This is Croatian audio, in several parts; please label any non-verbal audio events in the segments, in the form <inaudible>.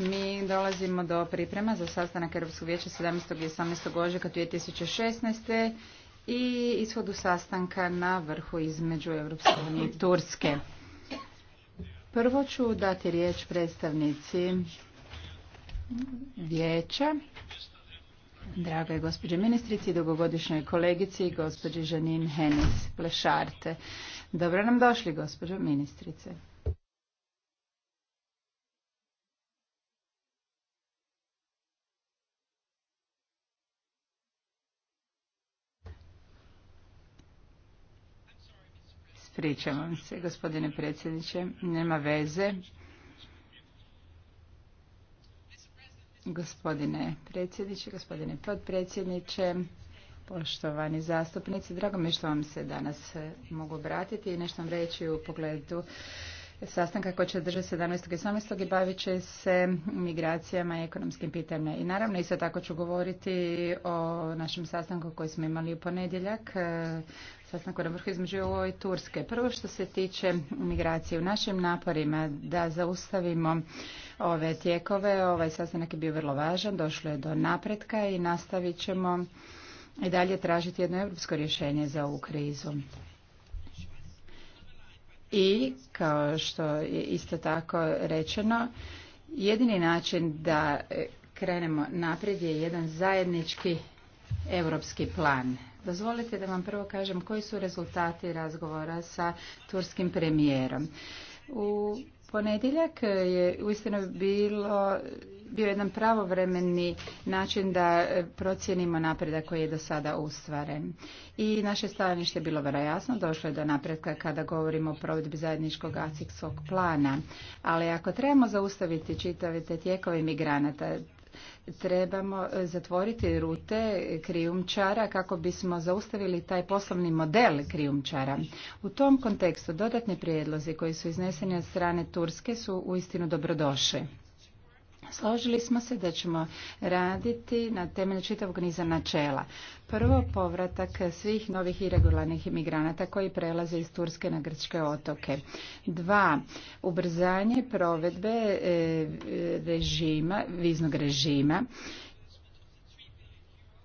Mi dolazimo do priprema za sastanak Europskog vijeća 17. i 18. ožujka 2016. i ishodu sastanka na vrhu između Europske unije i Turske. Prvo ću dati riječ predstavnici vijeća, dragoj gospođe ministrici i dugogodišnjoj kolegici, gospođi Žanin Henis Plešarte. Dobro nam došli, gospođo ministrice. Ispričavam se, gospodine predsjedniče. Nema veze. Gospodine predsjedniče, gospodine podpredsjedniče, poštovani zastupnici, drago mi što vam se danas eh, mogu obratiti i nešto vam reći u pogledu sastanka koji će držati 17. i 18. i bavit će se migracijama i ekonomskim pitanjima. I naravno isto tako ću govoriti o našem sastanku koji smo imali u ponedjeljak e, sastanku na vrhu između ovoj i Turske. Prvo što se tiče migracije, u našim naporima da zaustavimo ove tijekove, ovaj sastanak je bio vrlo važan, došlo je do napretka i nastavit ćemo i dalje tražiti jedno europsko rješenje za ovu krizu i kao što je isto tako rečeno jedini način da e, krenemo naprijed je jedan zajednički europski plan. Dozvolite da vam prvo kažem koji su rezultati razgovora sa turskim premijerom. U Ponedjeljak je uistinu bilo bio jedan pravovremeni način da e, procijenimo napredak koji je do sada ustvaren. I naše stajalište je bilo vrlo jasno, došlo je do napredka kada govorimo o provedbi zajedničkog akcijskog plana. Ali ako trebamo zaustaviti čitave te tijekove migranata, trebamo e, zatvoriti rute krijumčara kako bismo zaustavili taj poslovni model krijumčara. U tom kontekstu dodatni prijedlozi koji su izneseni od strane Turske su uistinu dobrodošli. Složili smo se da ćemo raditi na temelju čitavog niza načela. Prvo, povratak svih novih irregularnih imigranata koji prelaze iz Turske na Grčke otoke. Dva, ubrzanje provedbe e, režima, viznog režima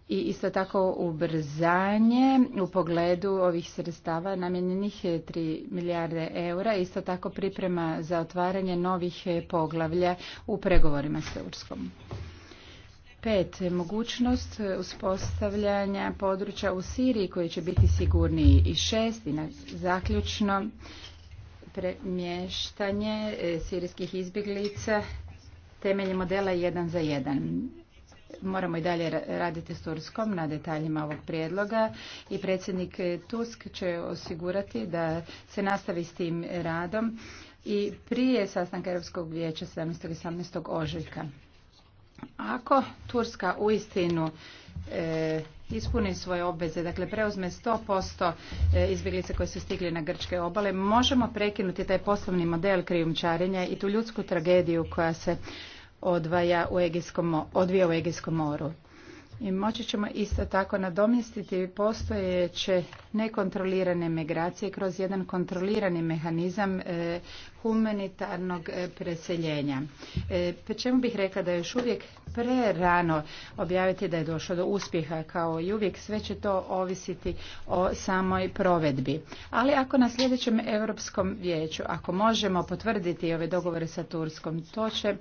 i isto tako ubrzanje u pogledu ovih sredstava namjenjenih 3 milijarde eura, isto tako priprema za otvaranje novih poglavlja u pregovorima s Turskom. Pet, mogućnost uspostavljanja područja u Siriji koji će biti sigurniji i šest i na zaključno premještanje e, sirijskih izbjeglica temeljem modela jedan za jedan. Moramo i dalje raditi s Turskom na detaljima ovog prijedloga i predsjednik Tusk će osigurati da se nastavi s tim radom i prije sastanka Europskog vijeća 17. i 18. ožujka. Ako Turska uistinu e, ispuni svoje obveze, dakle preuzme 100% e, izbjeglice koje su stigli na grčke obale, možemo prekinuti taj poslovni model krijumčarenja i tu ljudsku tragediju koja se odvaja u odvija u Egijskom moru. I moći ćemo isto tako nadomjestiti postojeće nekontrolirane migracije kroz jedan kontrolirani mehanizam e, humanitarnog e, preseljenja. Pe čemu bih rekla da je još uvijek prerano objaviti da je došlo do uspjeha kao i uvijek sve će to ovisiti o samoj provedbi. Ali ako na sljedećem Europskom vijeću, ako možemo potvrditi ove dogovore sa Turskom, to će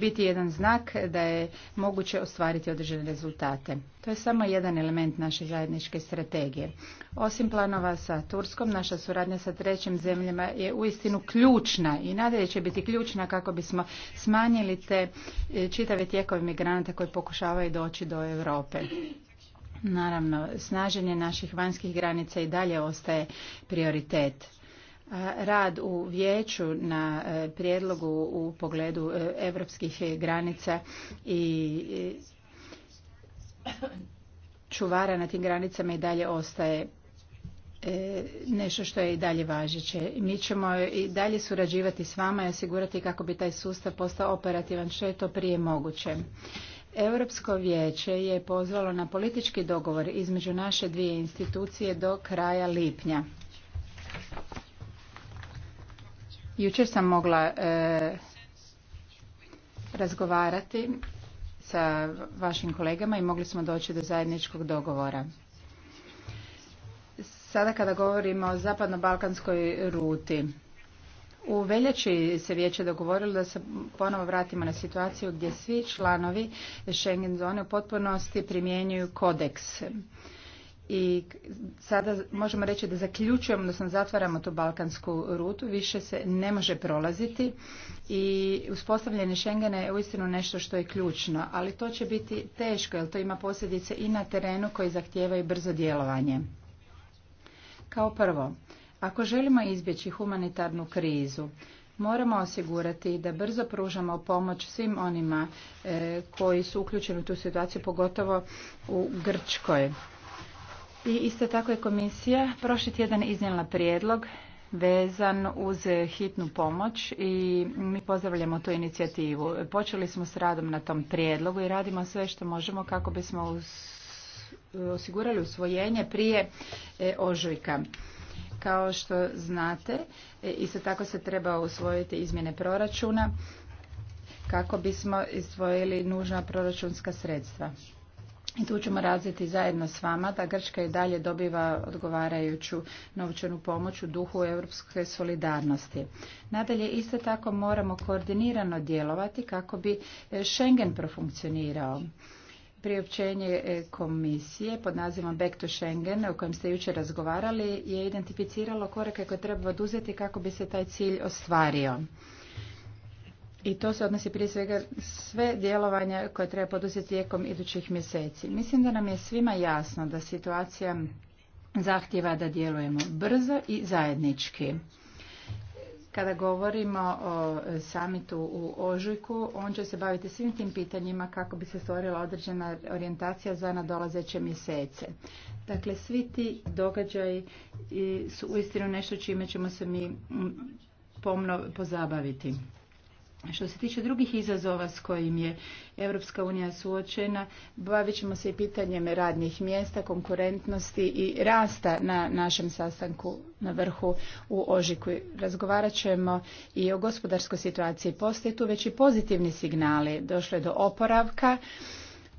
biti jedan znak da je moguće ostvariti određene rezultate. To je samo jedan element naše zajedničke strategije. Osim planova sa Turskom, naša suradnja sa trećim zemljama je uistinu ključna i nadalje će biti ključna kako bismo smanjili te e, čitave tijekove migranata koji pokušavaju doći do Europe. Naravno, snaženje naših vanjskih granica i dalje ostaje prioritet rad u vijeću na e, prijedlogu u pogledu europskih granica i čuvara na tim granicama i dalje ostaje e, nešto što je i dalje važeće. Mi ćemo i dalje surađivati s vama i osigurati kako bi taj sustav postao operativan što je to prije moguće. Europsko vijeće je pozvalo na politički dogovor između naše dvije institucije do kraja lipnja. Jučer sam mogla e, razgovarati sa vašim kolegama i mogli smo doći do zajedničkog dogovora. Sada kada govorimo o zapadno-balkanskoj ruti, u veljači se vijeće dogovorilo da se ponovo vratimo na situaciju gdje svi članovi Schengen zone u potpunosti primjenjuju kodeks i sada možemo reći da zaključujemo, odnosno zatvaramo tu balkansku rutu, više se ne može prolaziti i uspostavljanje Schengena je uistinu nešto što je ključno, ali to će biti teško jer to ima posljedice i na terenu koji zahtijevaju brzo djelovanje. Kao prvo, ako želimo izbjeći humanitarnu krizu, moramo osigurati da brzo pružamo pomoć svim onima e, koji su uključeni u tu situaciju, pogotovo u Grčkoj. I isto tako je komisija prošli tjedan iznijela prijedlog vezan uz hitnu pomoć i mi pozdravljamo tu inicijativu. Počeli smo s radom na tom prijedlogu i radimo sve što možemo kako bismo osigurali usvojenje prije e, ožujka. Kao što znate, e, isto tako se treba usvojiti izmjene proračuna kako bismo izdvojili nužna proračunska sredstva. I tu ćemo razviti zajedno s vama da Grčka i dalje dobiva odgovarajuću novčanu pomoć u duhu europske solidarnosti. Nadalje, isto tako moramo koordinirano djelovati kako bi e, Schengen profunkcionirao priopćenje e, komisije pod nazivom Back to Schengen o kojem ste jučer razgovarali je identificiralo korake koje treba oduzeti kako bi se taj cilj ostvario i to se odnosi prije svega sve djelovanja koje treba poduzeti tijekom idućih mjeseci. Mislim da nam je svima jasno da situacija zahtjeva da djelujemo brzo i zajednički. Kada govorimo o samitu u Ožujku, on će se baviti svim tim pitanjima kako bi se stvorila određena orijentacija za nadolazeće mjesece. Dakle, svi ti događaji su uistinu nešto čime ćemo se mi pomno pozabaviti. Što se tiče drugih izazova s kojim je Europska unija suočena, bavit ćemo se i pitanjem radnih mjesta, konkurentnosti i rasta na našem sastanku na vrhu u Ožiku. Razgovarat ćemo i o gospodarskoj situaciji. Postoje tu već i pozitivni signali. Došlo je do oporavka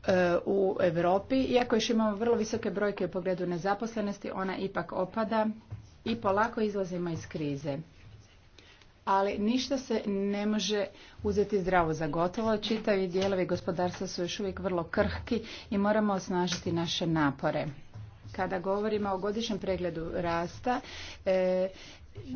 e, u Europi. Iako još imamo vrlo visoke brojke u pogledu nezaposlenosti, ona ipak opada i polako izlazimo iz krize ali ništa se ne može uzeti zdravo za gotovo. Čitavi dijelovi gospodarstva su još uvijek vrlo krhki i moramo osnažiti naše napore. Kada govorimo o godišnjem pregledu rasta, e,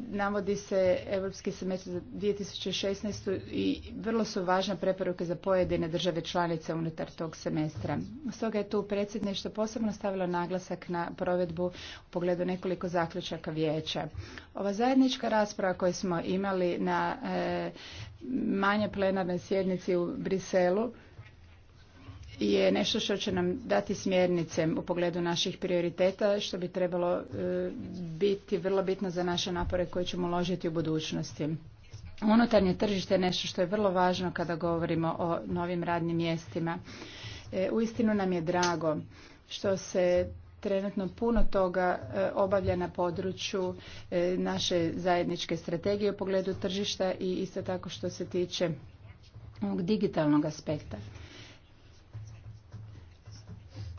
navodi se Europski semestar za 2016. i vrlo su važne preporuke za pojedine države članice unutar tog semestra. Stoga je tu predsjedništvo posebno stavilo naglasak na provedbu u pogledu nekoliko zaključaka vijeća. Ova zajednička rasprava koju smo imali na eh, manje plenarnoj sjednici u Briselu je nešto što će nam dati smjernice u pogledu naših prioriteta što bi trebalo e, biti vrlo bitno za naše napore koje ćemo uložiti u budućnosti. Unutarnje tržište je nešto što je vrlo važno kada govorimo o novim radnim mjestima. E, uistinu nam je drago što se trenutno puno toga e, obavlja na području naše zajedničke strategije u pogledu tržišta i isto tako što se tiče ovog digitalnog aspekta.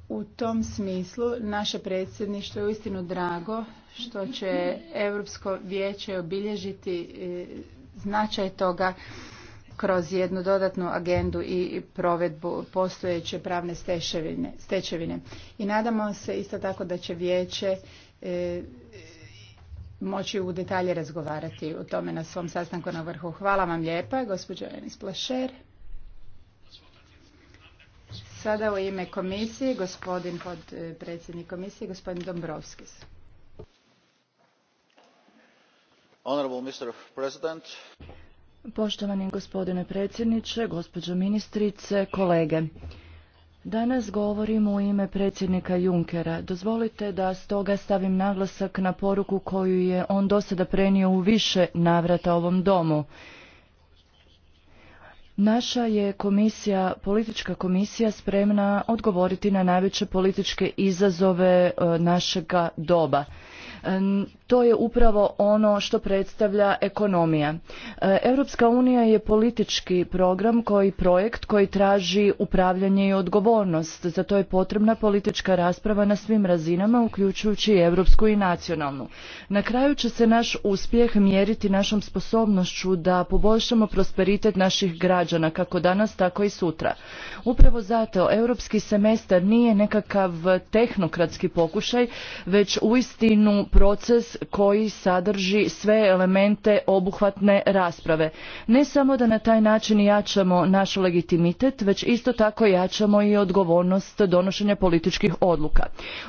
U tom smislu naše predsjedništvo je uistinu drago što će Europsko vijeće obilježiti e, značaj toga kroz jednu dodatnu agendu i provedbu postojeće pravne stečevine. I nadamo se isto tako da će vijeće e, moći u detalje razgovarati o tome na svom sastanku na vrhu. Hvala vam lijepa, gospođo Enis Plašer. Sada u ime komisije gospodin predsjednik komisije gospodin Dombrovskis. Poštovani gospodine predsjedniče, gospođo ministrice, kolege. Danas govorim u ime predsjednika Junkera. Dozvolite da stoga stavim naglasak na poruku koju je on do sada prenio u više navrata ovom domu. Naša je komisija, politička komisija spremna odgovoriti na najveće političke izazove e, našega doba. E, to je upravo ono što predstavlja ekonomija. E, Europska unija je politički program koji projekt koji traži upravljanje i odgovornost. Za to je potrebna politička rasprava na svim razinama, uključujući i europsku i nacionalnu. Na kraju će se naš uspjeh mjeriti našom sposobnošću da poboljšamo prosperitet naših građana, kako danas, tako i sutra. Upravo zato europski semestar nije nekakav tehnokratski pokušaj, već uistinu proces koji sadrži sve elemente obuhvatne rasprave. Ne samo da na taj način jačamo naš legitimitet, već isto tako jačamo i odgovornost donošenja političkih odluka.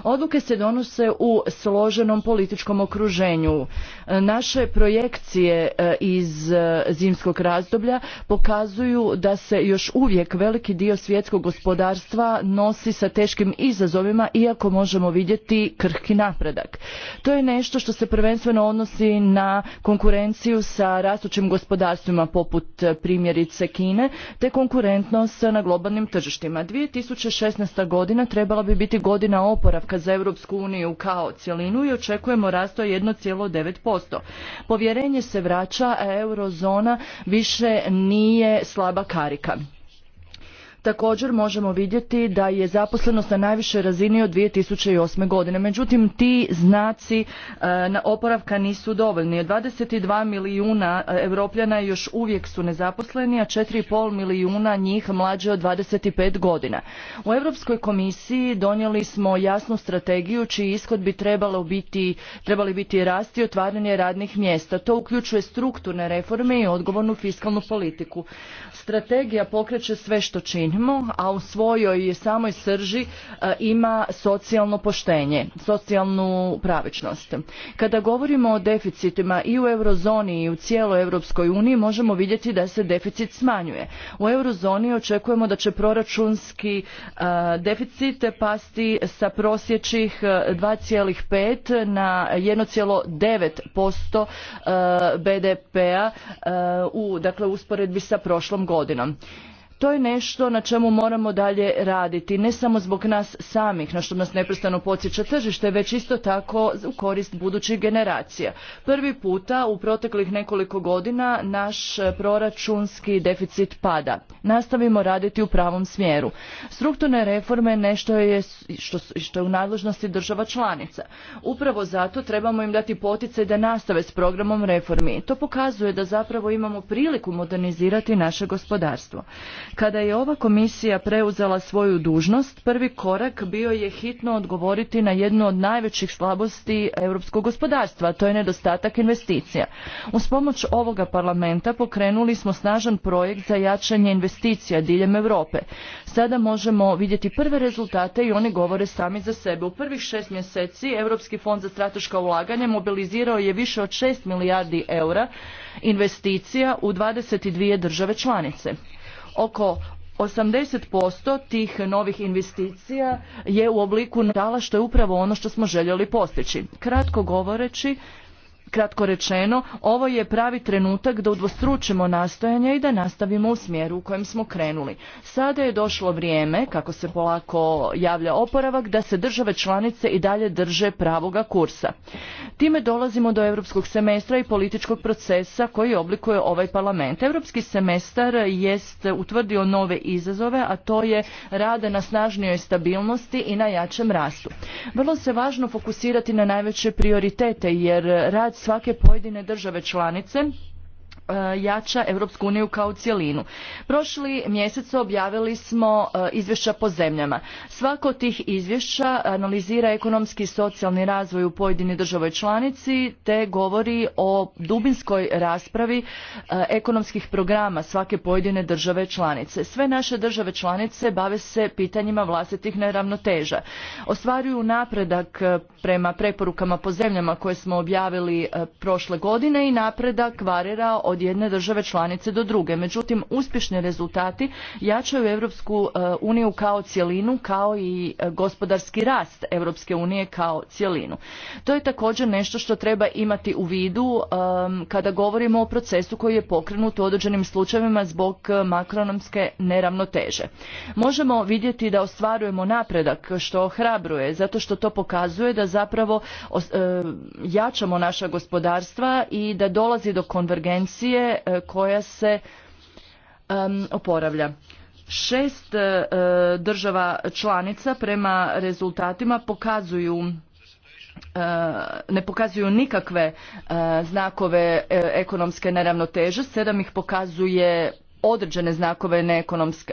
Odluke se donose u složenom političkom okruženju. Naše projekcije e, iz e, zimskog razdoblja pokazuju da se još uvijek veliki dio svjetskog gospodarstva nosi sa teškim izazovima iako možemo vidjeti krhki napredak. To je nešto što se prvenstveno odnosi na konkurenciju sa rastućim gospodarstvima poput e, primjerice Kine, te konkurentnost na globalnim tržištima. 2016. godina trebala bi biti godina oporavka za Europsku uniju kao cjelinu i očekujemo rasto 1,9%. Povjerenje se vraća, a eurozona više nije slaba karika. Također možemo vidjeti da je zaposlenost na najvišoj razini od 2008. godine. Međutim, ti znaci e, na oporavka nisu dovoljni. 22 milijuna europljana još uvijek su nezaposleni, a 4,5 milijuna njih mlađe od 25 godina. U Europskoj komisiji donijeli smo jasnu strategiju čiji ishod bi trebalo biti, trebali biti rast i otvaranje radnih mjesta. To uključuje strukturne reforme i odgovornu fiskalnu politiku. Strategija pokreće sve što činimo, a u svojoj samoj srži e, ima socijalno poštenje, socijalnu pravičnost. Kada govorimo o deficitima i u eurozoni i u cijeloj Europskoj uniji možemo vidjeti da se deficit smanjuje. U eurozoni očekujemo da će proračunski e, deficit pasti sa prosječih 2,5 e, na 1,9% BDP-a u dakle, usporedbi sa prošlom godinom godinom. To je nešto na čemu moramo dalje raditi, ne samo zbog nas samih, na što nas neprestano podsjeća tržište, već isto tako u korist budućih generacija. Prvi puta u proteklih nekoliko godina naš proračunski deficit pada. Nastavimo raditi u pravom smjeru. Strukturne reforme nešto je što, što je u nadležnosti država članica. Upravo zato trebamo im dati poticaj da nastave s programom reformi. To pokazuje da zapravo imamo priliku modernizirati naše gospodarstvo. Kada je ova komisija preuzela svoju dužnost, prvi korak bio je hitno odgovoriti na jednu od najvećih slabosti europskog gospodarstva, a to je nedostatak investicija. Uz pomoć ovoga parlamenta pokrenuli smo snažan projekt za jačanje investicija diljem Europe. Sada možemo vidjeti prve rezultate i oni govore sami za sebe. U prvih šest mjeseci Europski fond za strateška ulaganja mobilizirao je više od šest milijardi eura investicija u 22 države članice. Oko 80% tih novih investicija je u obliku nala što je upravo ono što smo željeli postići. Kratko govoreći, Kratko rečeno, ovo je pravi trenutak da udvostručimo nastojanja i da nastavimo u smjeru u kojem smo krenuli. Sada je došlo vrijeme, kako se polako javlja oporavak, da se države članice i dalje drže pravoga kursa. Time dolazimo do europskog semestra i političkog procesa koji oblikuje ovaj parlament. Europski semestar jest utvrdio nove izazove, a to je rade na snažnijoj stabilnosti i na jačem rastu. Vrlo se važno fokusirati na najveće prioritete jer rad svake pojedine države članice Eh, jača Europsku uniju kao cjelinu. Prošli mjesec objavili smo eh, izvješća po zemljama. Svako od tih izvješća analizira ekonomski i socijalni razvoj u pojedini državoj članici te govori o dubinskoj raspravi eh, ekonomskih programa svake pojedine države članice. Sve naše države članice bave se pitanjima vlastitih neravnoteža. Ostvaruju napredak prema preporukama po zemljama koje smo objavili prošle godine i napredak varira od od jedne države članice do druge. Međutim, uspješni rezultati jačaju Europsku e, uniju kao cjelinu, kao i e, gospodarski rast Europske unije kao cjelinu. To je također nešto što treba imati u vidu kada govorimo o procesu koji je pokrenut u određenim slučajevima zbog e, makronomske neravnoteže. Možemo vidjeti da ostvarujemo napredak što ohrabruje, zato što to pokazuje da zapravo jačamo naša gospodarstva i da dolazi do konvergencije E, koja se oporavlja. Šest e, e, država članica prema rezultatima pokazuju ne pokazuju nikakve znakove ekonomske neravnoteže, sedam ih pokazuje određene znakove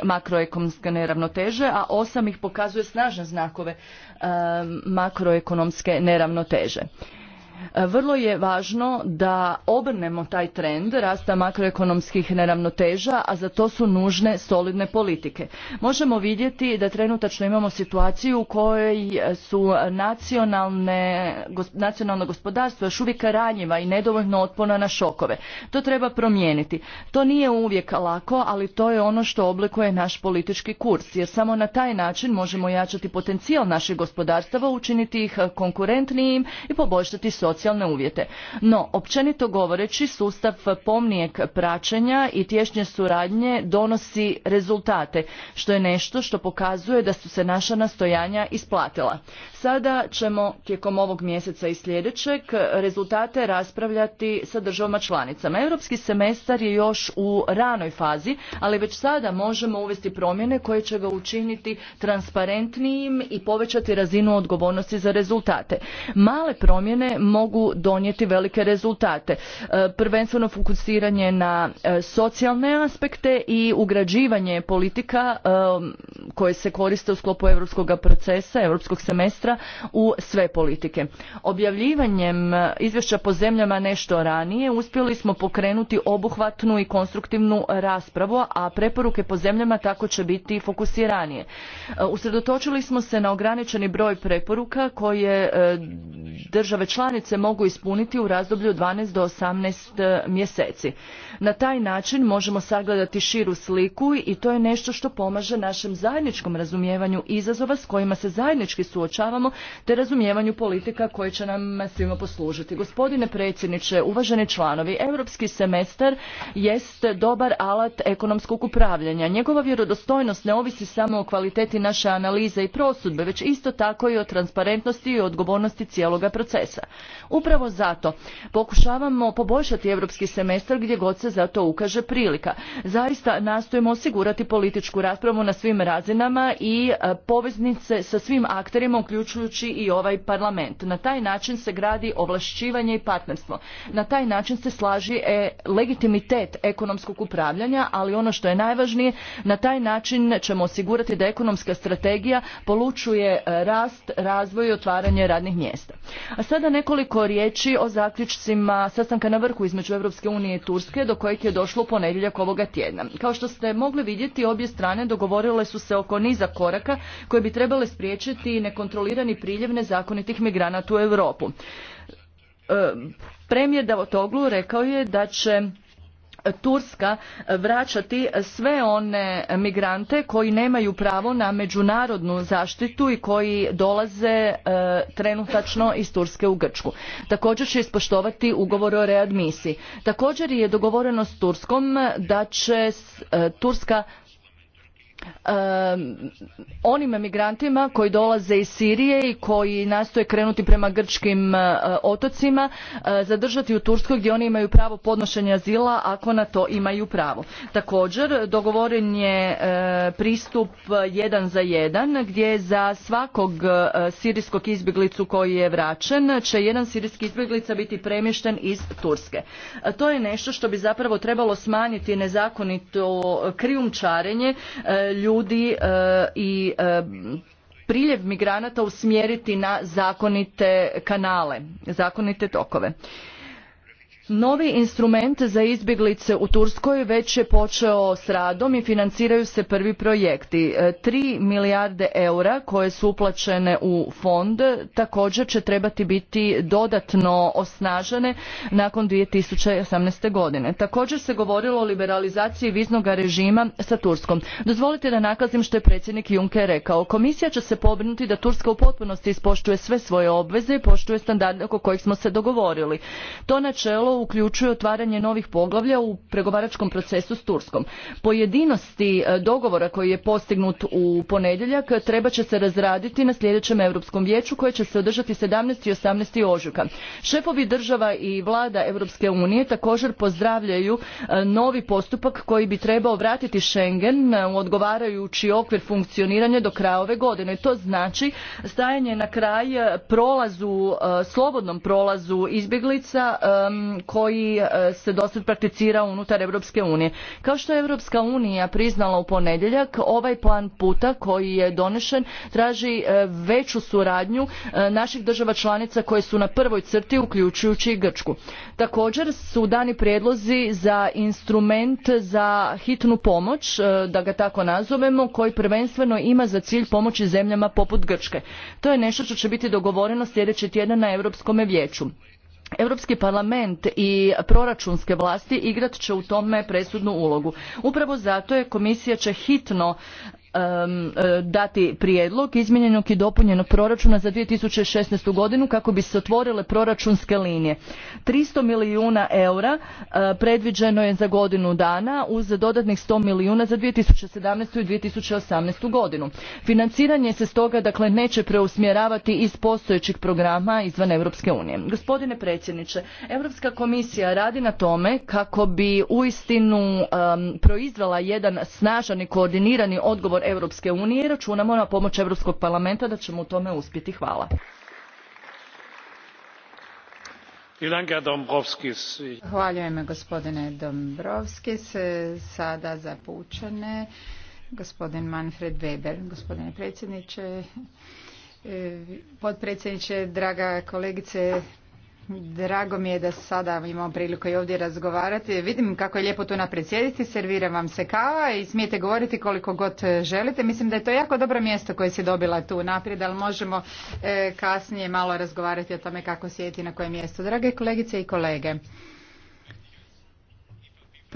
makroekonomske neravnoteže, a osam ih pokazuje snažne znakove makroekonomske neravnoteže. E, vrlo je važno da obrnemo taj trend rasta makroekonomskih neravnoteža, a za to su nužne solidne politike. Možemo vidjeti da trenutačno imamo situaciju u kojoj su nacionalne, nacionalno gospodarstvo još uvijek ranjiva i nedovoljno otpona na šokove. To treba promijeniti. To nije uvijek lako, ali to je ono što oblikuje naš politički kurs, jer samo na taj način možemo jačati potencijal naših gospodarstava, učiniti ih konkurentnijim i poboljšati socijalne uvjete. No, općenito govoreći, sustav pomnijeg praćenja i tješnje suradnje donosi rezultate, što je nešto što pokazuje da su se naša nastojanja isplatila. Sada ćemo tijekom ovog mjeseca i sljedećeg rezultate raspravljati sa državama članicama. Europski semestar je još u ranoj fazi, ali već sada možemo uvesti promjene koje će ga učiniti transparentnijim i povećati razinu odgovornosti za rezultate. Male promjene mogu donijeti velike rezultate. E, prvenstveno fokusiranje na e, socijalne aspekte i ugrađivanje politika e, koje se koriste u sklopu europskog procesa, europskog semestra u sve politike. Objavljivanjem izvješća po zemljama nešto ranije uspjeli smo pokrenuti obuhvatnu i konstruktivnu raspravu, a preporuke po zemljama tako će biti fokusiranije. Usredotočili smo se na ograničeni broj preporuka koje države članice se mogu ispuniti u razdoblju 12 do 18 eh, mjeseci. Na taj način možemo sagledati širu sliku i to je nešto što pomaže našem zajedničkom razumijevanju izazova s kojima se zajednički suočavamo te razumijevanju politika koje će nam svima poslužiti. Gospodine predsjedniče, uvaženi članovi, europski semestar jest dobar alat ekonomskog upravljanja. Njegova vjerodostojnost ne ovisi samo o kvaliteti naše analize i prosudbe, već isto tako i o transparentnosti i odgovornosti cijeloga procesa. Upravo zato pokušavamo poboljšati europski semestar gdje god se za to ukaže prilika. Zaista nastojimo osigurati političku raspravu na svim razinama i e, poveznice sa svim akterima uključujući i ovaj parlament. Na taj način se gradi ovlašćivanje i partnerstvo. Na taj način se slaži e, legitimitet ekonomskog upravljanja, ali ono što je najvažnije, na taj način ćemo osigurati da ekonomska strategija polučuje e, rast, razvoj i otvaranje radnih mjesta. A sada nekoliko riječi o zaključcima sastanka na vrhu između Evropske unije i Turske do do kojeg je došlo u ponedjeljak ovoga tjedna. Kao što ste mogli vidjeti, obje strane dogovorile su se oko niza koraka koje bi trebale spriječiti nekontrolirani priljev nezakonitih migranata u Europu. E, premijer Davotoglu rekao je da će Turska vraćati sve one migrante koji nemaju pravo na međunarodnu zaštitu i koji dolaze e, trenutačno iz Turske u Grčku. Također će ispoštovati ugovor o readmisiji. Također je dogovoreno s Turskom da će e, Turska onim migrantima koji dolaze iz Sirije i koji nastoje krenuti prema grčkim e, otocima e, zadržati u Turskoj gdje oni imaju pravo podnošenja azila ako na to imaju pravo. Također dogovoren je e, pristup jedan za jedan gdje za svakog sirijskog izbjeglicu koji je vraćen će jedan sirijski izbjeglica biti premješten iz Turske. To je nešto što bi zapravo trebalo smanjiti nezakonito krijumčarenje ljudi e, i e, priljev migranata usmjeriti na zakonite kanale, zakonite tokove. Novi instrument za izbjeglice u Turskoj već je počeo s radom i financiraju se prvi projekti. 3 e, milijarde eura koje su uplaćene u fond također će trebati biti dodatno osnažene nakon 2018. godine. Također se govorilo o liberalizaciji viznog režima sa Turskom. Dozvolite da nakazim što je predsjednik Juncker rekao. Komisija će se pobrinuti da Turska u potpunosti ispoštuje sve svoje obveze i poštuje standarde oko kojih smo se dogovorili. To načelo uključuje otvaranje novih poglavlja u pregovaračkom procesu s Turskom. Pojedinosti e, dogovora koji je postignut u ponedjeljak treba će se razraditi na sljedećem Europskom vijeću koje će se održati 17. i 18. ožujka. Šefovi država i vlada Europske unije također pozdravljaju e, novi postupak koji bi trebao vratiti Schengen e, u odgovarajući okvir funkcioniranja do kraja ove godine. To znači stajanje na kraj prolazu, slobodnom prolazu izbjeglica koji e, se dosad prakticira unutar Europske unije. Kao što je Europska unija priznala u ponedjeljak, ovaj plan puta koji je donešen traži e, veću suradnju e, naših država članica koje su na prvoj crti uključujući i Grčku. Također su dani prijedlozi za instrument za hitnu pomoć, da ga tako nazovemo, koji prvenstveno ima za cilj pomoći zemljama poput Grčke. To je nešto što će biti dogovoreno sljedeći tjedan na Europskom vijeću. Europski parlament i proračunske vlasti igrat će u tome presudnu ulogu. Upravo zato je komisija će hitno E, dati prijedlog izmijenjenog i dopunjenog proračuna za 2016. godinu kako bi se otvorile proračunske linije. 300 milijuna eura e, predviđeno je za godinu dana uz dodatnih 100 milijuna za 2017. i 2018. godinu. Financiranje se stoga dakle neće preusmjeravati iz postojećih programa izvan Europske unije. Gospodine predsjedniče, Europska komisija radi na tome kako bi uistinu istinu proizvela jedan snažan i koordinirani odgovor Europske unije i računamo na pomoć Europskog parlamenta da ćemo u tome uspjeti. Hvala. Zahvaljujem gospodine Dombrovskis. Sada za gospodin Manfred Weber. Gospodine predsjedniče, eh, potpredsjedniče, draga kolegice Drago mi je da sada imamo priliku i ovdje razgovarati. Vidim kako je lijepo tu sjediti, servira vam se kava i smijete govoriti koliko god želite. Mislim da je to jako dobro mjesto koje si dobila tu naprijed, ali možemo eh, kasnije malo razgovarati o tome kako sjediti na koje mjesto. Drage kolegice i kolege,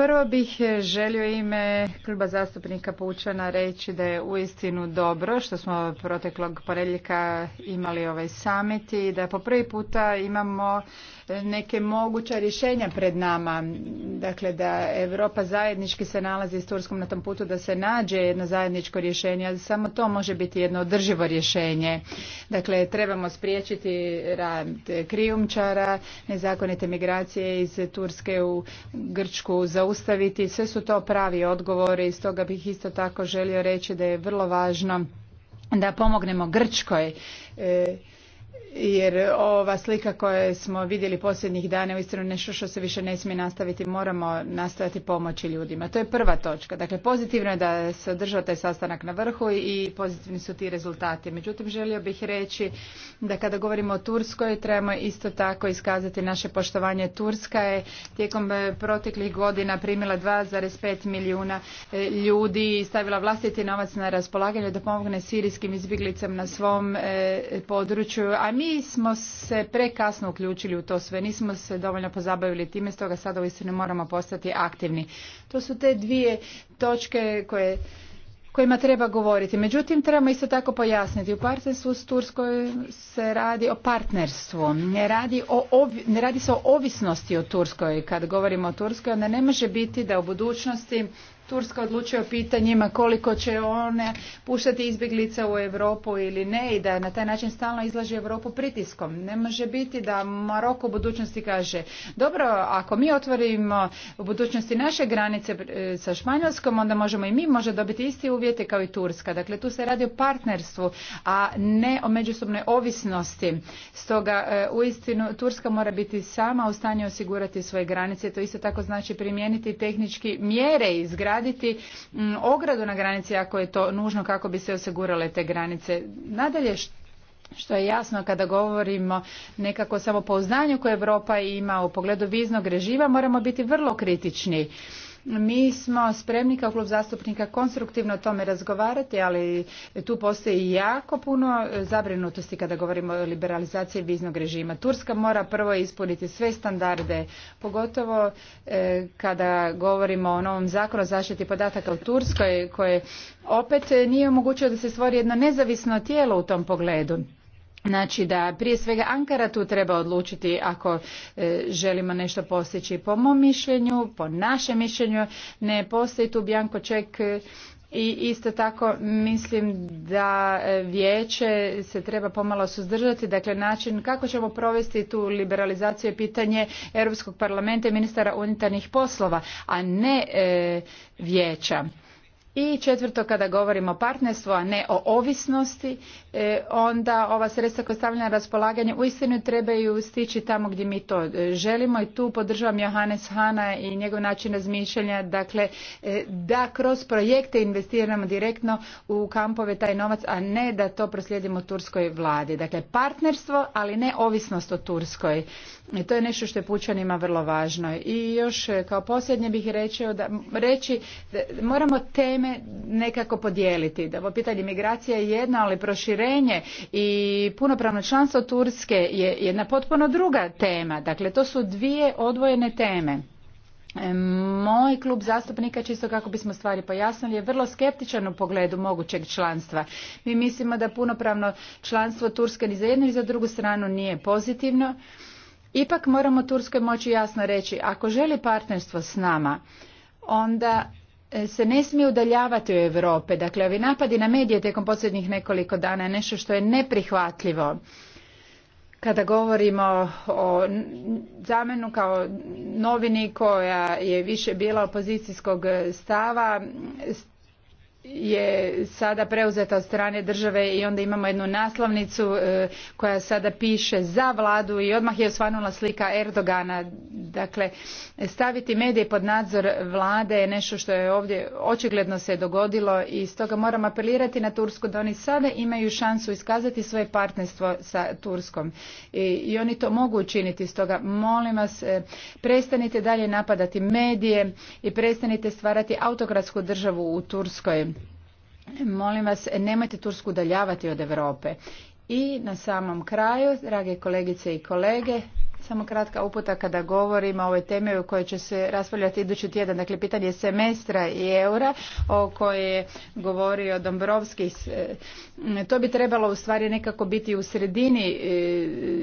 Prvo bih e, želio ime kluba zastupnika Pučana reći da je uistinu dobro što smo proteklog ponedjeljka imali ovaj summit i da po prvi puta imamo e, neke moguća rješenja pred nama. Dakle, da Europa zajednički se nalazi s Turskom na tom putu da se nađe jedno zajedničko rješenje, ali samo to može biti jedno održivo rješenje. Dakle, trebamo spriječiti rad krijumčara, nezakonite migracije iz Turske u Grčku, za zaustaviti. Sve su to pravi odgovori i stoga bih isto tako želio reći da je vrlo važno da pomognemo Grčkoj. E, jer ova slika koju smo vidjeli posljednjih dana je uistinu nešto što se više ne smije nastaviti. Moramo nastaviti pomoći ljudima. To je prva točka. Dakle, pozitivno je da se održao taj sastanak na vrhu i pozitivni su ti rezultati. Međutim, želio bih reći da kada govorimo o Turskoj, trebamo isto tako iskazati naše poštovanje. Turska je tijekom e, proteklih godina primila 2,5 milijuna e, ljudi i stavila vlastiti novac na raspolaganje da pomogne sirijskim izbjeglicama na svom e, području. A mi smo se prekasno uključili u to sve, nismo se dovoljno pozabavili time, stoga sada ne moramo postati aktivni. To su te dvije točke koje kojima treba govoriti. Međutim, trebamo isto tako pojasniti. U partnerstvu s Turskoj se radi o partnerstvu. Ne radi, o, ne radi se o ovisnosti o Turskoj. Kad govorimo o Turskoj, onda ne može biti da u budućnosti Turska odlučuje o pitanjima koliko će one puštati izbjeglice u Europu ili ne i da na taj način stalno izlaže Europu pritiskom. Ne može biti da Maroko u budućnosti kaže dobro, ako mi otvorimo u budućnosti naše granice e, sa Španjolskom, onda možemo i mi može dobiti isti uvjete kao i Turska. Dakle, tu se radi o partnerstvu, a ne o međusobnoj ovisnosti. Stoga, e, uistinu, Turska mora biti sama u stanju osigurati svoje granice. To isto tako znači primijeniti tehnički mjere izgradnje Raditi mm, ogradu na granici ako je to nužno kako bi se osigurale te granice. Nadalje, što je jasno kada govorimo nekako samo pouznanju koje Europa ima u pogledu viznog režima, moramo biti vrlo kritični. Mi smo spremni kao klub zastupnika konstruktivno o tome razgovarati, ali tu postoji jako puno e, zabrinutosti kada govorimo o liberalizaciji viznog režima. Turska mora prvo ispuniti sve standarde, pogotovo e, kada govorimo o novom zakonu o zaštiti podataka u Turskoj, koje opet nije omogućio da se stvori jedno nezavisno tijelo u tom pogledu. Znači da prije svega Ankara tu treba odlučiti ako e, želimo nešto postići po mom mišljenju, po našem mišljenju, ne postoji tu Bjanko Ček e, i isto tako mislim da e, vijeće se treba pomalo suzdržati, dakle način kako ćemo provesti tu liberalizaciju je pitanje Europskog parlamenta i ministara unutarnjih poslova, a ne vijeća. I četvrto, kada govorimo o partnerstvu, a ne o ovisnosti, e, onda ova sredstva koja stavljena na raspolaganje uistinu trebaju stići tamo gdje mi to e, želimo i tu podržavam Johannes Hana i njegov način razmišljanja, dakle e, da kroz projekte investiramo direktno u kampove taj novac, a ne da to proslijedimo turskoj vladi. Dakle, partnerstvo, ali ne ovisnost o Turskoj. I to je nešto što je pučanima vrlo važno. I još e, kao posljednje bih rečio da, reći da moramo teme nekako podijeliti. Da ovo pitanje migracija je jedno, ali proširenje i punopravno članstvo Turske je jedna potpuno druga tema. Dakle, to su dvije odvojene teme. E, moj klub zastupnika, čisto kako bismo stvari pojasnili, je vrlo skeptičan u pogledu mogućeg članstva. Mi mislimo da punopravno članstvo Turske ni za jednu ni za drugu stranu nije pozitivno Ipak moramo Turskoj moći jasno reći, ako želi partnerstvo s nama, onda e, se ne smije udaljavati u Europe. Dakle, ovi napadi na medije tijekom posljednjih nekoliko dana je nešto što je neprihvatljivo. Kada govorimo o zamenu kao novini koja je više bila opozicijskog stava, je sada preuzeta od strane države i onda imamo jednu naslovnicu e, koja sada piše za vladu i odmah je osvanula slika Erdogana. Dakle, staviti medije pod nadzor vlade je nešto što je ovdje očigledno se dogodilo i stoga moram apelirati na Tursku da oni sada imaju šansu iskazati svoje partnerstvo sa Turskom i, oni to mogu učiniti. Stoga molim vas e, prestanite dalje napadati medije i prestanite stvarati autokratsku državu u Turskoj. Molim vas, nemojte Tursku udaljavati od Europe. I na samom kraju, drage kolegice i kolege, samo kratka uputa kada govorimo o ovoj temi o kojoj će se raspravljati idući tjedan, dakle pitanje semestra i eura o kojoj je govorio Dombrovski. E, to bi trebalo u stvari nekako biti u sredini e,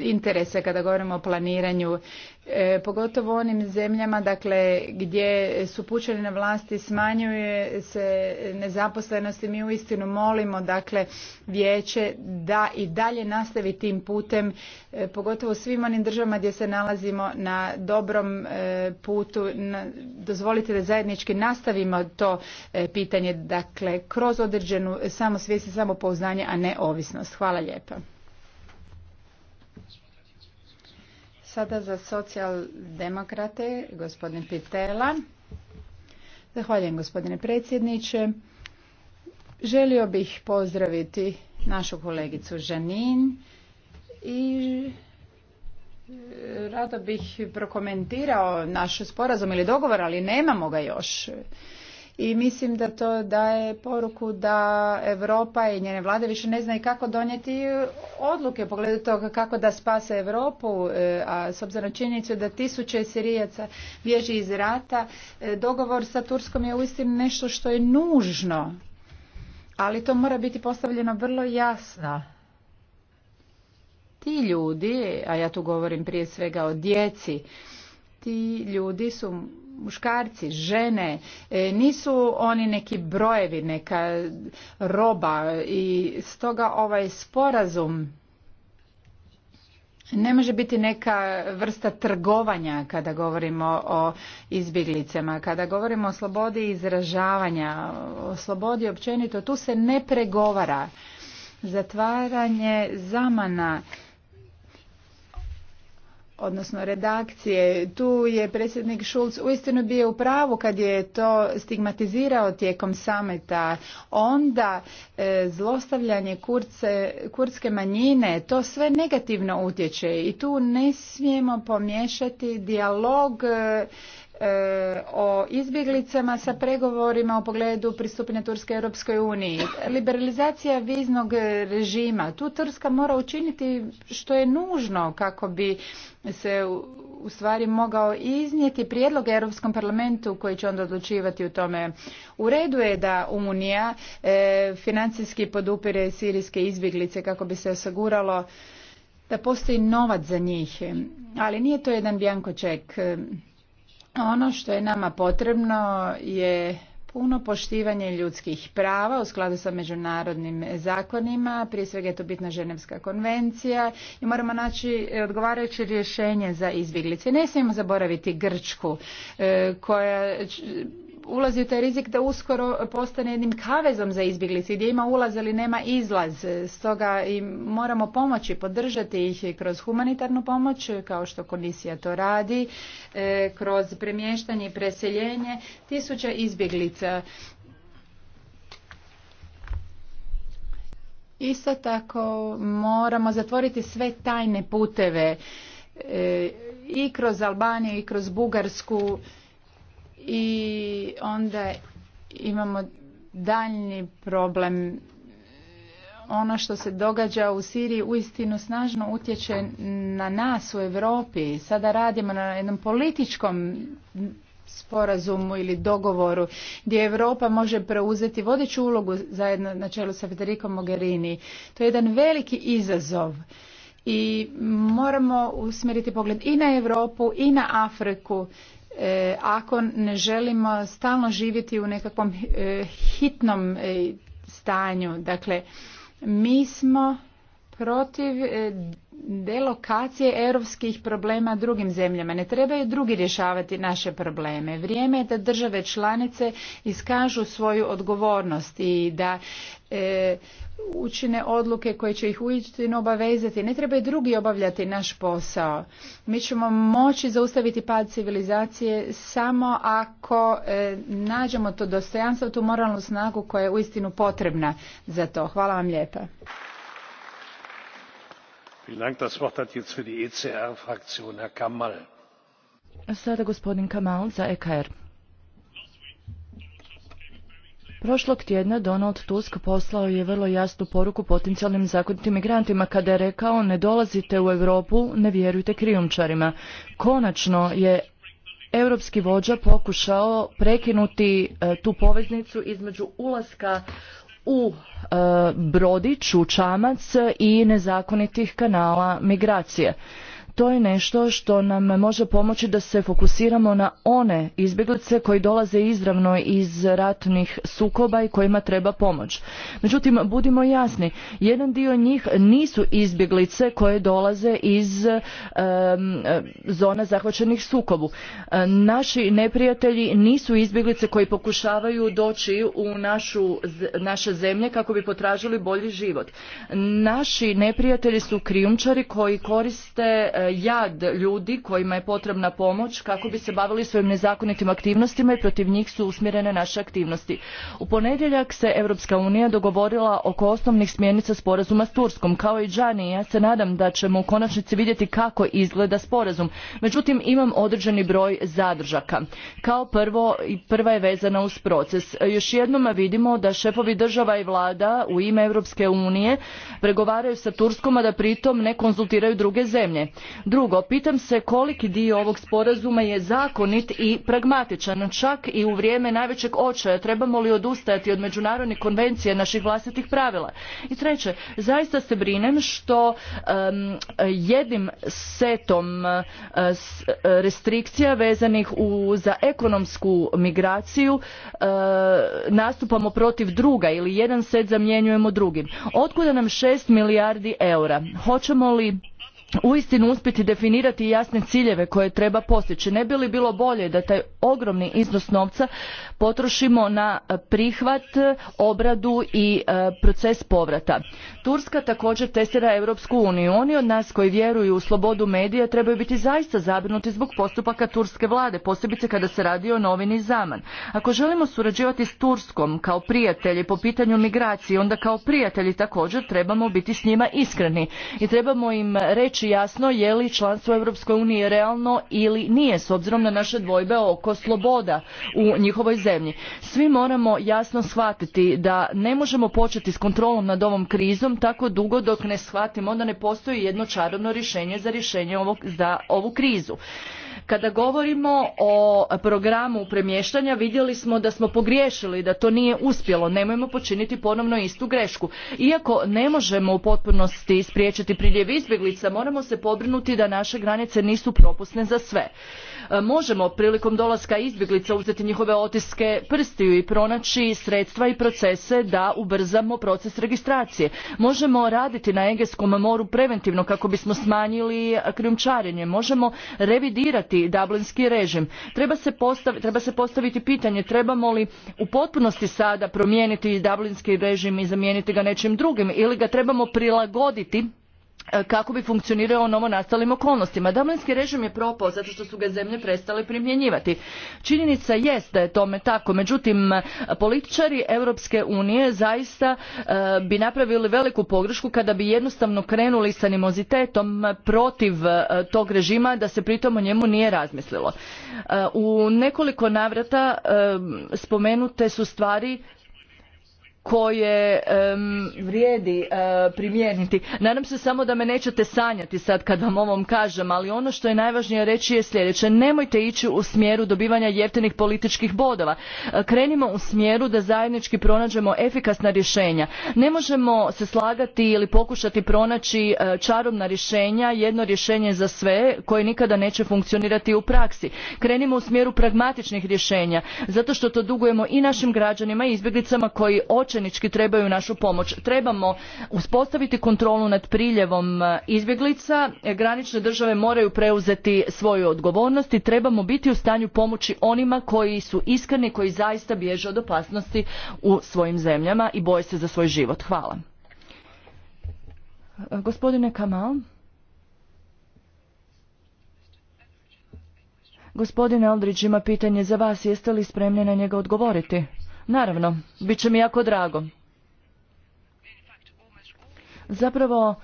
interese kada govorimo o planiranju E, pogotovo onim zemljama dakle, gdje su pučani na vlasti smanjuje se nezaposlenost i mi uistinu molimo dakle, vijeće da i dalje nastavi tim putem e, pogotovo svim onim državama gdje se nalazimo na dobrom e, putu na, dozvolite da zajednički nastavimo to e, pitanje dakle, kroz određenu samosvijest i samopouznanje a ne ovisnost. Hvala lijepa. Sada za socijaldemokrate, gospodin Pitela. Zahvaljujem gospodine predsjedniče. Želio bih pozdraviti našu kolegicu Žanin i rado bih prokomentirao naš sporazum ili dogovor, ali nemamo ga još i mislim da to daje poruku da Europa i njene vlade više ne znaju kako donijeti odluke u pogledu toga kako da spase Europu, e, a s obzirom činjenicu da tisuće Sirijaca bježi iz rata, e, dogovor sa Turskom je uistinu nešto što je nužno, ali to mora biti postavljeno vrlo jasno. Ti ljudi, a ja tu govorim prije svega o djeci, ti ljudi su muškarci, žene, e, nisu oni neki brojevi, neka roba i stoga ovaj sporazum ne može biti neka vrsta trgovanja kada govorimo o izbjeglicama, kada govorimo o slobodi izražavanja, o slobodi općenito, tu se ne pregovara. Zatvaranje zamana odnosno redakcije. Tu je predsjednik Šulc uistinu bio u pravu kad je to stigmatizirao tijekom sameta. Onda e, zlostavljanje kurce, manjine, to sve negativno utječe i tu ne smijemo pomiješati dijalog e, E, o izbjeglicama sa pregovorima u pogledu pristupanja Turske Europskoj uniji. Liberalizacija viznog režima. Tu Turska mora učiniti što je nužno kako bi se u stvari mogao iznijeti prijedlog Europskom parlamentu koji će onda odlučivati u tome. U redu je da Unija e, financijski podupire sirijske izbjeglice kako bi se osiguralo da postoji novac za njih. Ali nije to jedan bjanko ček. Ono što je nama potrebno je puno poštivanje ljudskih prava u skladu sa međunarodnim zakonima, prije svega je to bitna Ženevska konvencija i moramo naći odgovarajuće rješenje za izbjeglice. Ne smijemo zaboraviti Grčku e, koja ulazi u taj rizik da uskoro postane jednim kavezom za izbjeglice gdje ima ulaz ali nema izlaz. Stoga im moramo pomoći, podržati ih kroz humanitarnu pomoć kao što komisija to radi, e, kroz premještanje i preseljenje tisuća izbjeglica. Isto tako moramo zatvoriti sve tajne puteve e, i kroz Albaniju i kroz Bugarsku i onda imamo daljni problem ono što se događa u Siriji uistinu snažno utječe na nas u Europi. Sada radimo na jednom političkom sporazumu ili dogovoru gdje Europa može preuzeti vodeću ulogu zajedno na čelu sa Federico Mogherini. To je jedan veliki izazov i moramo usmjeriti pogled i na Europu i na Afriku E, ako ne želimo stalno živjeti u nekakvom e, hitnom e, stanju. Dakle, mi smo protiv delokacije europskih problema drugim zemljama. Ne trebaju drugi rješavati naše probleme. Vrijeme je da države članice iskažu svoju odgovornost i da učine odluke koje će ih uistinu obavezati. Ne treba i drugi obavljati naš posao. Mi ćemo moći zaustaviti pad civilizacije samo ako e, nađemo to dostojanstvo, tu moralnu snagu koja je uistinu potrebna za to. Hvala vam lijepa. Sada gospodin Kamal za EKR. Prošlog tjedna Donald Tusk poslao je vrlo jasnu poruku potencijalnim zakonitim migrantima kada je rekao ne dolazite u Europu, ne vjerujte krijumčarima. Konačno je europski vođa pokušao prekinuti e, tu poveznicu između ulaska u e, brodić, u čamac i nezakonitih kanala migracije to je nešto što nam može pomoći da se fokusiramo na one izbjeglice koji dolaze izravno iz ratnih sukoba i kojima treba pomoć. Međutim, budimo jasni, jedan dio njih nisu izbjeglice koje dolaze iz zone zona zahvaćenih sukobu. E, naši neprijatelji nisu izbjeglice koji pokušavaju doći u našu, naše zemlje kako bi potražili bolji život. Naši neprijatelji su krijumčari koji koriste jad ljudi kojima je potrebna pomoć kako bi se bavili svojim nezakonitim aktivnostima i protiv njih su usmjerene naše aktivnosti. U ponedjeljak se Europska unija dogovorila oko osnovnih smjernica sporazuma s Turskom. Kao i Džani, ja se nadam da ćemo u konačnici vidjeti kako izgleda sporazum. Međutim, imam određeni broj zadržaka. Kao prvo, i prva je vezana uz proces. Još jednom vidimo da šefovi država i vlada u ime Europske unije pregovaraju sa Turskom, a da pritom ne konzultiraju druge zemlje. Drugo, pitam se koliki dio ovog sporazuma je zakonit i pragmatičan, čak i u vrijeme najvećeg očaja. Trebamo li odustajati od Međunarodne konvencije naših vlastitih pravila? I treće, zaista se brinem što jednim setom eh, eh, restrikcija vezanih u, za ekonomsku migraciju eh, nastupamo protiv druga ili jedan set zamjenjujemo drugim. Otkuda nam šest milijardi eura? Hoćemo li uistinu uspjeti definirati jasne ciljeve koje treba postići. Ne bi li bilo bolje da taj ogromni iznos novca potrošimo na e, prihvat, obradu i e, proces povrata. Turska također testira Europsku uniju. Oni od nas koji vjeruju u slobodu medija trebaju biti zaista zabrinuti zbog postupaka turske vlade, posebice kada se radi o novini Zaman. Ako želimo surađivati s Turskom kao prijatelji po pitanju migracije, onda kao prijatelji također trebamo biti s njima iskreni i trebamo im reći jasno je li članstvo Europskoj uniji realno ili nije s obzirom na naše dvojbe oko sloboda u njihovoj zemlji. Svi moramo jasno shvatiti da ne možemo početi s kontrolom nad ovom krizom tako dugo dok ne shvatimo da ne postoji jedno čarobno rješenje za rješenje ovog, za ovu krizu. Kada govorimo o programu premještanja vidjeli smo da smo pogriješili, da to nije uspjelo. Nemojmo počiniti ponovno istu grešku. Iako ne možemo u potpunosti spriječiti priljev izbjeglica, moramo se pobrinuti da naše granice nisu propusne za sve. E, možemo prilikom dolaska izbjeglica uzeti njihove otiske prstiju i pronaći sredstva i procese da ubrzamo proces registracije. Možemo raditi na egejskom moru preventivno kako bismo smanjili krijumčarenje. Možemo revidirati Dublinski režim. Treba treba se postaviti pitanje trebamo li u potpunosti sada promijeniti Dublinski režim i zamijeniti ga nečim drugim ili ga trebamo prilagoditi E, kako bi funkcionirao u novonastalim okolnostima. Dublinski režim je propao zato što su ga zemlje prestale primjenjivati. Činjenica jest da je tome tako, međutim političari Europske unije zaista e, bi napravili veliku pogrešku kada bi jednostavno krenuli sa animozitetom protiv e, tog režima da se pritom o njemu nije razmislilo. u nekoliko navrata spomenute su stvari koje vrijedi uh, primijeniti. Nadam se samo da me nećete sanjati sad kad vam ovom kažem, ali ono što je najvažnije reći je sljedeće. Nemojte ići u smjeru dobivanja jeftinih političkih bodova. Eh, krenimo u smjeru da zajednički pronađemo efikasna rješenja. Ne možemo se slagati ili pokušati pronaći eh, čarobna rješenja, jedno rješenje za sve koje nikada neće funkcionirati u praksi. Krenimo u smjeru pragmatičnih rješenja, zato što to dugujemo i našim građanima i izbjeglicama koji očajnički trebaju našu pomoć. Trebamo uspostaviti kontrolu nad priljevom e, izbjeglica, e, granične države moraju preuzeti svoju odgovornost i trebamo biti u stanju pomoći onima koji su iskreni, koji zaista bježe od opasnosti u svojim zemljama i boje se za svoj život. Hvala. E, gospodine Kamal. Gospodine Aldridge ima pitanje za vas. Jeste li spremni na njega odgovoriti? Naravno, bit će mi jako drago. Zapravo,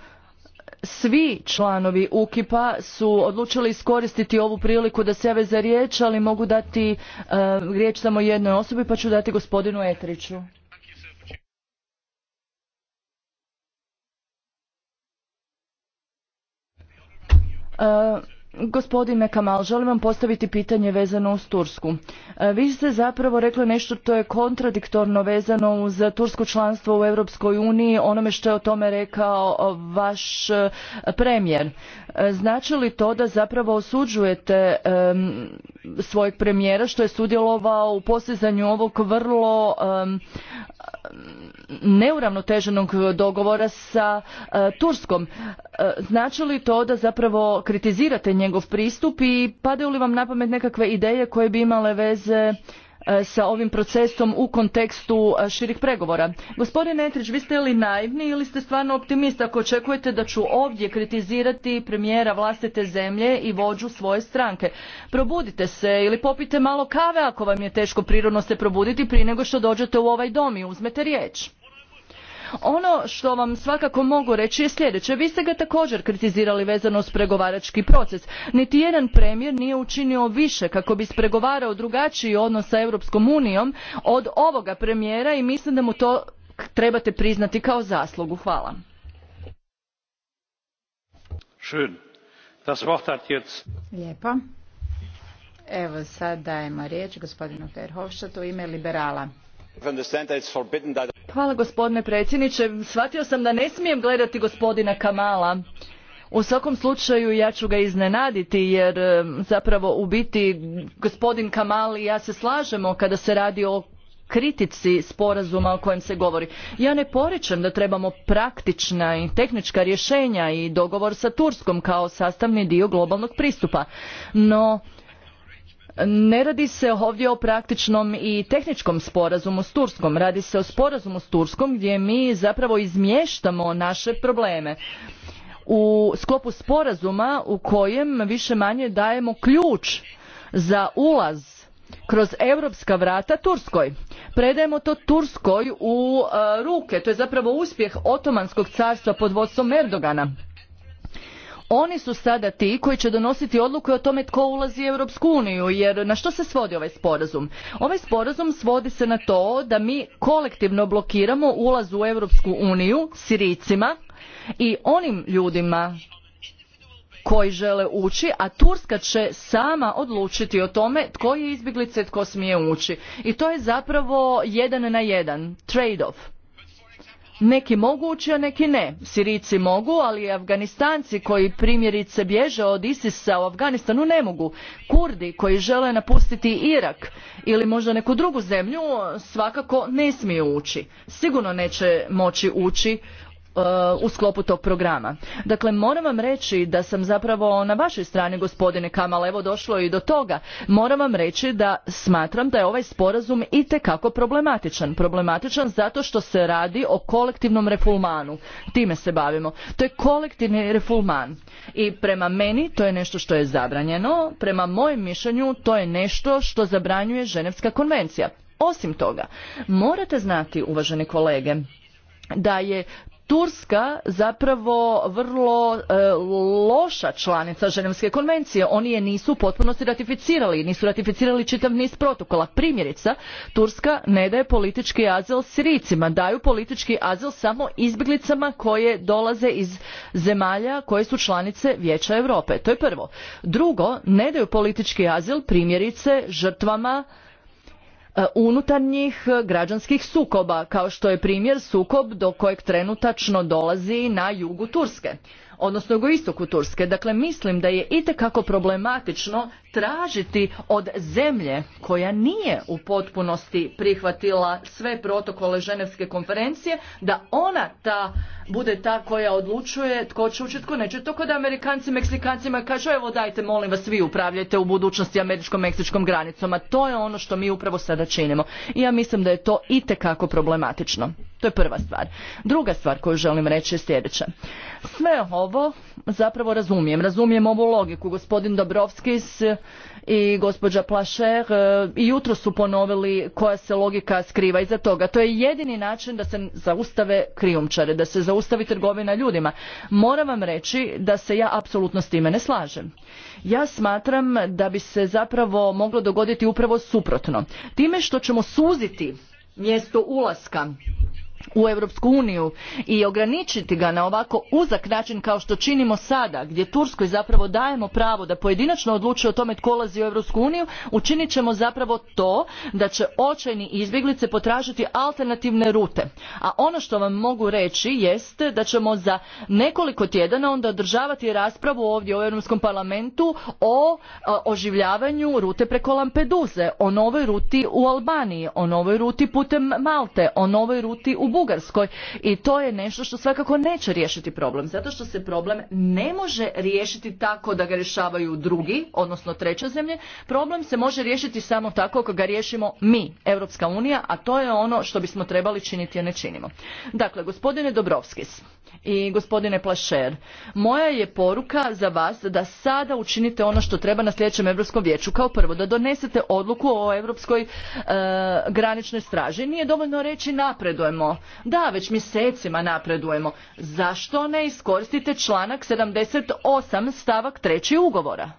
svi članovi UKIP-a su odlučili iskoristiti ovu priliku da se jave za riječ, ali mogu dati e, riječ samo jednoj osobi, pa ću dati gospodinu Etriću. E, Gospodine Kamal, želim vam postaviti pitanje vezano uz Tursku. E, vi ste zapravo rekli nešto to je kontradiktorno vezano uz tursko članstvo u Europskoj uniji, onome što je o tome rekao vaš e, premijer. E, znači li to da zapravo osuđujete svojeg premijera što je sudjelovao u postizanju ovog vrlo neuravnoteženog dogovora sa Turskom? E, znači li to da zapravo kritizirate njegov pristup i padaju li vam na pamet nekakve ideje koje bi imale veze e, sa ovim procesom u kontekstu e, širih pregovora. Gospodine Netrić, vi ste li naivni ili ste stvarno optimist ako očekujete da ću ovdje kritizirati premijera vlastite zemlje i vođu svoje stranke? Probudite se ili popite malo kave ako vam je teško prirodno se probuditi prije nego što dođete u ovaj dom i uzmete riječ. Ono što vam svakako mogu reći je sljedeće. Vi ste ga također kritizirali vezano uz pregovarački proces. Niti jedan premijer nije učinio više kako bi ispregovarao drugačiji odnos sa Europskom unijom od ovoga premijera i mislim da mu to trebate priznati kao zaslugu. Hvala. Schön. Das Wort hat Evo sad dajemo riječ gospodinu u ime liberala. Hvala gospodine predsjedniče. Shvatio sam da ne smijem gledati gospodina Kamala. U svakom slučaju ja ću ga iznenaditi jer e, zapravo u biti gospodin Kamal i ja se slažemo kada se radi o kritici sporazuma o kojem se govori. Ja ne porečem da trebamo praktična i tehnička rješenja i dogovor sa Turskom kao sastavni dio globalnog pristupa. No, ne radi se ovdje o praktičnom i tehničkom sporazumu s Turskom. Radi se o sporazumu s Turskom gdje mi zapravo izmještamo naše probleme u sklopu sporazuma u kojem više manje dajemo ključ za ulaz kroz europska vrata Turskoj. Predajemo to Turskoj u e, ruke. To je zapravo uspjeh Otomanskog carstva pod vodstvom Erdogana oni su sada ti koji će donositi odluke o tome tko ulazi u Europsku uniju, jer na što se svodi ovaj sporazum? Ovaj sporazum svodi se na to da mi kolektivno blokiramo ulaz u Europsku uniju Sirijcima i onim ljudima koji žele ući, a Turska će sama odlučiti o tome tko je izbjeglice, tko smije ući. I to je zapravo jedan na jedan, trade-off. Neki mogu ući, a neki ne. Sirici mogu, ali Afganistanci koji primjerice bježe od Isisa u Afganistanu ne mogu. Kurdi koji žele napustiti Irak ili možda neku drugu zemlju svakako ne smiju ući. Sigurno neće moći ući u sklopu tog programa. Dakle, moram vam reći da sam zapravo na vašoj strani, gospodine Kamal, evo došlo i do toga. Moram vam reći da smatram da je ovaj sporazum itekako problematičan. Problematičan zato što se radi o kolektivnom refulmanu. Time se bavimo. To je kolektivni refulman. I prema meni to je nešto što je zabranjeno, prema mojem mišljenju to je nešto što zabranjuje Ženevska konvencija. Osim toga, morate znati, uvaženi kolege, da je Turska zapravo vrlo e, loša članica Ženevske konvencije. Oni je nisu u potpunosti ratificirali, nisu ratificirali čitav niz protokola. Primjerica, Turska ne daje politički azil Siricima. daju politički azil samo izbjeglicama koje dolaze iz zemalja koje su članice Vijeća Europe. To je prvo. Drugo, ne daju politički azil primjerice žrtvama E, unutarnjih e, građanskih sukoba kao što je primjer sukob do kojeg trenutačno dolazi na jugu Turske odnosno jugoistoku Turske. Dakle, mislim da je itekako problematično tražiti od zemlje koja nije u potpunosti prihvatila sve protokole Ženevske konferencije, da ona ta bude ta koja odlučuje tko će učiti, tko neće. To kod Amerikanci, Meksikancima kažu evo dajte molim vas vi upravljajte u budućnosti američkom meksičkom granicom, a to je ono što mi upravo sada činimo. I ja mislim da je to itekako problematično. To je prva stvar. Druga stvar koju želim reći je sljedeća. Sve ovo zapravo razumijem. Razumijem ovu logiku. Gospodin Dobrovskis eh, i gospođa Plašer eh, i jutro su ponovili koja se logika skriva iza toga. To je jedini način da se zaustave krijumčare, da se zaustavi trgovina ljudima. Moram vam reći da se ja apsolutno s time ne slažem. Ja smatram da bi se zapravo moglo dogoditi upravo suprotno. Time što ćemo suziti mjesto ulaska u Europsku uniju i ograničiti ga na ovako uzak način kao što činimo sada, gdje Turskoj zapravo dajemo pravo da pojedinačno odlučuje o tome tko ulazi u Europsku uniju, učinit ćemo zapravo to da će očajni izbjeglice potražiti alternativne rute. A ono što vam mogu reći jeste da ćemo za nekoliko tjedana onda održavati raspravu ovdje u Europskom parlamentu o oživljavanju rute preko Lampeduze, o novoj ruti u Albaniji, o novoj ruti putem Malte, o novoj ruti u Bugarskoj Bugarskoj i to je nešto što svakako neće riješiti problem, zato što se problem ne može riješiti tako da ga rješavaju drugi, odnosno treće zemlje. Problem se može riješiti samo tako kako ga riješimo mi, Europska unija, a to je ono što bismo trebali činiti, a ne činimo. Dakle, gospodine Dobrovskis, i gospodine Plašer, moja je poruka za vas da sada učinite ono što treba na sljedećem Europskom vijeću. Kao prvo, da donesete odluku o Europskoj e, graničnoj straži. Nije dovoljno reći napredujemo. Da, već mjesecima napredujemo. Zašto ne iskoristite članak 78 stavak 3. ugovora?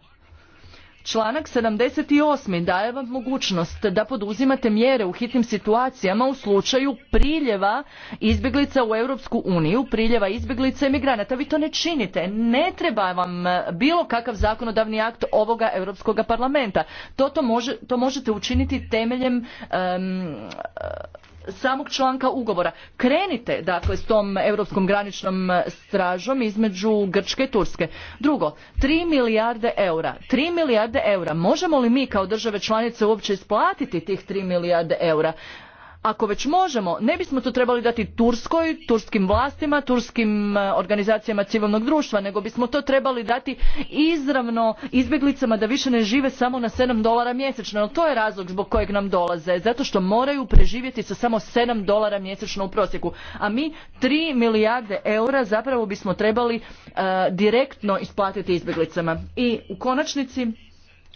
Članak 78. daje vam mogućnost da poduzimate mjere u hitnim situacijama u slučaju priljeva izbjeglica u Europsku uniju, priljeva izbjeglica i Vi to ne činite. Ne treba vam bilo kakav zakonodavni akt ovoga Europskog parlamenta. To, to, možete učiniti temeljem samog članka ugovora. Krenite dakle s tom europskom graničnom e, stražom između Grčke i Turske. Drugo, 3 milijarde eura. 3 milijarde eura. Možemo li mi kao države članice uopće isplatiti tih 3 milijarde eura? Ako već možemo, ne bismo to trebali dati Turskoj, turskim vlastima, turskim e, organizacijama civilnog društva, nego bismo to trebali dati izravno izbjeglicama da više ne žive samo na sedam dolara mjesečno. No, to je razlog zbog kojeg nam dolaze, zato što moraju preživjeti sa samo sedam dolara mjesečno u prosjeku. A mi tri milijarde eura zapravo bismo trebali e, direktno isplatiti izbjeglicama. I u konačnici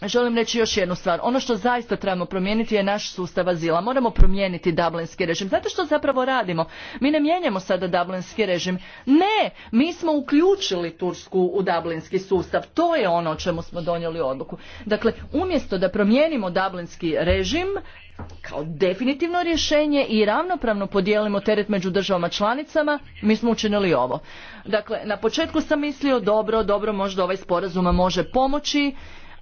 Želim reći još jednu stvar. Ono što zaista trebamo promijeniti je naš sustav azila. Moramo promijeniti Dublinski režim. Znate što zapravo radimo? Mi ne mijenjamo sada Dublinski režim. Ne, mi smo uključili Tursku u Dublinski sustav. To je ono o čemu smo donijeli odluku. Dakle, umjesto da promijenimo Dublinski režim, kao definitivno rješenje i ravnopravno podijelimo teret među državama članicama, mi smo učinili ovo. Dakle, na početku sam mislio dobro, dobro možda ovaj sporazum može pomoći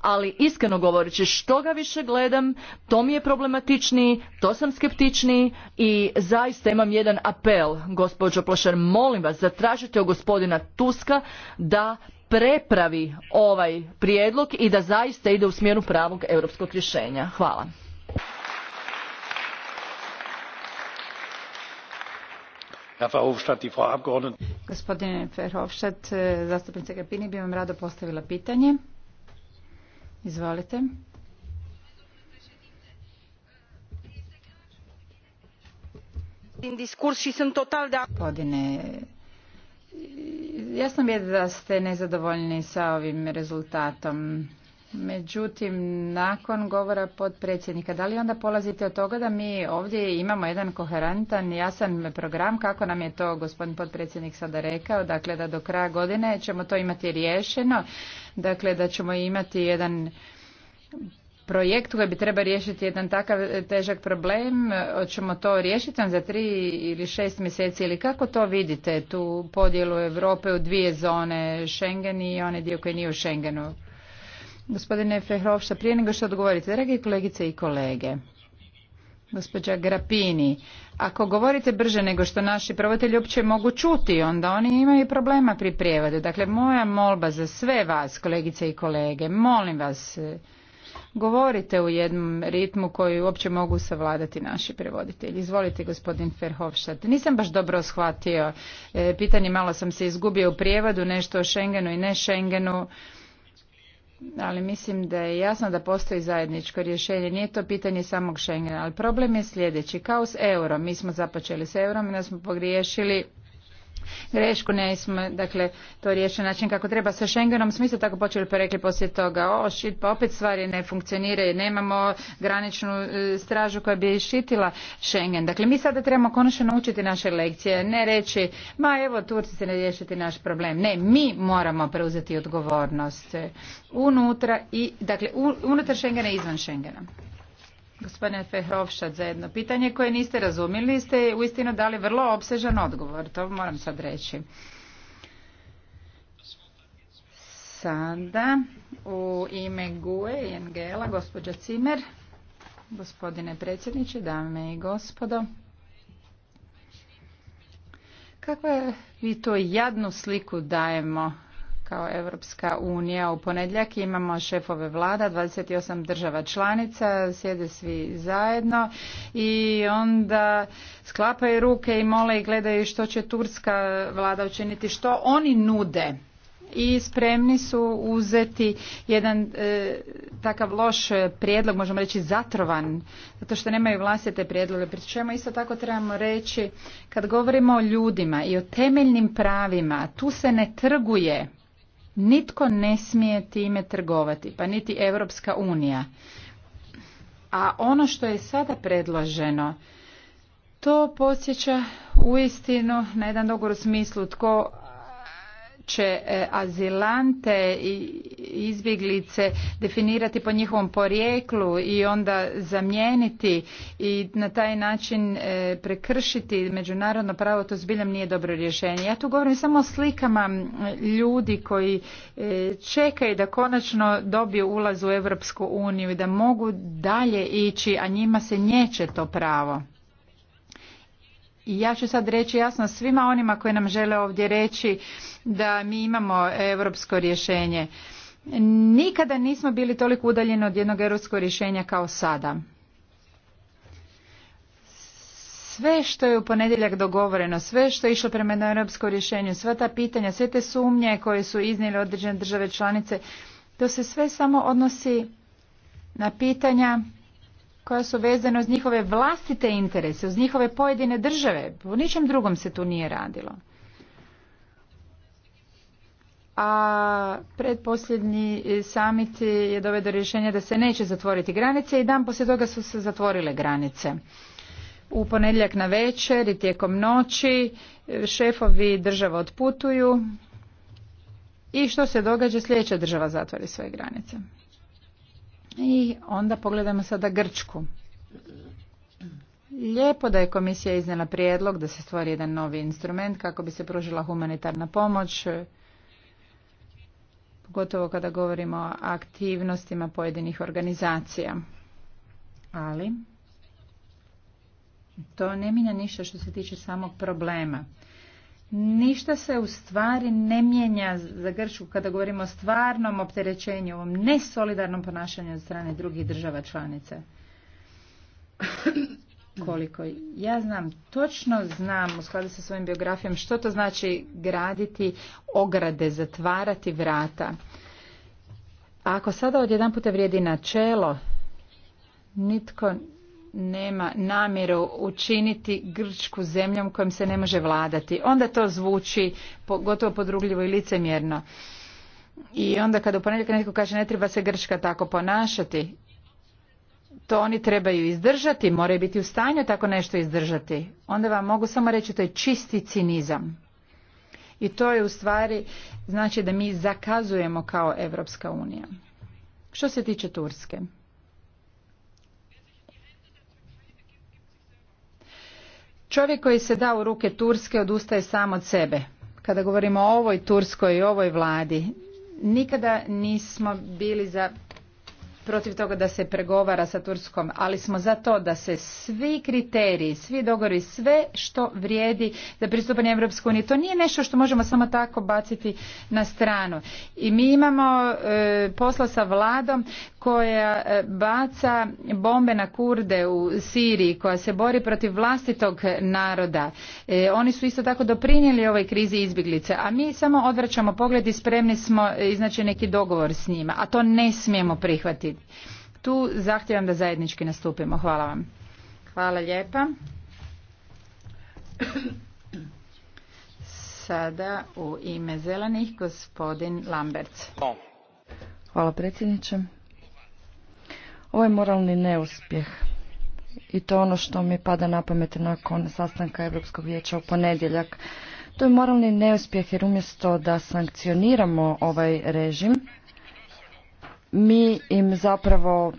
ali iskreno govoreći što ga više gledam, to mi je problematičniji, to sam skeptičniji i zaista imam jedan apel, gospođo Plošar, molim vas, zatražite od gospodina Tuska da prepravi ovaj prijedlog i da zaista ide u smjeru pravog europskog rješenja. Hvala. Gospodine Verhofstadt, eh, zastupnica Gapini bi vam rado postavila pitanje. Izvolite. Gospodine, jasno mi je da ste nezadovoljni sa ovim rezultatom. Međutim, nakon govora podpredsjednika, da li onda polazite od toga da mi ovdje imamo jedan koherentan, jasan program, kako nam je to gospodin podpredsjednik sada rekao, dakle da do kraja godine ćemo to imati riješeno, dakle da ćemo imati jedan projekt koji bi treba riješiti jedan takav težak problem, ćemo to riješiti za tri ili šest mjeseci ili kako to vidite, tu podjelu Europe u dvije zone, Schengen i onaj dio koji nije u Schengenu? Gospodine Frehovšta, prije nego što odgovorite, dragi kolegice i kolege, gospođa Grapini, ako govorite brže nego što naši provoditelji uopće mogu čuti, onda oni imaju problema pri prijevodu. Dakle, moja molba za sve vas, kolegice i kolege, molim vas, govorite u jednom ritmu koji uopće mogu savladati naši prevoditelji. Izvolite gospodin Ferhofštad. Nisam baš dobro shvatio e, pitanje, malo sam se izgubio u prijevodu, nešto o Schengenu i ne Schengenu ali mislim da je jasno da postoji zajedničko rješenje. Nije to pitanje samog Schengena, ali problem je sljedeći. Kao s eurom, mi smo započeli s eurom i da smo pogriješili grešku, smo, dakle, to riješili način kako treba sa Schengenom, smo isto tako počeli pa rekli poslije toga, o, šit, pa opet stvari ne funkcioniraju, nemamo graničnu e, stražu koja bi šitila Schengen. Dakle, mi sada trebamo konačno naučiti naše lekcije, ne reći, ma evo, Turci se ne riješiti naš problem. Ne, mi moramo preuzeti odgovornost unutra i, dakle, unutar Schengena i izvan Schengena. Gospodine Fehovšat, za jedno pitanje koje niste razumjeli ste uistinu dali vrlo obsežan odgovor, to moram sad reći. Sada u ime GUE i ngl gospođa Cimer, gospodine predsjedniče, dame i gospodo. Kakvu vi to jadnu sliku dajemo kao Europska unija. U ponedjeljak imamo šefove vlada, 28 država članica, sjede svi zajedno i onda sklapaju ruke i mole i gledaju što će turska vlada učiniti, što oni nude i spremni su uzeti jedan e, takav loš prijedlog, možemo reći zatrovan, zato što nemaju vlastite prijedloge. Pri čemu isto tako trebamo reći, kad govorimo o ljudima i o temeljnim pravima, tu se ne trguje Nitko ne smije time trgovati, pa niti Europska unija. A ono što je sada predloženo, to podsjeća uistinu na jedan dogor u smislu tko će e, azilante i izbjeglice definirati po njihovom porijeklu i onda zamijeniti i na taj način e, prekršiti međunarodno pravo, to zbiljam nije dobro rješenje. Ja tu govorim samo o slikama ljudi koji e, čekaju da konačno dobiju ulaz u Europsku uniju i da mogu dalje ići, a njima se nječe to pravo. I ja ću sad reći jasno svima onima koji nam žele ovdje reći da mi imamo europsko rješenje. Nikada nismo bili toliko udaljeni od jednog europskog rješenja kao sada. Sve što je u ponedjeljak dogovoreno, sve što je išlo prema jednom europskom rješenju, sva ta pitanja, sve te sumnje koje su iznijele određene države članice, to se sve samo odnosi na pitanja koja su vezana uz njihove vlastite interese, uz njihove pojedine države. U ničem drugom se tu nije radilo. A predposljednji samiti je doveo do rješenja da se neće zatvoriti granice i dan poslije toga su se zatvorile granice. U ponedjeljak na večer i tijekom noći šefovi država otputuju i što se događa sljedeća država zatvori svoje granice. I onda pogledajmo sada Grčku. Lijepo da je komisija iznijela prijedlog da se stvori jedan novi instrument kako bi se pružila humanitarna pomoć, pogotovo kada govorimo o aktivnostima pojedinih organizacija. Ali to ne mijenja ništa što se tiče samog problema. Ništa se u stvari ne mijenja za Grčku kada govorimo o stvarnom opterećenju, ovom nesolidarnom ponašanju od strane drugih država članica. Koliko ja znam, točno znam u skladu sa svojim biografijom što to znači graditi ograde, zatvarati vrata. ako sada odjedan puta vrijedi načelo, nitko nema namjeru učiniti Grčku zemljom kojom se ne može vladati. Onda to zvuči gotovo podrugljivo i licemjerno. I onda kada u ponedjeljak netko kaže ne treba se Grčka tako ponašati, to oni trebaju izdržati, moraju biti u stanju tako nešto izdržati. Onda vam mogu samo reći to je čisti cinizam. I to je u stvari znači da mi zakazujemo kao Europska unija. Što se tiče Turske, Čovjek koji se da u ruke Turske odustaje sam od sebe. Kada govorimo o ovoj Turskoj i ovoj vladi, nikada nismo bili za protiv toga da se pregovara sa Turskom, ali smo za to da se svi kriteriji, svi dogori, sve što vrijedi za pristupanje Europskoj uniji, to nije nešto što možemo samo tako baciti na stranu. I mi imamo e, posla sa vladom koja e, baca bombe na kurde u Siriji, koja se bori protiv vlastitog naroda. E, oni su isto tako doprinijeli ovoj krizi izbjeglice, a mi samo odvraćamo pogled i spremni smo e, iznaći neki dogovor s njima, a to ne smijemo prihvatiti. Tu zahtijevam da zajednički nastupimo. Hvala vam. Hvala lijepa. Sada u ime zelenih gospodin Lambert. Hvala predsjedniče. Ovo je moralni neuspjeh i to je ono što mi pada na pamet nakon sastanka Europskog vijeća u ponedjeljak. To je moralni neuspjeh jer umjesto da sankcioniramo ovaj režim, mi im zapravo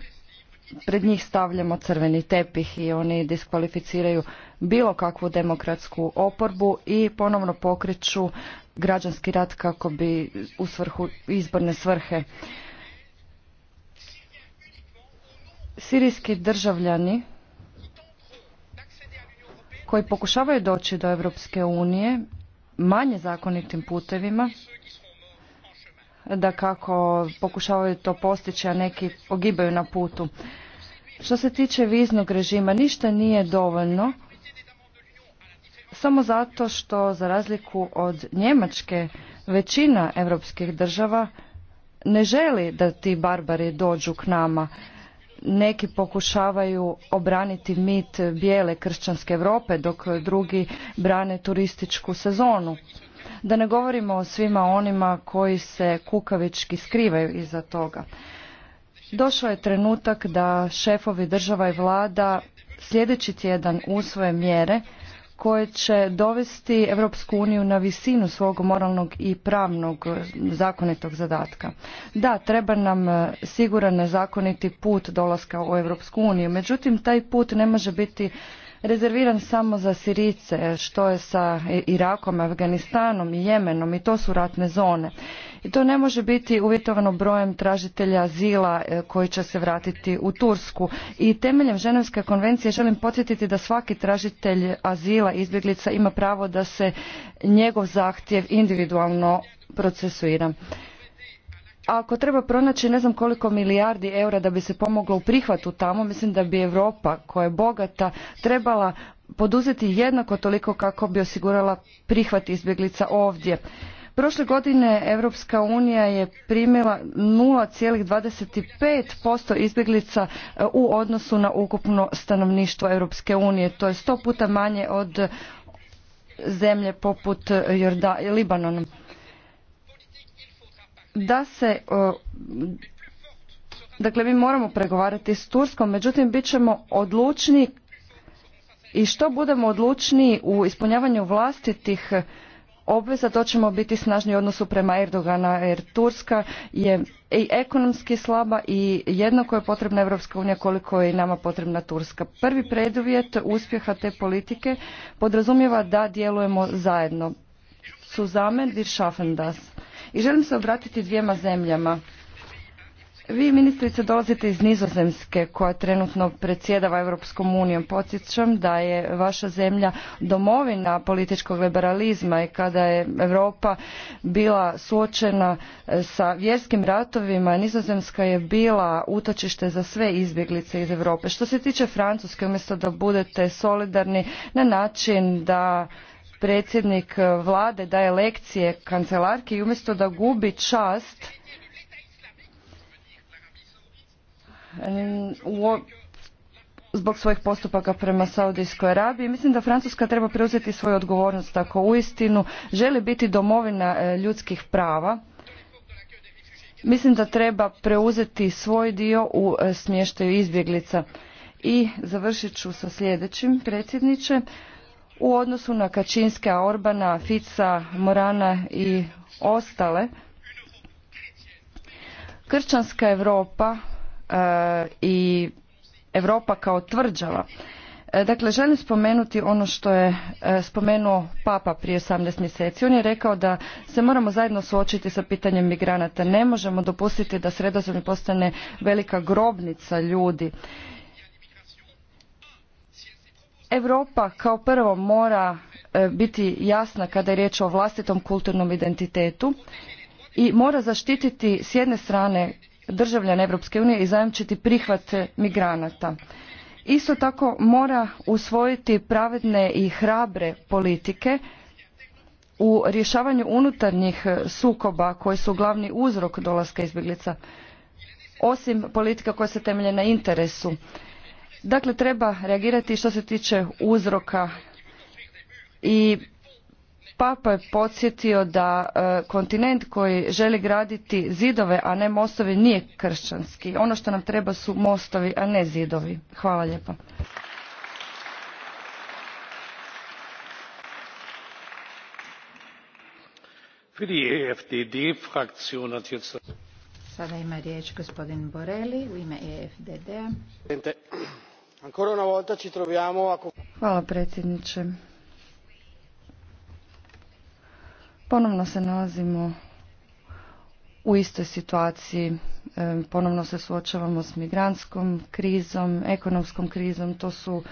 pred njih stavljamo crveni tepih i oni diskvalificiraju bilo kakvu demokratsku oporbu i ponovno pokreću građanski rat kako bi u svrhu izborne svrhe Sirijski državljani koji pokušavaju doći do Europske unije manje zakonitim putevima, da kako pokušavaju to postići, a neki ogibaju na putu. Što se tiče viznog režima, ništa nije dovoljno samo zato što za razliku od Njemačke većina europskih država ne želi da ti barbari dođu k nama neki pokušavaju obraniti mit bijele kršćanske Europe dok drugi brane turističku sezonu. Da ne govorimo o svima onima koji se kukavički skrivaju iza toga. Došao je trenutak da šefovi država i vlada sljedeći tjedan usvoje mjere koje će dovesti Europsku uniju na visinu svog moralnog i pravnog zakonitog zadatka. Da, treba nam e, siguran zakoniti put dolaska u Europsku uniju, međutim taj put ne može biti rezerviran samo za Sirice, što je sa Irakom, Afganistanom i Jemenom i to su ratne zone. I to ne može biti uvjetovano brojem tražitelja azila e, koji će se vratiti u Tursku. I temeljem Ženevske konvencije želim podsjetiti da svaki tražitelj azila izbjeglica ima pravo da se njegov zahtjev individualno procesuira ako treba pronaći ne znam koliko milijardi eura da bi se pomoglo u prihvatu tamo, mislim da bi Europa koja je bogata trebala poduzeti jednako toliko kako bi osigurala prihvat izbjeglica ovdje. Prošle godine Europska unija je primila 0,25% izbjeglica e, u odnosu na ukupno stanovništvo Europske unije. To je sto puta manje od zemlje poput e, Jorda, Libanona da se dakle mi moramo pregovarati s Turskom, međutim bit ćemo odlučni i što budemo odlučni u ispunjavanju vlastitih obveza, to ćemo biti snažni u odnosu prema Erdogana, jer Turska je i ekonomski slaba i jednako je potrebna Europska unija koliko je i nama potrebna Turska. Prvi preduvjet uspjeha te politike podrazumijeva da djelujemo zajedno. Suzamen wir i želim se obratiti dvijema zemljama. Vi, ministrice, dolazite iz Nizozemske koja trenutno predsjedava Europskom unijom. Podsjećam da je vaša zemlja domovina političkog liberalizma i kada je Europa bila suočena e, sa vjerskim ratovima, Nizozemska je bila utočište za sve izbjeglice iz Europe. Što se tiče Francuske, umjesto da budete solidarni na način da predsjednik vlade daje lekcije kancelarki i umjesto da gubi čast mm, u zbog svojih postupaka prema Saudijskoj Arabiji. Mislim da Francuska treba preuzeti svoju odgovornost ako uistinu želi biti domovina e, ljudskih prava. Mislim da treba preuzeti svoj dio u e, smještaju izbjeglica. I završit ću sa sljedećim predsjedniče. U odnosu na Kačinske, Orbana, Fica, Morana i ostale, kršćanska Europa e, i Europa kao tvrđava. E, dakle, želim spomenuti ono što je e, spomenuo Papa prije 18 mjeseci. On je rekao da se moramo zajedno suočiti sa pitanjem migranata. Ne možemo dopustiti da sredozemlje postane velika grobnica ljudi. Europa kao prvo mora e, biti jasna kada je riječ o vlastitom kulturnom identitetu i mora zaštititi s jedne strane državljane Europske unije i zajamčiti prihvat migranata. Isto tako mora usvojiti pravedne i hrabre politike u rješavanju unutarnjih sukoba koji su glavni uzrok dolaska izbjeglica osim politika koja se temelje na interesu Dakle, treba reagirati što se tiče uzroka i Papa je podsjetio da e, kontinent koji želi graditi zidove, a ne mostove, nije kršćanski. Ono što nam treba su mostovi, a ne zidovi. Hvala lijepo. E Sada ima riječ gospodin Borelli u ime EFDD-a. Hvala predsjedniče. Ponovno se nalazimo u istoj situaciji. E, ponovno se suočavamo s migrantskom krizom, ekonomskom krizom. To su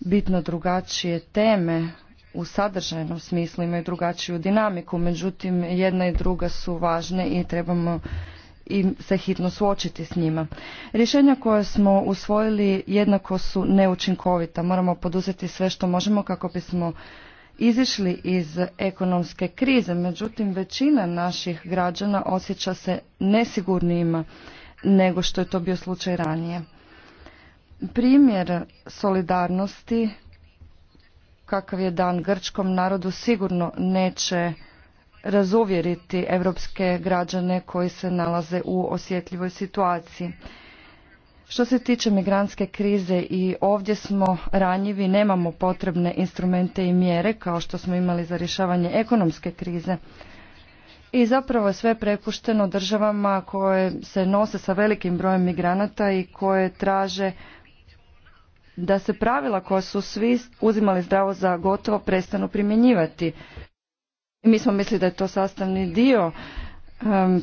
bitno drugačije teme u sadržajnom smislu, imaju drugačiju dinamiku. Međutim, jedna i druga su važne i trebamo i se hitno suočiti s njima. Rješenja koje smo usvojili jednako su neučinkovita. Moramo poduzeti sve što možemo kako bismo izišli iz ekonomske krize. Međutim, većina naših građana osjeća se nesigurnijima nego što je to bio slučaj ranije. Primjer solidarnosti kakav je dan grčkom narodu sigurno neće razuvjeriti evropske građane koji se nalaze u osjetljivoj situaciji. Što se tiče migrantske krize i ovdje smo ranjivi, nemamo potrebne instrumente i mjere kao što smo imali za rješavanje ekonomske krize. I zapravo je sve prepušteno državama koje se nose sa velikim brojem migranata i koje traže da se pravila koja su svi uzimali zdravo za gotovo prestanu primjenjivati mi smo mislili da je to sastavni dio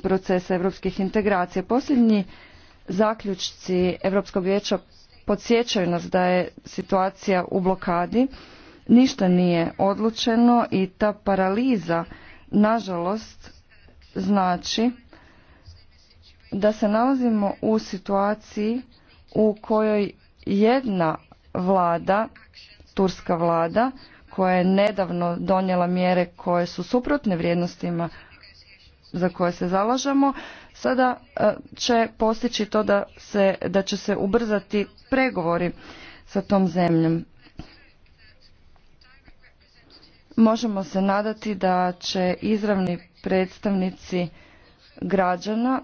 procesa europskih integracija. Posljednji zaključci Europskog vijeća podsjećaju nas da je situacija u blokadi, ništa nije odlučeno i ta paraliza nažalost znači da se nalazimo u situaciji u kojoj jedna vlada, turska vlada, koja je nedavno donijela mjere koje su suprotne vrijednostima za koje se zalažemo, sada e, će postići to da, se, da će se ubrzati pregovori sa tom zemljom. Možemo se nadati da će izravni predstavnici građana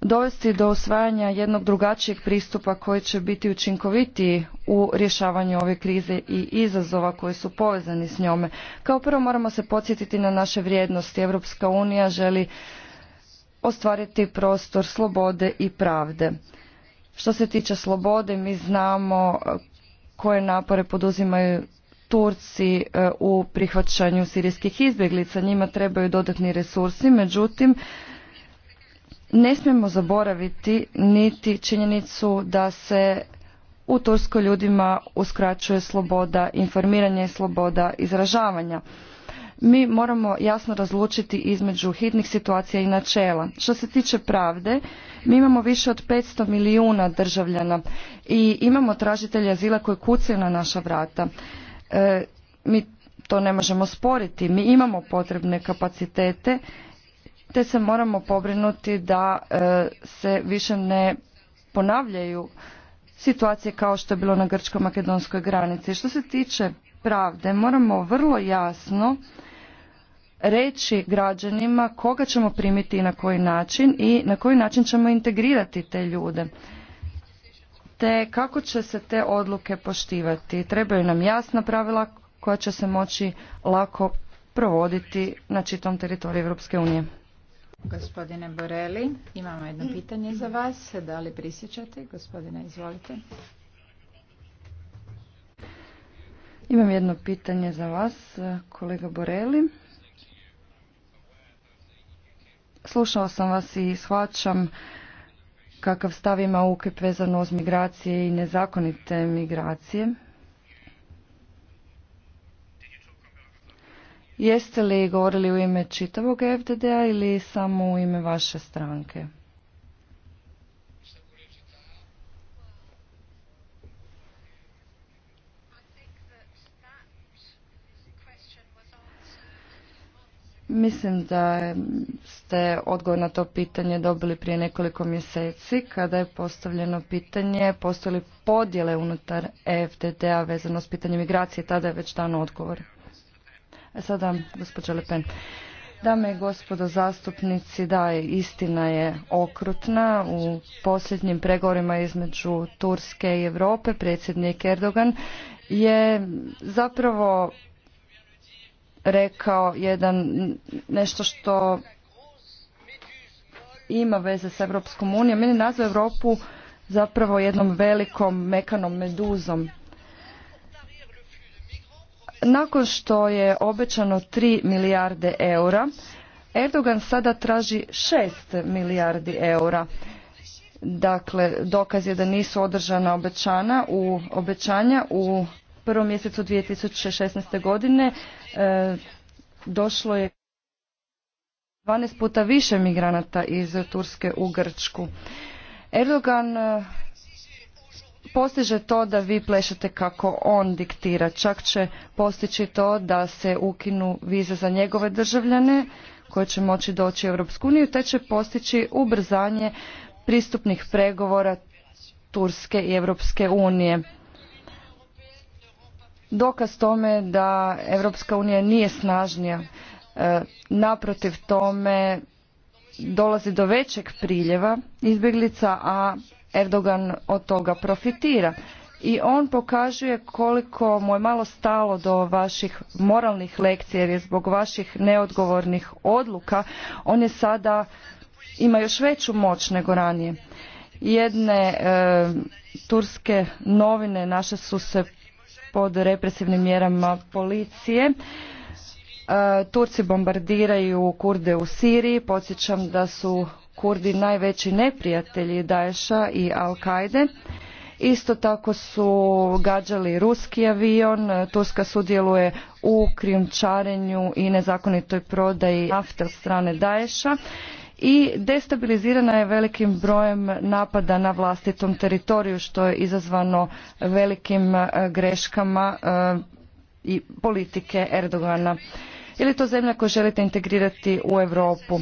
dovesti do osvajanja jednog drugačijeg pristupa koji će biti učinkovitiji u rješavanju ove krize i izazova koji su povezani s njome. Kao prvo moramo se podsjetiti na naše vrijednosti. Europska unija želi ostvariti prostor slobode i pravde. Što se tiče slobode, mi znamo koje napore poduzimaju Turci e, u prihvaćanju sirijskih izbjeglica. Njima trebaju dodatni resursi, međutim, ne smijemo zaboraviti niti činjenicu da se u Turskoj ljudima uskraćuje sloboda informiranja i sloboda izražavanja. Mi moramo jasno razlučiti između hitnih situacija i načela. Što se tiče pravde, mi imamo više od 500 milijuna državljana i imamo tražitelja azila koji kucaju na naša vrata. E, mi to ne možemo sporiti. Mi imamo potrebne kapacitete te se moramo pobrinuti da e, se više ne ponavljaju situacije kao što je bilo na grčko-makedonskoj granici. Što se tiče pravde, moramo vrlo jasno reći građanima koga ćemo primiti i na koji način i na koji način ćemo integrirati te ljude te kako će se te odluke poštivati. Trebaju nam jasna pravila koja će se moći lako provoditi na čitom teritoriju Europske unije. Gospodine Boreli, imamo jedno pitanje za vas. Da li prisjećate? Gospodine, izvolite. Imam jedno pitanje za vas, kolega Boreli. Slušao sam vas i shvaćam kakav stav ima UKIP vezano uz migracije i nezakonite migracije. Jeste li govorili u ime čitavog FDD-a ili samo u ime vaše stranke? Mislim da ste odgovor na to pitanje dobili prije nekoliko mjeseci kada je postavljeno pitanje postoje li podjele unutar FDD a vezano s pitanjem migracije, tada je već dan odgovor. E sada, gospođa Le Dame i gospodo zastupnici, da, istina je okrutna. U posljednjim pregovorima između Turske i Europe predsjednik Erdogan je zapravo rekao jedan nešto što ima veze sa Europskom unijom. Meni nazva Europu zapravo jednom velikom mekanom meduzom. Nakon što je obećano 3 milijarde eura, Erdogan sada traži 6 milijardi eura. Dakle, dokaz je da nisu održana obećana u obećanja u prvom mjesecu 2016. godine e, došlo je 12 puta više migranata iz Turske u Grčku. Erdogan postiže to da vi plešete kako on diktira. Čak će postići to da se ukinu vize za njegove državljane koje će moći doći u Europsku uniju, te će postići ubrzanje pristupnih pregovora Turske i Europske unije. Dokaz tome da Europska unija nije snažnija. E, naprotiv tome dolazi do većeg priljeva izbjeglica, a Erdogan od toga profitira i on pokazuje koliko mu je malo stalo do vaših moralnih lekcija jer je zbog vaših neodgovornih odluka on je sada ima još veću moć nego ranije. Jedne e, turske novine naše su se pod represivnim mjerama policije. E, Turci bombardiraju kurde u Siriji. Podsjećam da su Kurdi najveći neprijatelji Daesha i Al-Kaide. Isto tako su gađali ruski avion, Turska sudjeluje u krijumčarenju i nezakonitoj prodaji nafte od strane Daesha i destabilizirana je velikim brojem napada na vlastitom teritoriju što je izazvano velikim e, greškama e, i politike Erdogana. Ili to zemlja koju želite integrirati u Europu?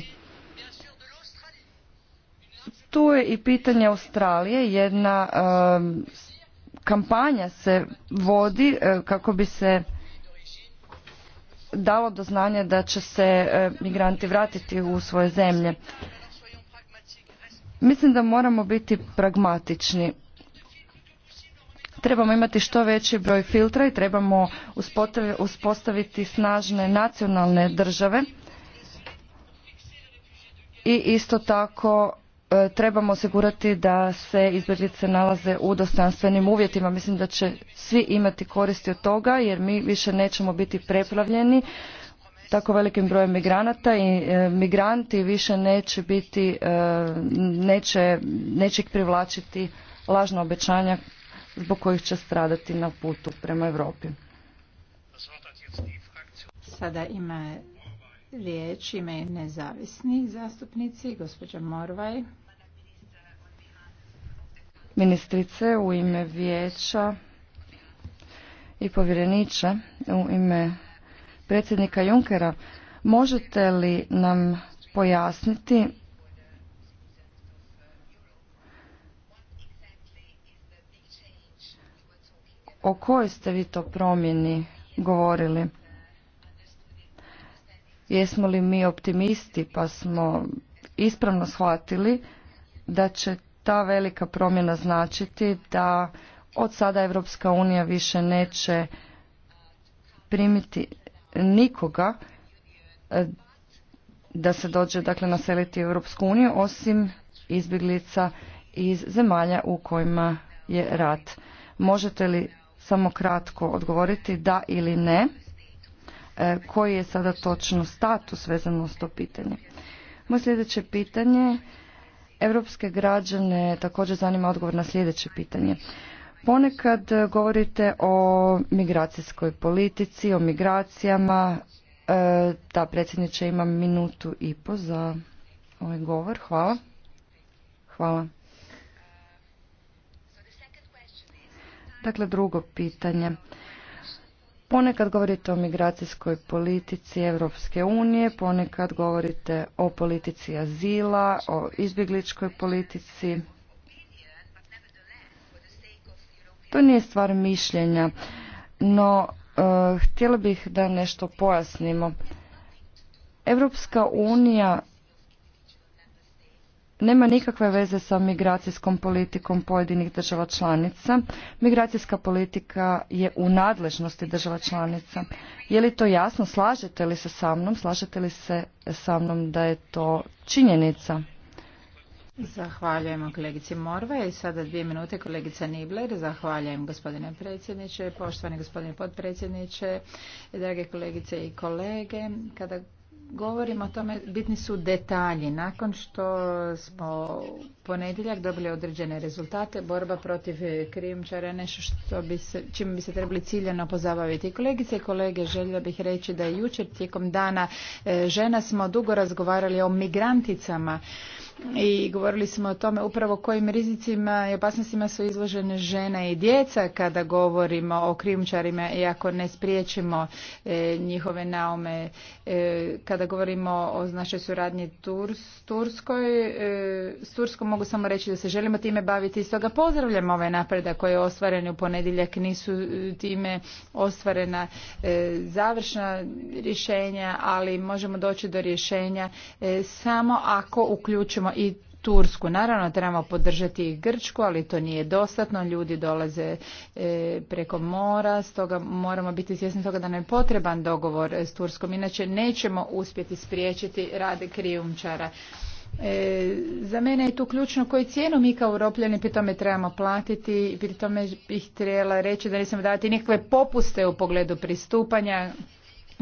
tu je i pitanje Australije. Jedna kampanja se vodi e, kako bi se dalo do znanja da će se e, migranti vratiti u svoje zemlje. Mislim da moramo biti pragmatični. Trebamo imati što veći broj filtra i trebamo uspostaviti snažne nacionalne države i isto tako E, trebamo osigurati da se izbjeglice nalaze u dostojanstvenim uvjetima. Mislim da će svi imati koristi od toga jer mi više nećemo biti preplavljeni tako velikim brojem migranata i e, migranti više neće biti, e, neće, neće ih privlačiti lažna obećanja zbog kojih će stradati na putu prema Europi. Sada ima Riječ ime nezavisni zastupnici, gospođa Morvaj. Ministrice, u ime vijeća i povjereniče, u ime predsjednika Junkera, možete li nam pojasniti o kojoj ste vi to promjeni govorili? jesmo li mi optimisti pa smo ispravno shvatili da će ta velika promjena značiti da od sada Evropska unija više neće primiti nikoga e, da se dođe dakle naseliti Evropsku uniju osim izbjeglica iz zemalja u kojima je rat. Možete li samo kratko odgovoriti da ili ne? E, koji je sada točno status vezano s to pitanje. Moje sljedeće pitanje, evropske građane također zanima odgovor na sljedeće pitanje. Ponekad govorite o migracijskoj politici, o migracijama. E, da, predsjedniče, imam minutu i po za ovaj govor. Hvala. Hvala. Dakle, drugo pitanje. Ponekad govorite o migracijskoj politici Europske unije, ponekad govorite o politici azila, o izbjegličkoj politici. To nije stvar mišljenja, no e, htjela bih da nešto pojasnimo. Europska unija nema nikakve veze sa migracijskom politikom pojedinih država članica. Migracijska politika je u nadležnosti država članica. Je li to jasno? Slažete li se sa mnom? Slažete li se sa mnom da je to činjenica? Zahvaljujemo kolegici Morve i sada dvije minute kolegica Nibler. Zahvaljujem gospodine predsjedniče, poštovani gospodine potpredsjedniče, drage kolegice i kolege. Kada govorimo o tome, bitni su detalji. Nakon što smo ponedjeljak dobili određene rezultate, borba protiv krijumčara je nešto što bi se, čime bi se trebali ciljeno pozabaviti. Kolegice i kolege, željela bih reći da je jučer tijekom dana e, žena smo dugo razgovarali o migranticama i govorili smo o tome upravo kojim rizicima i opasnostima su izložene žene i djeca kada govorimo o krijumčarima i ako ne spriječimo e, njihove naume. E, kada govorimo o našoj suradnji s Turskoj, e, s Turskom mogu samo reći da se želimo time baviti i stoga pozdravljam ove napreda koje je ostvaren u ponedjeljak nisu e, time ostvarena završna rješenja, ali možemo doći do rješenja samo ako uključimo i Tursku. Naravno trebamo podržati i Grčku, ali to nije dostatno. Ljudi dolaze e, preko mora, stoga moramo biti svjesni toga da nam je potreban dogovor s Turskom. Inače nećemo uspjeti spriječiti rade krijumčara. E, za mene je tu ključno koju cijenu mi kao europljani pri tome trebamo platiti i pri tome bih trebala reći da nisam dati nikakve popuste u pogledu pristupanja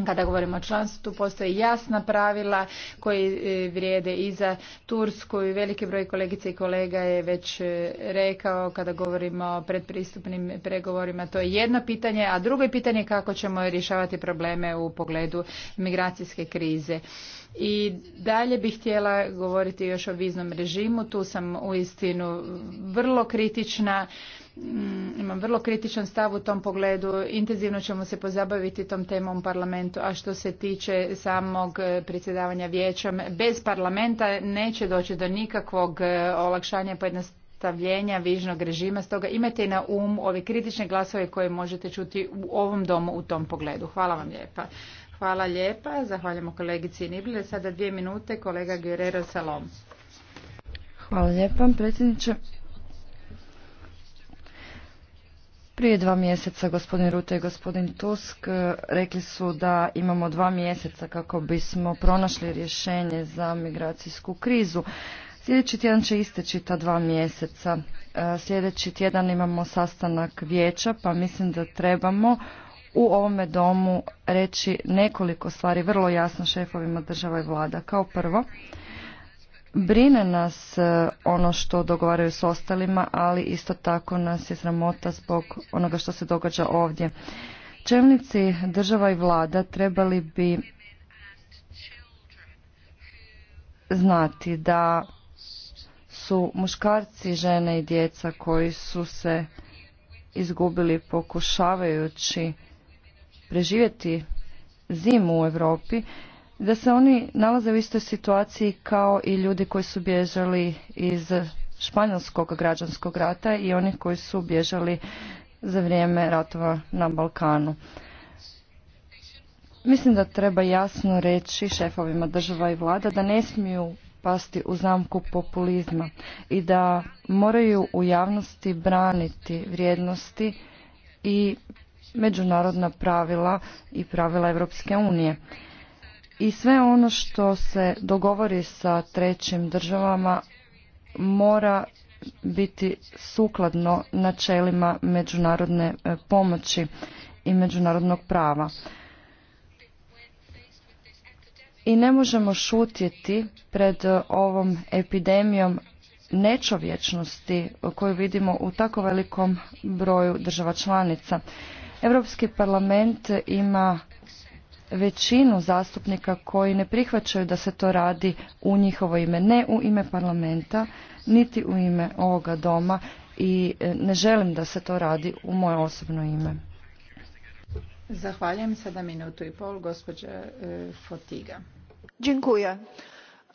kada govorimo o članstvu, tu postoje jasna pravila koji e, vrijede i za Tursku i veliki broj kolegica i kolega je već e, rekao kada govorimo o predpristupnim pregovorima. To je jedno pitanje, a drugo je pitanje kako ćemo rješavati probleme u pogledu migracijske krize. I dalje bih htjela govoriti još o viznom režimu. Tu sam uistinu vrlo kritična. Mm, imam vrlo kritičan stav u tom pogledu. Intenzivno ćemo se pozabaviti tom temom u parlamentu, a što se tiče samog eh, predsjedavanja vijećem, bez parlamenta neće doći do nikakvog eh, olakšanja pojednostavljenja vižnog režima. Stoga imajte na um ove kritične glasove koje možete čuti u ovom domu u tom pogledu. Hvala vam lijepa. Hvala lijepa. Zahvaljamo kolegici Nible. Sada dvije minute kolega Guerrero Salom. Hvala lijepa predsjedniče. Prije dva mjeseca gospodin Rute i gospodin Tusk e, rekli su da imamo dva mjeseca kako bismo pronašli rješenje za migracijsku krizu. Sljedeći tjedan će isteći ta dva mjeseca. E, sljedeći tjedan imamo sastanak vijeća pa mislim da trebamo u ovome domu reći nekoliko stvari vrlo jasno šefovima država i vlada. Kao prvo, Brine nas e, ono što dogovaraju s ostalima, ali isto tako nas je sramota zbog onoga što se događa ovdje. Čelnici država i vlada trebali bi znati da su muškarci, žene i djeca koji su se izgubili pokušavajući preživjeti zimu u Europi da se oni nalaze u istoj situaciji kao i ljudi koji su bježali iz španjolskog građanskog rata i oni koji su bježali za vrijeme ratova na Balkanu. Mislim da treba jasno reći šefovima država i vlada da ne smiju pasti u zamku populizma i da moraju u javnosti braniti vrijednosti i međunarodna pravila i pravila Europske unije i sve ono što se dogovori sa trećim državama mora biti sukladno načelima međunarodne e, pomoći i međunarodnog prava. I ne možemo šutjeti pred e, ovom epidemijom nečovječnosti koju vidimo u tako velikom broju država članica. Europski parlament ima većinu zastupnika koji ne prihvaćaju da se to radi u njihovo ime, ne u ime parlamenta, niti u ime ovoga doma i e, ne želim da se to radi u moje osobno ime. Zahvaljujem sada minutu i pol gospođa e, Fotiga. Dziękuję.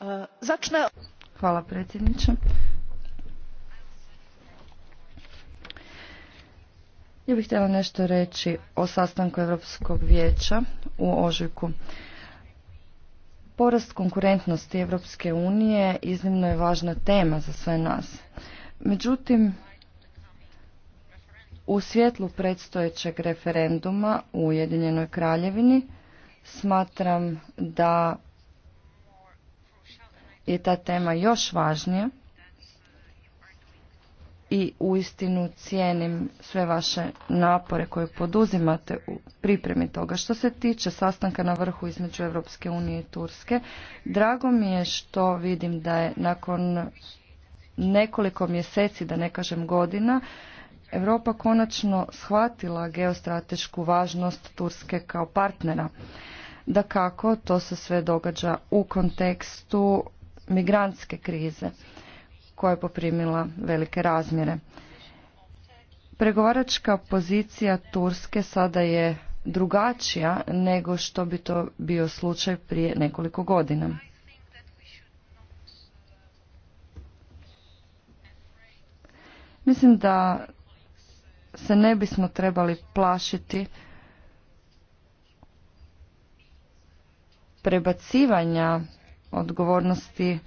E, zacznę... Hvala predsjedniče. Ja bih htjela nešto reći o sastanku Europskog vijeća u Ožujku. Porast konkurentnosti Europske unije iznimno je važna tema za sve nas. Međutim, u svjetlu predstojećeg referenduma u Ujedinjenoj kraljevini smatram da je ta tema još važnija i uistinu cijenim sve vaše napore koje poduzimate u pripremi toga. Što se tiče sastanka na vrhu između Europske unije i Turske, drago mi je što vidim da je nakon nekoliko mjeseci, da ne kažem godina, Europa konačno shvatila geostratešku važnost Turske kao partnera. Da kako, to se sve događa u kontekstu migrantske krize koja je poprimila velike razmjere. Pregovaračka pozicija Turske sada je drugačija nego što bi to bio slučaj prije nekoliko godina. Mislim da se ne bismo trebali plašiti prebacivanja odgovornosti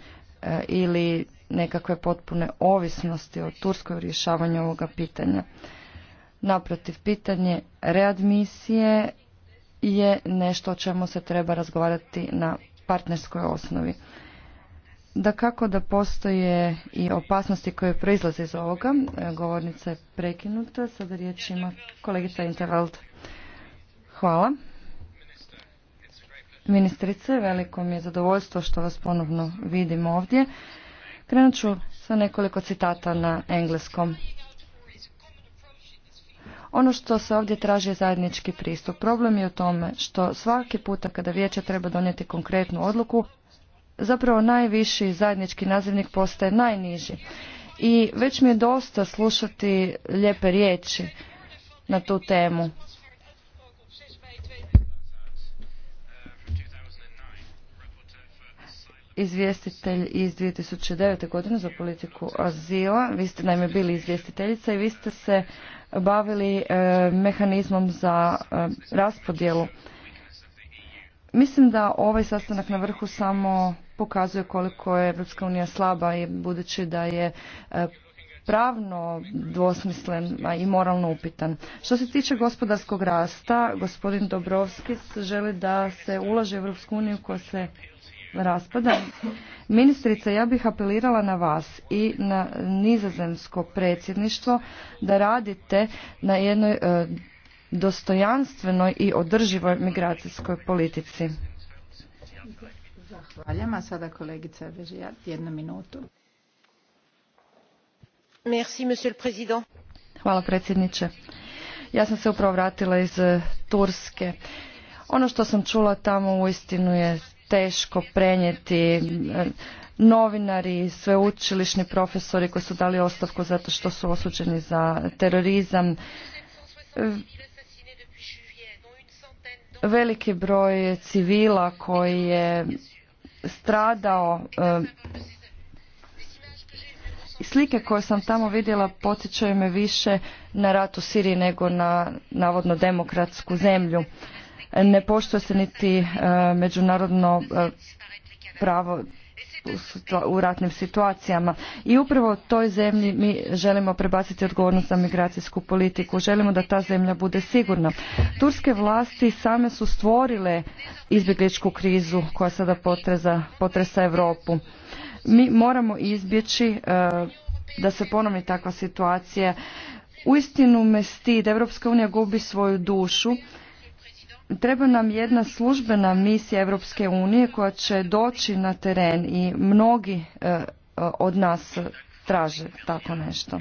e, ili nekakve potpune ovisnosti o Turskoj rješavanju ovoga pitanja. Naprotiv, pitanje readmisije je nešto o čemu se treba razgovarati na partnerskoj osnovi. Da kako da postoje i opasnosti koje proizlaze iz ovoga, e, govornica je prekinuta, sada riječ ima kolegica Interveld. Hvala. Ministrice, veliko mi je zadovoljstvo što vas ponovno vidim ovdje. Krenut ću sa nekoliko citata na engleskom. Ono što se ovdje traži je zajednički pristup. Problem je u tome što svaki puta kada vijeće treba donijeti konkretnu odluku, zapravo najviši zajednički nazivnik postaje najniži. I već mi je dosta slušati lijepe riječi na tu temu. izvjestitelj iz 2009. godine za politiku azila. Vi ste naime bili izvjestiteljica i vi ste se bavili e, mehanizmom za e, raspodjelu. Mislim da ovaj sastanak na vrhu samo pokazuje koliko je Europska unija slaba i budući da je e, pravno dvosmislen i moralno upitan. Što se tiče gospodarskog rasta, gospodin Dobrovski želi da se ulaže u Europsku uniju koja se raspada. Ministrice, ja bih apelirala na vas i na nizozemsko predsjedništvo da radite na jednoj e, dostojanstvenoj i održivoj migracijskoj politici. Zahvaljam, a sada kolegica jednu minutu. Merci, monsieur le président. Hvala predsjedniče. Ja sam se upravo vratila iz Turske. Ono što sam čula tamo uistinu je teško prenijeti. E, novinari, sveučilišni profesori koji su dali ostavku zato što su osuđeni za terorizam. E, veliki broj civila koji je stradao e, slike koje sam tamo vidjela podsjećaju me više na rat u Siriji nego na navodno demokratsku zemlju ne poštuje se niti e, međunarodno e, pravo u ratnim situacijama. I upravo toj zemlji mi želimo prebaciti odgovornost za migracijsku politiku. Želimo da ta zemlja bude sigurna. Turske vlasti same su stvorile izbjegličku krizu koja sada potresa Europu. Mi moramo izbjeći e, da se ponovi takva situacija. Uistinu me sti da Europska unija gubi svoju dušu Treba nam jedna službena misija Europske unije koja će doći na teren i mnogi e, e, od nas traže tako nešto.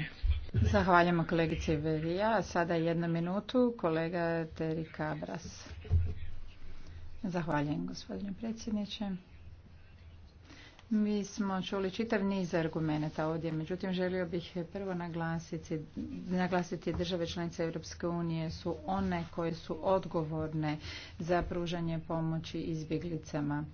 Zahvaljamo kolegici Verija. Sada jedna minutu kolega Terika Abras. Zahvaljujem gospodine predsjedniče. Mi smo čuli čitav niz argumenata ovdje, međutim želio bih prvo naglasiti, naglasiti države članice Europske unije su one koje su odgovorne za pružanje pomoći izbjeglicama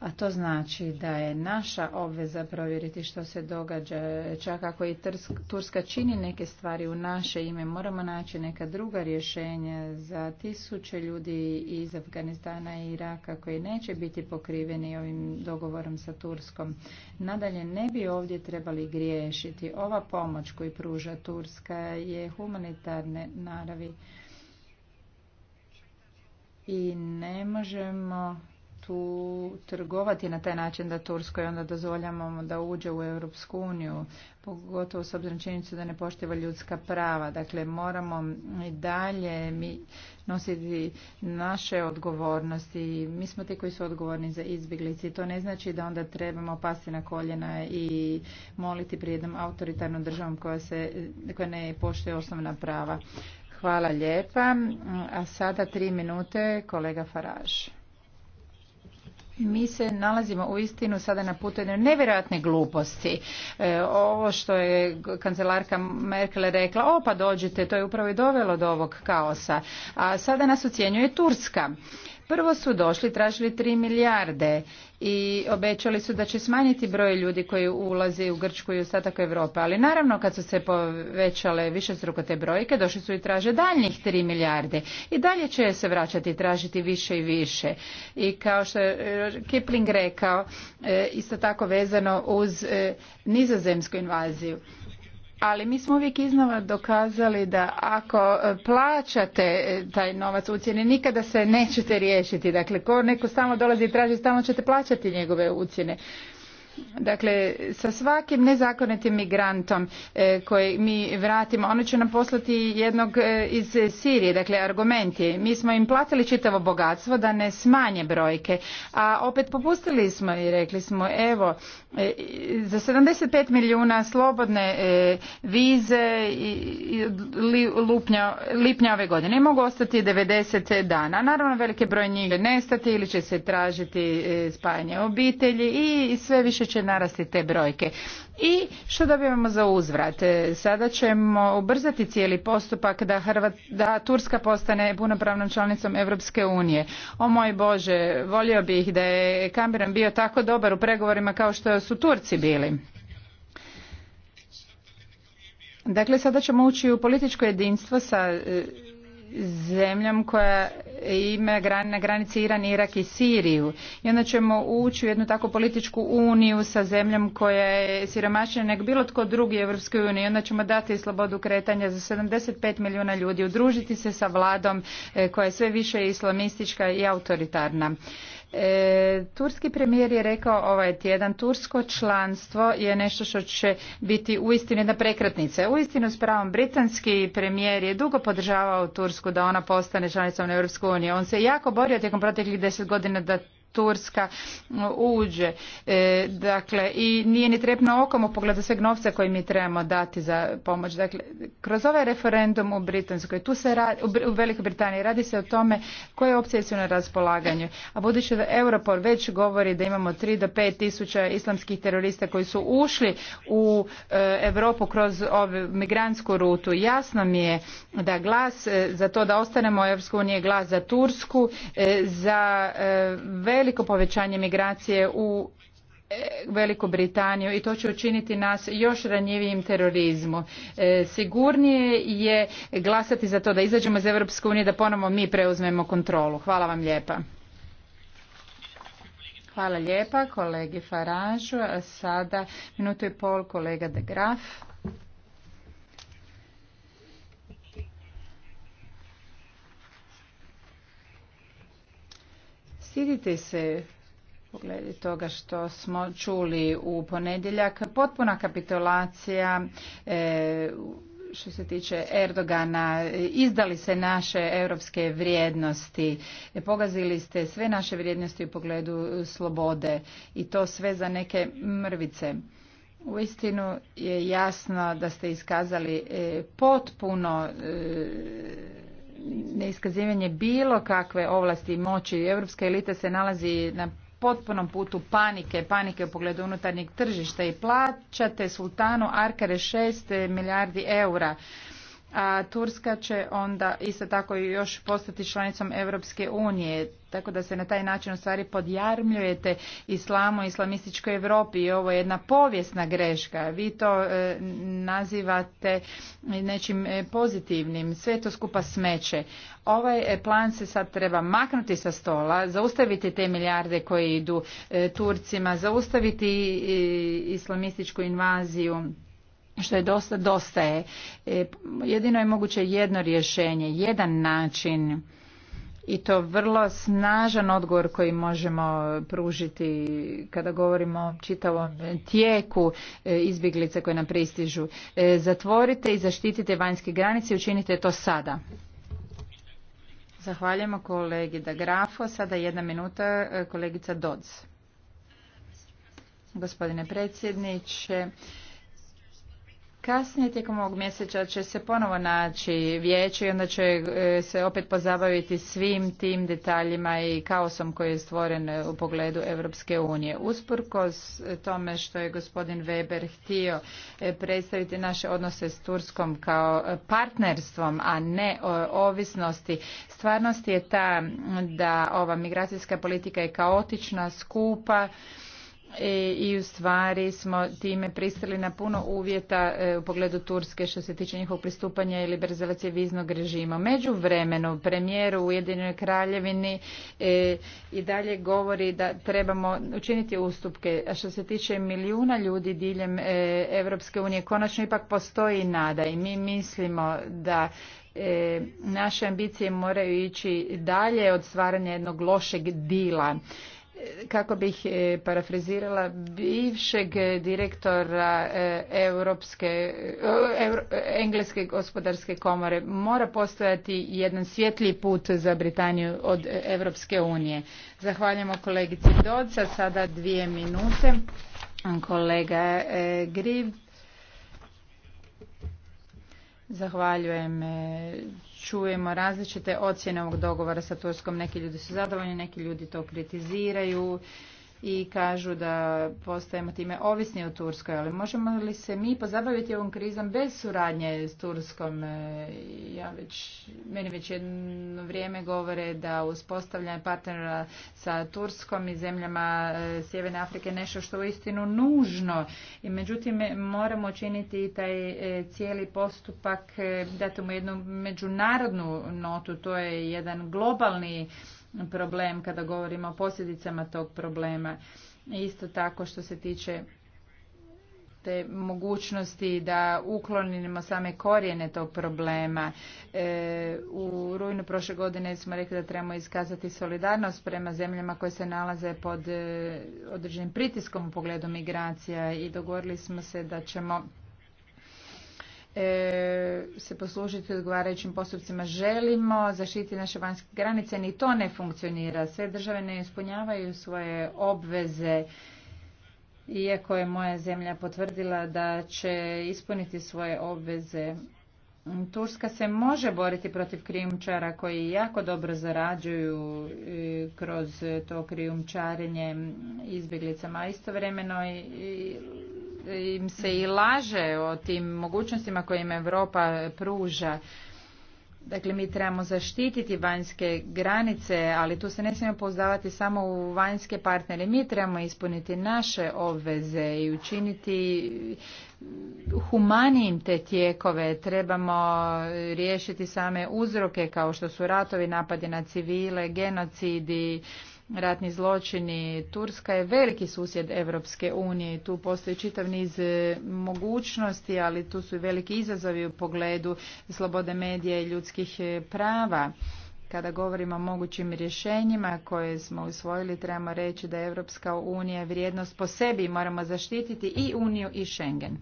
a to znači da je naša obveza provjeriti što se događa. Čak ako i Turska čini neke stvari u naše ime, moramo naći neka druga rješenja za tisuće ljudi iz Afganistana i Iraka koji neće biti pokriveni ovim dogovorom sa Turskom. Nadalje, ne bi ovdje trebali griješiti. Ova pomoć koju pruža Turska je humanitarne naravi i ne možemo u trgovati na taj način da Turskoj onda dozvoljavamo da uđe u Europsku uniju, pogotovo s obzirom činjenicu da ne poštiva ljudska prava. Dakle, moramo i dalje mi nositi naše odgovornosti. Mi smo ti koji su odgovorni za izbjeglice. To ne znači da onda trebamo pasti na koljena i moliti pred autoritarnom državom koja, se, koja ne poštuje osnovna prava. Hvala lijepa. A sada tri minute kolega Faraž mi se nalazimo u istinu sada na putu jedne nevjerojatne gluposti. E, ovo što je kancelarka Merkel rekla, o pa dođite, to je upravo i dovelo do ovog kaosa. A sada nas ocjenjuje Turska. Prvo su došli, tražili 3 milijarde i obećali su da će smanjiti broj ljudi koji ulazi u Grčku i ostatak Europe. Ali naravno kad su se povećale više struko te brojke, došli su i traže daljnjih 3 milijarde. I dalje će se vraćati i tražiti više i više. I kao što je eh, Kipling rekao, eh, isto tako vezano uz eh, nizozemsku invaziju ali mi smo uvijek iznova dokazali da ako e, plaćate e, taj novac ucjene nikada se nećete riješiti. Dakle, ko neko stalno dolazi i traži, stalno ćete plaćati njegove ucijene. Dakle, sa svakim nezakonitim migrantom e, koji mi vratimo, ono će nam poslati jednog e, iz Sirije, dakle argumenti. Mi smo im platili čitavo bogatstvo da ne smanje brojke, a opet popustili smo i rekli smo evo, e, za za 75 milijuna slobodne vize i, lipnja ove godine I mogu ostati 90 dana. Naravno, veliki broj njih nestati ili će se tražiti spajanje obitelji i sve više će narasti te brojke. I što dobijemo za uzvrat? E, sada ćemo ubrzati cijeli postupak da, Hrvat, da Turska postane punopravnom članicom Europske unije. O moj Bože, volio bih da je Kambiran bio tako dobar u pregovorima kao što su Turci bili. Dakle, sada ćemo ući u političko jedinstvo sa e, zemljom koja ima na granici Iran, Irak i Siriju. I onda ćemo ući u jednu takvu političku uniju sa zemljom koja je siromašnija nego bilo tko drugi u Evropskoj uniji. I onda ćemo dati slobodu kretanja za 75 milijuna ljudi, udružiti se sa vladom e, koja je sve više islamistička i autoritarna. E, turski premijer je rekao ovaj tjedan tursko članstvo je nešto što će biti uistinu jedna prekretnica. Uistinu s pravom britanski premijer je dugo podržavao Tursku da ona postane članicom EU. unije. On se jako borio tijekom proteklih deset godina da Turska uđe. E, dakle, i nije ni trepno okom u pogledu sveg novca koji mi trebamo dati za pomoć. Dakle, kroz ovaj referendum u Britanskoj, tu se radi, u Velikoj Britaniji radi se o tome koje opcije su na raspolaganju. A budući da Europol već govori da imamo 3 do 5 tisuća islamskih terorista koji su ušli u e, Europu kroz ovu migrantsku rutu, jasno mi je da glas e, za to da ostanemo u EU glas za Tursku, za e, veliko povećanje migracije u e, Veliku Britaniju i to će učiniti nas još ranjivijim terorizmu. E, sigurnije je glasati za to da izađemo iz Europske unije, da ponovno mi preuzmemo kontrolu. Hvala vam lijepa. Hvala lijepa kolegi Faražu. Sada minutu i pol kolega de Graf. Stidite se Pogledi toga što smo čuli u ponedjeljak, potpuna kapitulacija e, što se tiče Erdogana, izdali se naše europske vrijednosti, pogazili ste sve naše vrijednosti u pogledu slobode i to sve za neke mrvice. Uistinu je jasno da ste iskazali e, potpuno e, neiskazivanje bilo kakve ovlasti i moći. Europska elita se nalazi na potpunom putu panike, panike u pogledu unutarnjeg tržišta i plaćate sultanu Arkare 6 milijardi eura a Turska će onda isto tako još postati članicom Europske unije, tako da se na taj način u stvari podjarmljujete islamu, islamističkoj Europi i ovo je jedna povijesna greška. Vi to e, nazivate nečim e, pozitivnim, sve to skupa smeće. Ovaj e, plan se sad treba maknuti sa stola, zaustaviti te milijarde koje idu Turcima, zaustaviti islamističku invaziju što je dosta dosta je. E, jedino je moguće jedno rješenje, jedan način i to vrlo snažan odgovor koji možemo pružiti kada govorimo o čitavom tijeku e, izbjeglica koje nam pristižu. E, zatvorite i zaštitite vanjske granice i učinite to sada. Zahvaljujemo kolegi da grafo. Sada jedna minuta kolegica Dodz. Gospodine predsjedniče, Kasnije tijekom ovog mjeseca će se ponovo naći vijeće i onda će e, se opet pozabaviti svim tim detaljima i kaosom koji je stvoren u pogledu Europske unije. Usprkos tome što je gospodin Weber htio e, predstaviti naše odnose s Turskom kao e, partnerstvom, a ne ovisnosti, stvarnost je ta da ova migracijska politika je kaotična, skupa, E, i u stvari smo time pristali na puno uvjeta e, u pogledu Turske što se tiče njihovog pristupanja i liberalizacije viznog režima. Među vremenu premijer u Ujedinjenoj kraljevini e, i dalje govori da trebamo učiniti ustupke. A što se tiče milijuna ljudi diljem Europske unije, konačno ipak postoji nada i mi mislimo da naše ambicije moraju ići dalje od stvaranja jednog lošeg dila kako bih e, parafrazirala bivšeg direktora e, Europske, e, Engleske gospodarske komore, mora postojati jedan svijetli put za Britaniju od Europske unije. Zahvaljamo kolegici doca sada dvije minute. Kolega griv Zahvaljujem čujemo različite ocjene ovog dogovora sa Turskom. Neki ljudi su zadovoljni, neki ljudi to kritiziraju i kažu da postajemo time ovisni o Turskoj, ali možemo li se mi pozabaviti ovom krizom bez suradnje s Turskom? E, ja već, meni već jedno vrijeme govore da uspostavljanje partnera sa Turskom i zemljama e, Sjeverne Afrike nešto što je istinu nužno. I međutim, moramo činiti taj e, cijeli postupak, dati mu jednu međunarodnu notu, to je jedan globalni problem kada govorimo o posljedicama tog problema. Isto tako što se tiče te mogućnosti da uklonimo same korijene tog problema. E, u rujnu prošle godine smo rekli da trebamo iskazati solidarnost prema zemljama koje se nalaze pod e, određenim pritiskom u pogledu migracija i dogovorili smo se da ćemo E, se poslužiti odgovarajućim postupcima. Želimo zaštiti naše vanjske granice, ni to ne funkcionira. Sve države ne ispunjavaju svoje obveze. Iako je moja zemlja potvrdila da će ispuniti svoje obveze Turska se može boriti protiv krijumčara koji jako dobro zarađuju e, kroz to krijumčarenje izbjeglicama. Istovremeno im se i laže o tim mogućnostima koje im Europa pruža. Dakle, mi trebamo zaštititi vanjske granice, ali tu se ne smijemo pozdavati samo u vanjske partnere. Mi trebamo ispuniti naše obveze i učiniti humanijim te tijekove, trebamo riješiti same uzroke kao što su ratovi, napadi na civile, genocidi, ratni zločini. Turska je veliki susjed Europske unije i tu postoji čitav niz e, mogućnosti, ali tu su i veliki izazovi u pogledu slobode medija i ljudskih e, prava. Kada govorimo o mogućim rješenjima koje smo usvojili, trebamo reći da je Europska unija vrijednost po sebi moramo zaštititi i Uniju i Schengen.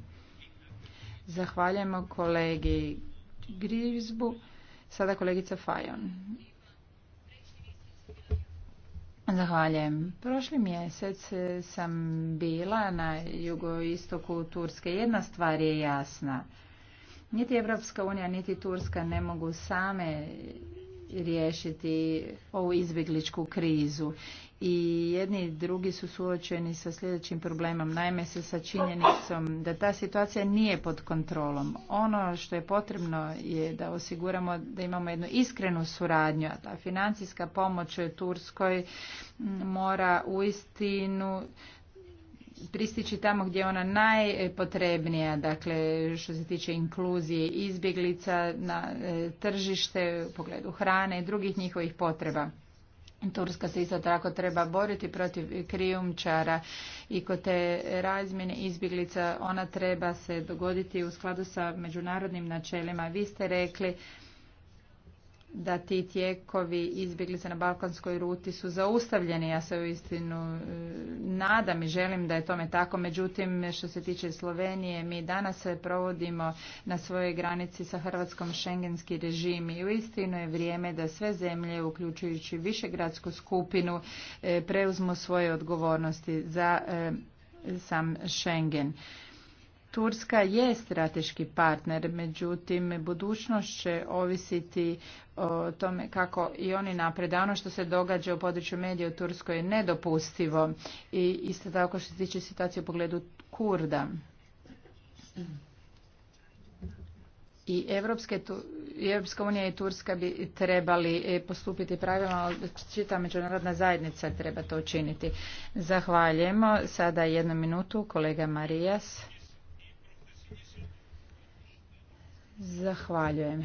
Zahvaljujemo kolegi Grizbu. Sada kolegica Fajon. Zahvaljujem. Prošli mjesec sam bila na jugoistoku Turske. Jedna stvar je jasna. Niti Evropska unija, niti Turska ne mogu same riješiti ovu izbjegličku krizu. I jedni i drugi su suočeni sa sljedećim problemom, naime se sa činjenicom da ta situacija nije pod kontrolom. Ono što je potrebno je da osiguramo da imamo jednu iskrenu suradnju, a ta financijska pomoć Turskoj mora istinu pristići tamo gdje je ona najpotrebnija, dakle što se tiče inkluzije izbjeglica na e, tržište u pogledu hrane i drugih njihovih potreba. Turska se isto tako treba boriti protiv krijumčara i kod te razmjene izbjeglica ona treba se dogoditi u skladu sa međunarodnim načelima. Vi ste rekli da ti tijekovi se na balkanskoj ruti su zaustavljeni. Ja se uistinu e, nadam i želim da je tome tako. Međutim, što se tiče Slovenije, mi danas se provodimo na svojoj granici sa Hrvatskom šengenski režim i uistinu je vrijeme da sve zemlje, uključujući višegradsku skupinu, e, preuzmu svoje odgovornosti za e, sam Schengen. Turska je strateški partner, međutim budućnost će ovisiti o tome kako i oni naprede. Ono što se događa u području medija u Turskoj je nedopustivo i isto tako što se tiče situacije u pogledu Kurda. I Evropske Europska unija i Turska bi trebali e, postupiti pravilno, ali čita međunarodna zajednica treba to učiniti. Zahvaljujemo. Sada jednu minutu, kolega Marijas. Zahvaljujem.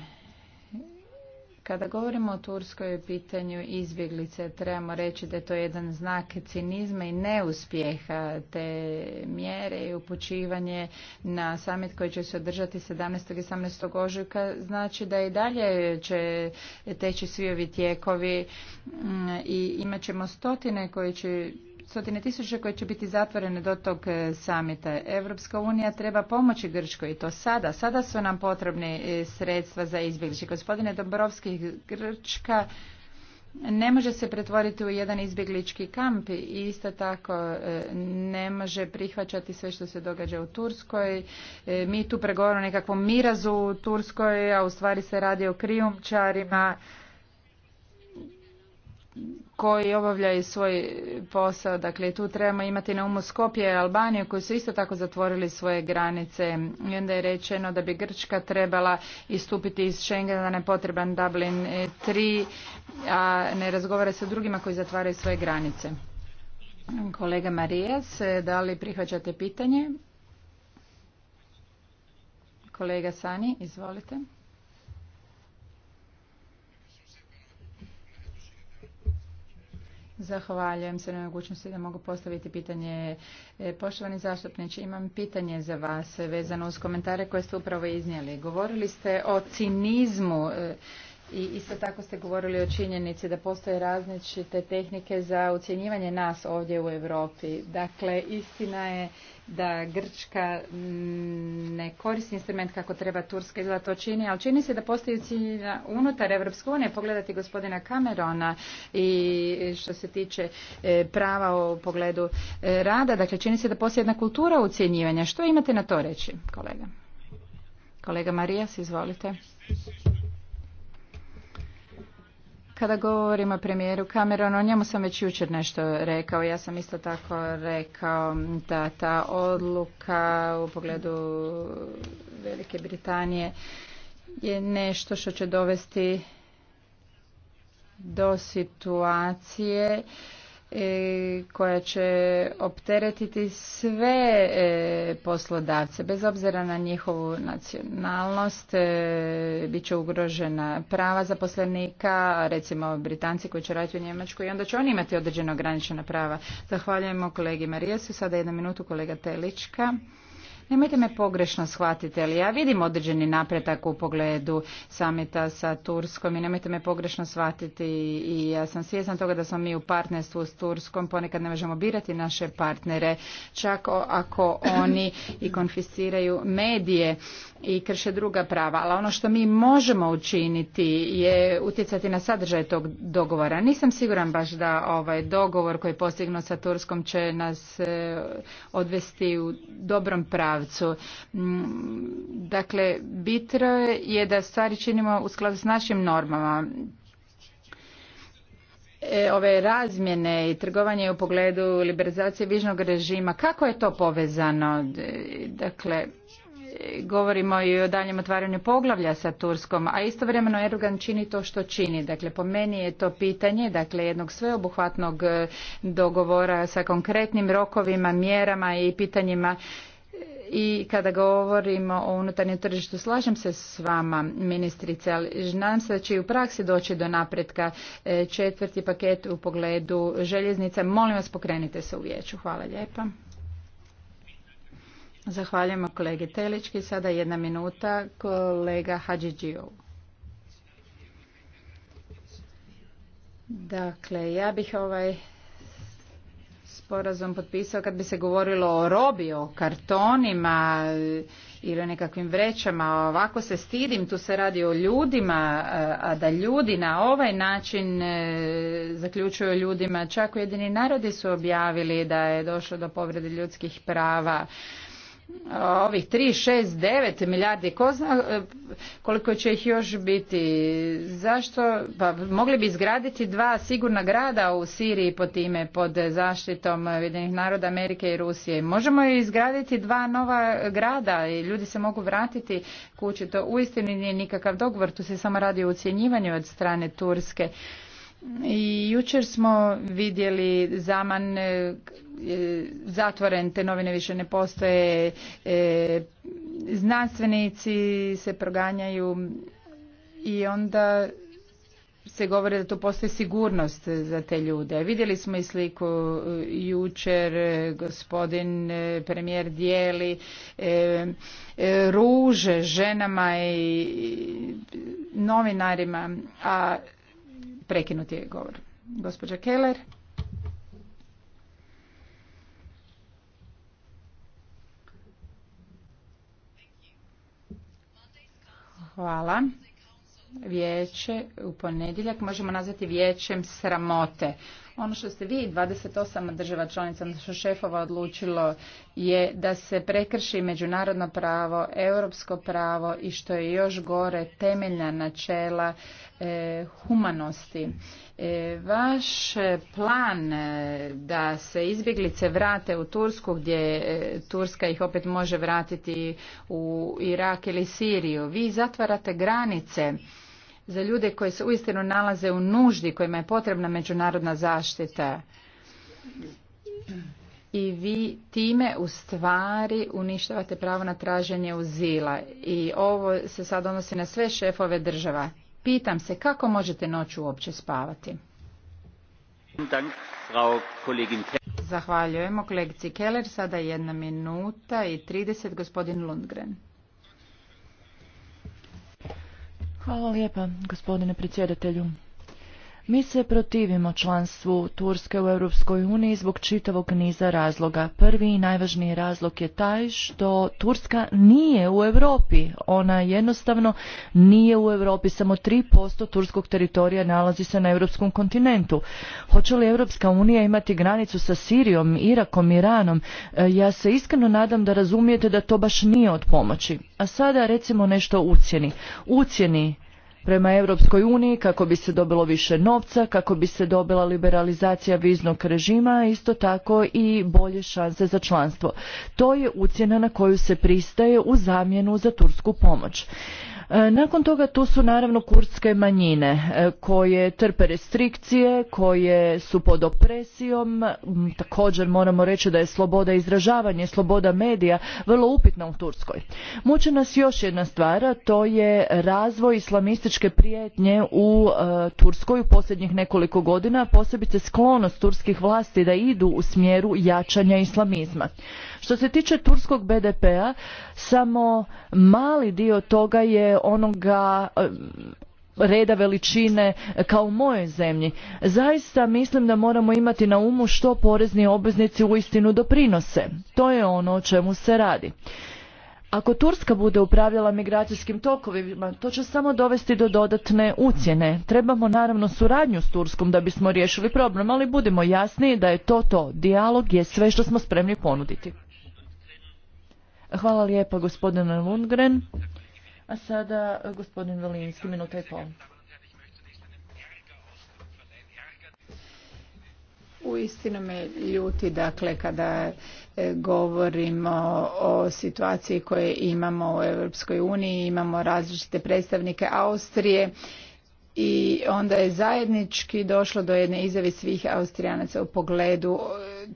Kada govorimo o Turskoj pitanju izbjeglice, trebamo reći da je to jedan znak cinizma i neuspjeha te mjere i upućivanje na samit koji će se održati 17. i 18. ožujka. Znači da i dalje će teći svi ovi tijekovi mm, i imat ćemo stotine koji će stotine tisuća koje će biti zatvorene do tog e, samita. Evropska unija treba pomoći Grčkoj i to sada. Sada su nam potrebne e, sredstva za izbjegliče. Gospodine Dobrovski, Grčka ne može se pretvoriti u jedan izbjeglički kamp i isto tako e, ne može prihvaćati sve što se događa u Turskoj. Mi tu pregovaramo o nekakvom mirazu u Turskoj, a u stvari se radi o krijumčarima koji obavljaju svoj posao. Dakle, tu trebamo imati na umu Skopje i Albaniju koji su isto tako zatvorili svoje granice. I onda je rečeno da bi Grčka trebala istupiti iz Schengena, ne potreban Dublin 3, e, a ne razgovara sa drugima koji zatvaraju svoje granice. Kolega Marijas, e, da li prihvaćate pitanje? Kolega Sani, izvolite. Zahvaljujem se na mogućnosti da mogu postaviti pitanje. E, poštovani zastupniče, imam pitanje za vas vezano uz komentare koje ste upravo iznijeli. Govorili ste o cinizmu e, i isto tako ste govorili o činjenici da postoje različite tehnike za ocjenjivanje nas ovdje u Europi. Dakle, istina je da Grčka mm, ne koristi instrument kako treba Turska da to čini, ali čini se da postoji cilja unutar Evropske unije pogledati gospodina Camerona i što se tiče e, prava u pogledu e, rada. Dakle, čini se da postoji jedna kultura ucjenjivanja. Što imate na to reći, kolega? Kolega Marijas, izvolite. Kada govorim o premijeru Cameronu, o njemu sam već jučer nešto rekao. Ja sam isto tako rekao da ta odluka u pogledu Velike Britanije je nešto što će dovesti do situacije E, koja će opteretiti sve e, poslodavce bez obzira na njihovu nacionalnost e, bit će ugrožena prava zaposlenika recimo Britanci koji će raditi u Njemačkoj i onda će oni imati određena ograničena prava zahvaljujemo kolegi Marijesu sada jednu minutu kolega Telička Nemojte me pogrešno shvatiti, ali ja vidim određeni napretak u pogledu samita sa Turskom i nemojte me pogrešno shvatiti i ja sam svjesna toga da smo mi u partnerstvu s Turskom, ponekad ne možemo birati naše partnere, čak ako oni i konfisciraju medije i krše druga prava, ali ono što mi možemo učiniti je utjecati na sadržaj tog dogovora. Nisam siguran baš da ovaj dogovor koji je postignut sa Turskom će nas e, odvesti u dobrom pravcu. Mm, dakle, bitro je da stvari činimo u skladu s našim normama e, ove razmjene i trgovanje u pogledu liberalizacije vižnog režima, kako je to povezano? E, dakle, govorimo i o daljem otvaranju poglavlja sa Turskom, a istovremeno Erdogan čini to što čini. Dakle, po meni je to pitanje dakle, jednog sveobuhvatnog e, dogovora sa konkretnim rokovima, mjerama i pitanjima e, i kada govorimo o unutarnjem tržištu, slažem se s vama, ministrice, ali nadam se da će i u praksi doći do napretka e, četvrti paket u pogledu željeznice. Molim vas, pokrenite se u vijeću. Hvala lijepa. Zahvaljujemo kolegi Telički. Sada jedna minuta kolega Dakle, ja bih ovaj sporazum potpisao kad bi se govorilo o robi, o kartonima ili o nekakvim vrećama. Ovako se stidim, tu se radi o ljudima, a da ljudi na ovaj način e, zaključuju ljudima. Čak ujedini narodi su objavili da je došlo do povrede ljudskih prava ovih 3, 6, 9 milijardi, ko zna e, koliko će ih još biti? Zašto? Pa mogli bi izgraditi dva sigurna grada u Siriji po time pod zaštitom Ujedinjenih naroda Amerike i Rusije. Možemo izgraditi dva nova grada i ljudi se mogu vratiti kući. To uistinu nije nikakav dogovor, tu se samo radi o ucjenjivanju od strane Turske. I jučer smo vidjeli zaman e, zatvoren, te novine više ne postoje, e, znanstvenici se proganjaju i onda se govori da tu postoji sigurnost za te ljude. Vidjeli smo i sliku e, jučer, gospodin premijer dijeli ruže ženama i novinarima, a prekinuti je govor. Gospođa Keller. Hvala. Vijeće u ponedjeljak možemo nazvati vijećem sramote. Ono što ste vi 28 država članica, odnosno šefova odlučilo je da se prekrši međunarodno pravo, europsko pravo i što je još gore temeljna načela E, humanosti. E, vaš plan e, da se izbjeglice vrate u Tursku gdje Turska ih opet može vratiti u Irak ili Siriju, vi zatvarate granice za ljude koji se uistinu nalaze u nuždi kojima je potrebna međunarodna zaštita. I vi time u stvari uništavate pravo na traženje uzila. I ovo se sad odnosi na sve šefove država. Pitam se kako možete noću uopće spavati. Zahvaljujemo kolegici Keller. Sada je jedna minuta i 30 gospodin Lundgren. Hvala lijepa gospodine predsjedatelju. Mi se protivimo članstvu Turske u Europskoj uniji zbog čitavog niza razloga. Prvi i najvažniji razlog je taj što Turska nije u Europi. Ona jednostavno nije u Europi. Samo 3% turskog teritorija nalazi se na europskom kontinentu. Hoće li Europska unija imati granicu sa Sirijom, Irakom, Iranom? E, ja se iskreno nadam da razumijete da to baš nije od pomoći. A sada recimo nešto ucijeni. ucjeni prema Europskoj uniji kako bi se dobilo više novca, kako bi se dobila liberalizacija viznog režima, isto tako i bolje šanse za članstvo. To je ucjena na koju se pristaje u zamjenu za tursku pomoć. E, nakon toga tu su naravno kurdske manjine e, koje trpe restrikcije, koje su pod opresijom. Mm, također moramo reći da je sloboda izražavanja, sloboda medija vrlo upitna u Turskoj. Muče nas još jedna stvar, to je razvoj islamističke prijetnje u e, Turskoj u posljednjih nekoliko godina, posebice sklonost turskih vlasti da idu u smjeru jačanja islamizma. Što se tiče turskog BDP-a, samo mali dio toga je onoga eh, reda veličine kao u mojoj zemlji. Zaista mislim da moramo imati na umu što porezni obveznici uistinu doprinose. To je ono o čemu se radi. Ako Turska bude upravljala migracijskim tokovima, to će samo dovesti do dodatne ucjene. Trebamo naravno suradnju s Turskom da bismo riješili problem, ali budimo jasni da je to to. Dijalog je sve što smo spremni ponuditi. Hvala lijepa gospodine Lundgren. A sada e, gospodin Velinski, minuta i pol. istinu me ljuti dakle kada e, govorimo o situaciji koje imamo u Europskoj uniji, imamo različite predstavnike Austrije i onda je zajednički došlo do jedne izjave svih Austrijanaca u pogledu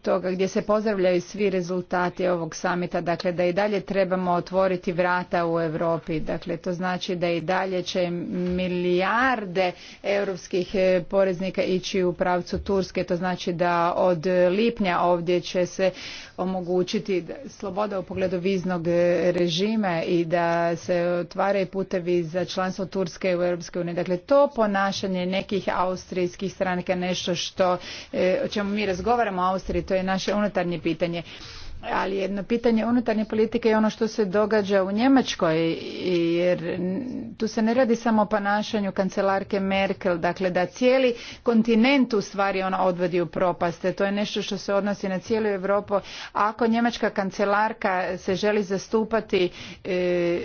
toga gdje se pozdravljaju svi rezultati ovog samita, dakle da i dalje trebamo otvoriti vrata u Europi, dakle to znači da i dalje će milijarde europskih e, poreznika ići u pravcu Turske, to znači da od lipnja ovdje će se omogućiti sloboda u pogledu viznog režima i da se otvaraju putevi za članstvo Turske u Europskoj uniji. Dakle, to ponašanje nekih austrijskih stranaka nešto što e, o čemu mi razgovaramo o Austriji to je naše unutarnje pitanje ali jedno pitanje unutarnje politike je ono što se događa u Njemačkoj, jer tu se ne radi samo o ponašanju kancelarke Merkel, dakle da cijeli kontinent u stvari ona odvodi u propaste. To je nešto što se odnosi na cijelu Europu. Ako njemačka kancelarka se želi zastupati, e,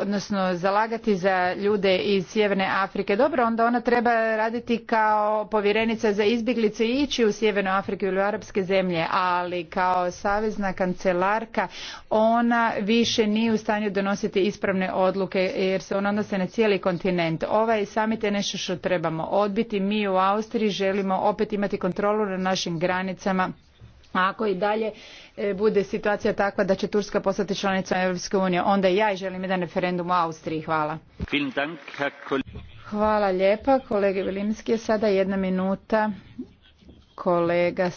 odnosno zalagati za ljude iz Sjeverne Afrike, dobro, onda ona treba raditi kao povjerenica za izbjeglice i ići u Sjevernu Afriku ili u arapske zemlje, ali kao savezna kancelarka ona više nije u stanju donositi ispravne odluke jer se ona odnose na cijeli kontinent. Ovaj samit je nešto što trebamo odbiti. Mi u Austriji želimo opet imati kontrolu na našim granicama. ako i dalje e, bude situacija takva da će Turska postati članica Europske unije, onda ja i želim jedan referendum u Austriji. Hvala. Hvala lijepa. Kolege Vilimski je sada jedna minuta kolega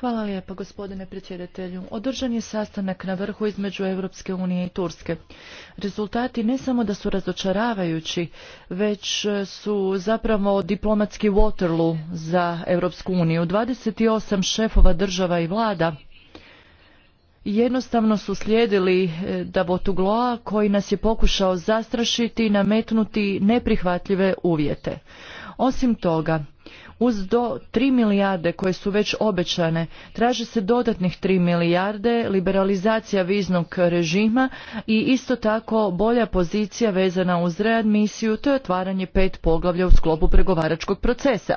Hvala lijepa gospodine predsjedatelju. Održan je sastanak na vrhu između Europske unije i Turske. Rezultati ne samo da su razočaravajući, već e, su zapravo diplomatski Waterloo za Europsku uniju. 28 šefova država i vlada jednostavno su slijedili e, Davotu koji nas je pokušao zastrašiti i nametnuti neprihvatljive uvjete. Osim toga, uz do 3 milijarde koje su već obećane, traže se dodatnih 3 milijarde, liberalizacija viznog režima i isto tako bolja pozicija vezana uz readmisiju je otvaranje pet poglavlja u sklopu pregovaračkog procesa.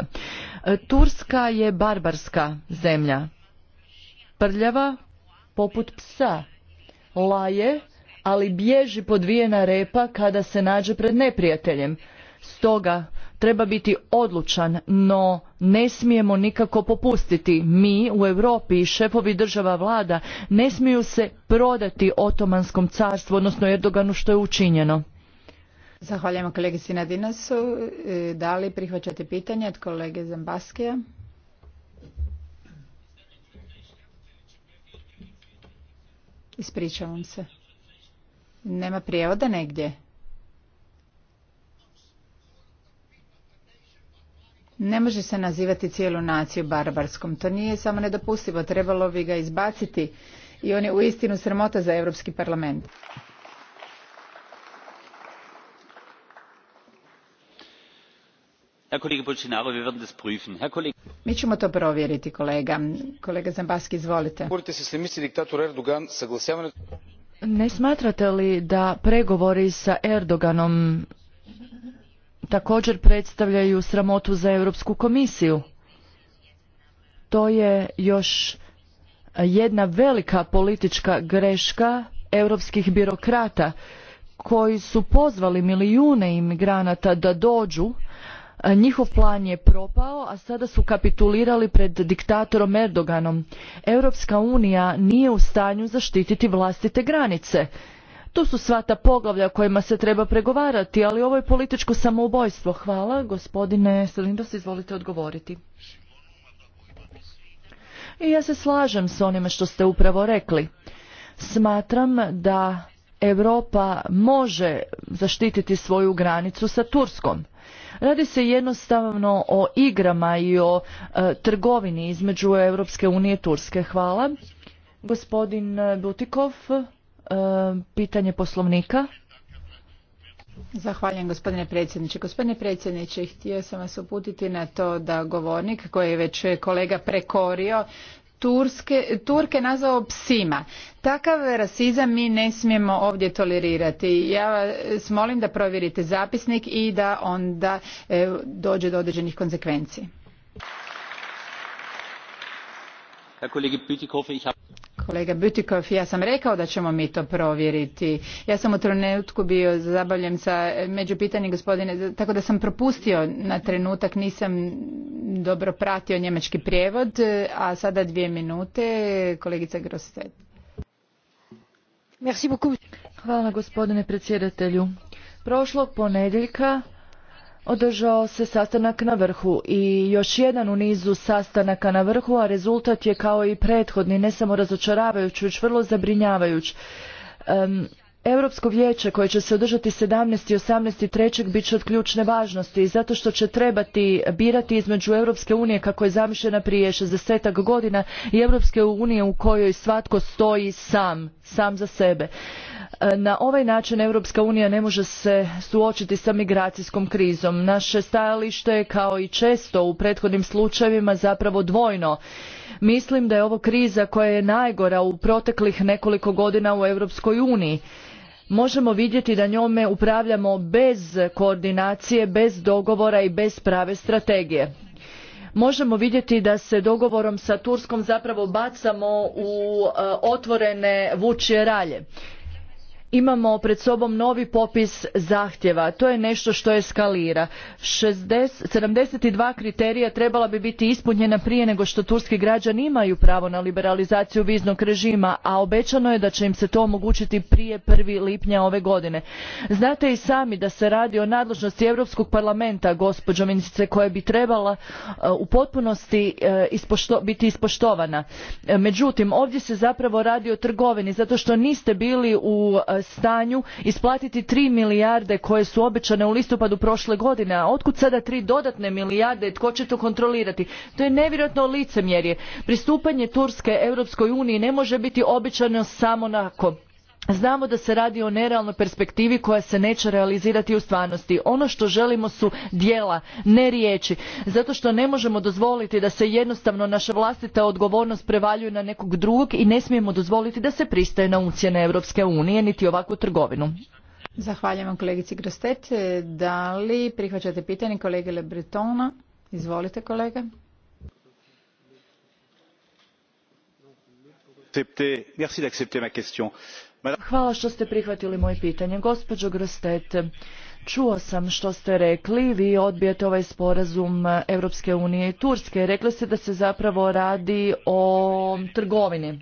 E, Turska je barbarska zemlja, prljava poput psa, laje, ali bježi podvijena repa kada se nađe pred neprijateljem. Stoga treba biti odlučan, no ne smijemo nikako popustiti. Mi u Europi i šefovi država vlada ne smiju se prodati Otomanskom carstvu, odnosno Erdoganu što je učinjeno. Zahvaljujemo kolegici Nadinasu. E, da li prihvaćate pitanje od kolege Zambaskija? Ispričavam se. Nema prijevoda negdje. Ne može se nazivati cijelu naciju barbarskom. To nije samo nedopustivo. Trebalo bi ga izbaciti i on je istinu sramota za Europski parlament. Mi ćemo to provjeriti, kolega. Kolega Zambaski, izvolite. Ne smatrate li da pregovori sa Erdoganom također predstavljaju sramotu za Europsku komisiju. To je još jedna velika politička greška europskih birokrata koji su pozvali milijune imigranata da dođu njihov plan je propao a sada su kapitulirali pred diktatorom erdoganom europska unija nije u stanju zaštititi vlastite granice to su sva ta poglavlja o kojima se treba pregovarati, ali ovo je političko samoubojstvo. Hvala. Gospodine Selindos, izvolite odgovoriti. I ja se slažem s onime što ste upravo rekli. Smatram da Europa može zaštititi svoju granicu sa Turskom. Radi se jednostavno o igrama i o e, trgovini između Europske unije i Turske. Hvala. Gospodin Butikov, E, pitanje poslovnika. Zahvaljujem gospodine predsjedniče. Gospodine predsjedniče, htio sam vas uputiti na to da govornik koji je već kolega prekorio Turske, Turke nazvao psima. Takav rasizam mi ne smijemo ovdje tolerirati. Ja vas molim da provjerite zapisnik i da onda e, dođe do određenih konsekvenci. Kolega Butikov, ja sam rekao da ćemo mi to provjeriti. Ja sam u trenutku bio zabavljen sa međupitanjem gospodine, tako da sam propustio na trenutak, nisam dobro pratio njemački prijevod, a sada dvije minute, kolegica Grosset. Hvala gospodine predsjedatelju. Prošlog ponedjeljka održao se sastanak na vrhu i još jedan u nizu sastanaka na vrhu, a rezultat je kao i prethodni, ne samo razočaravajući, već vrlo zabrinjavajući. Europsko vijeće koje će se održati 17. i 18. trećeg bit će od ključne važnosti zato što će trebati birati između Europske unije kako je zamišljena prije 60 godina i Europske unije u kojoj svatko stoji sam, sam za sebe. E, na ovaj način Europska unija ne može se suočiti sa migracijskom krizom. Naše stajalište je kao i često u prethodnim slučajevima zapravo dvojno. Mislim da je ovo kriza koja je najgora u proteklih nekoliko godina u Europskoj uniji možemo vidjeti da njome upravljamo bez koordinacije bez dogovora i bez prave strategije možemo vidjeti da se dogovorom sa turskom zapravo bacamo u e, otvorene vučje ralje imamo pred sobom novi popis zahtjeva to je nešto što eskalira sedamdeset dva kriterija trebala bi biti ispunjena prije nego što turski građani imaju pravo na liberalizaciju viznog režima a obećano je da će im se to omogućiti prije jedan lipnja ove godine znate i sami da se radi o nadležnosti europskog parlamenta gospođo ministrice koja bi trebala eh, u potpunosti eh, biti ispoštovana međutim ovdje se zapravo radi o trgovini zato što niste bili u eh, E, stanju isplatiti tri milijarde koje su obećane u listopadu prošle godine a otkud sada tri dodatne milijarde tko će to kontrolirati? to je nevjerojatno licemjerje. pristupanje turske europskoj uniji ne može biti obećano samo nakon znamo da se radi o nerealnoj perspektivi koja se neće realizirati u stvarnosti ono što želimo su djela ne riječi zato što ne možemo dozvoliti da se jednostavno naša vlastita odgovornost prevaljuje na nekog drugog i ne smijemo dozvoliti da se pristaje na ucjene europske unije niti ovakvu trgovinu Zahvaljujem kolegici Grostet. Da li prihvaćate pitanje kolege Le Bretona? Izvolite kolega. Merci d'accepter ma question. Hvala što ste prihvatili moje pitanje. Gospođo Grostet, čuo sam što ste rekli, vi odbijete ovaj sporazum Europske unije i Turske. Rekli ste da se zapravo radi o trgovini.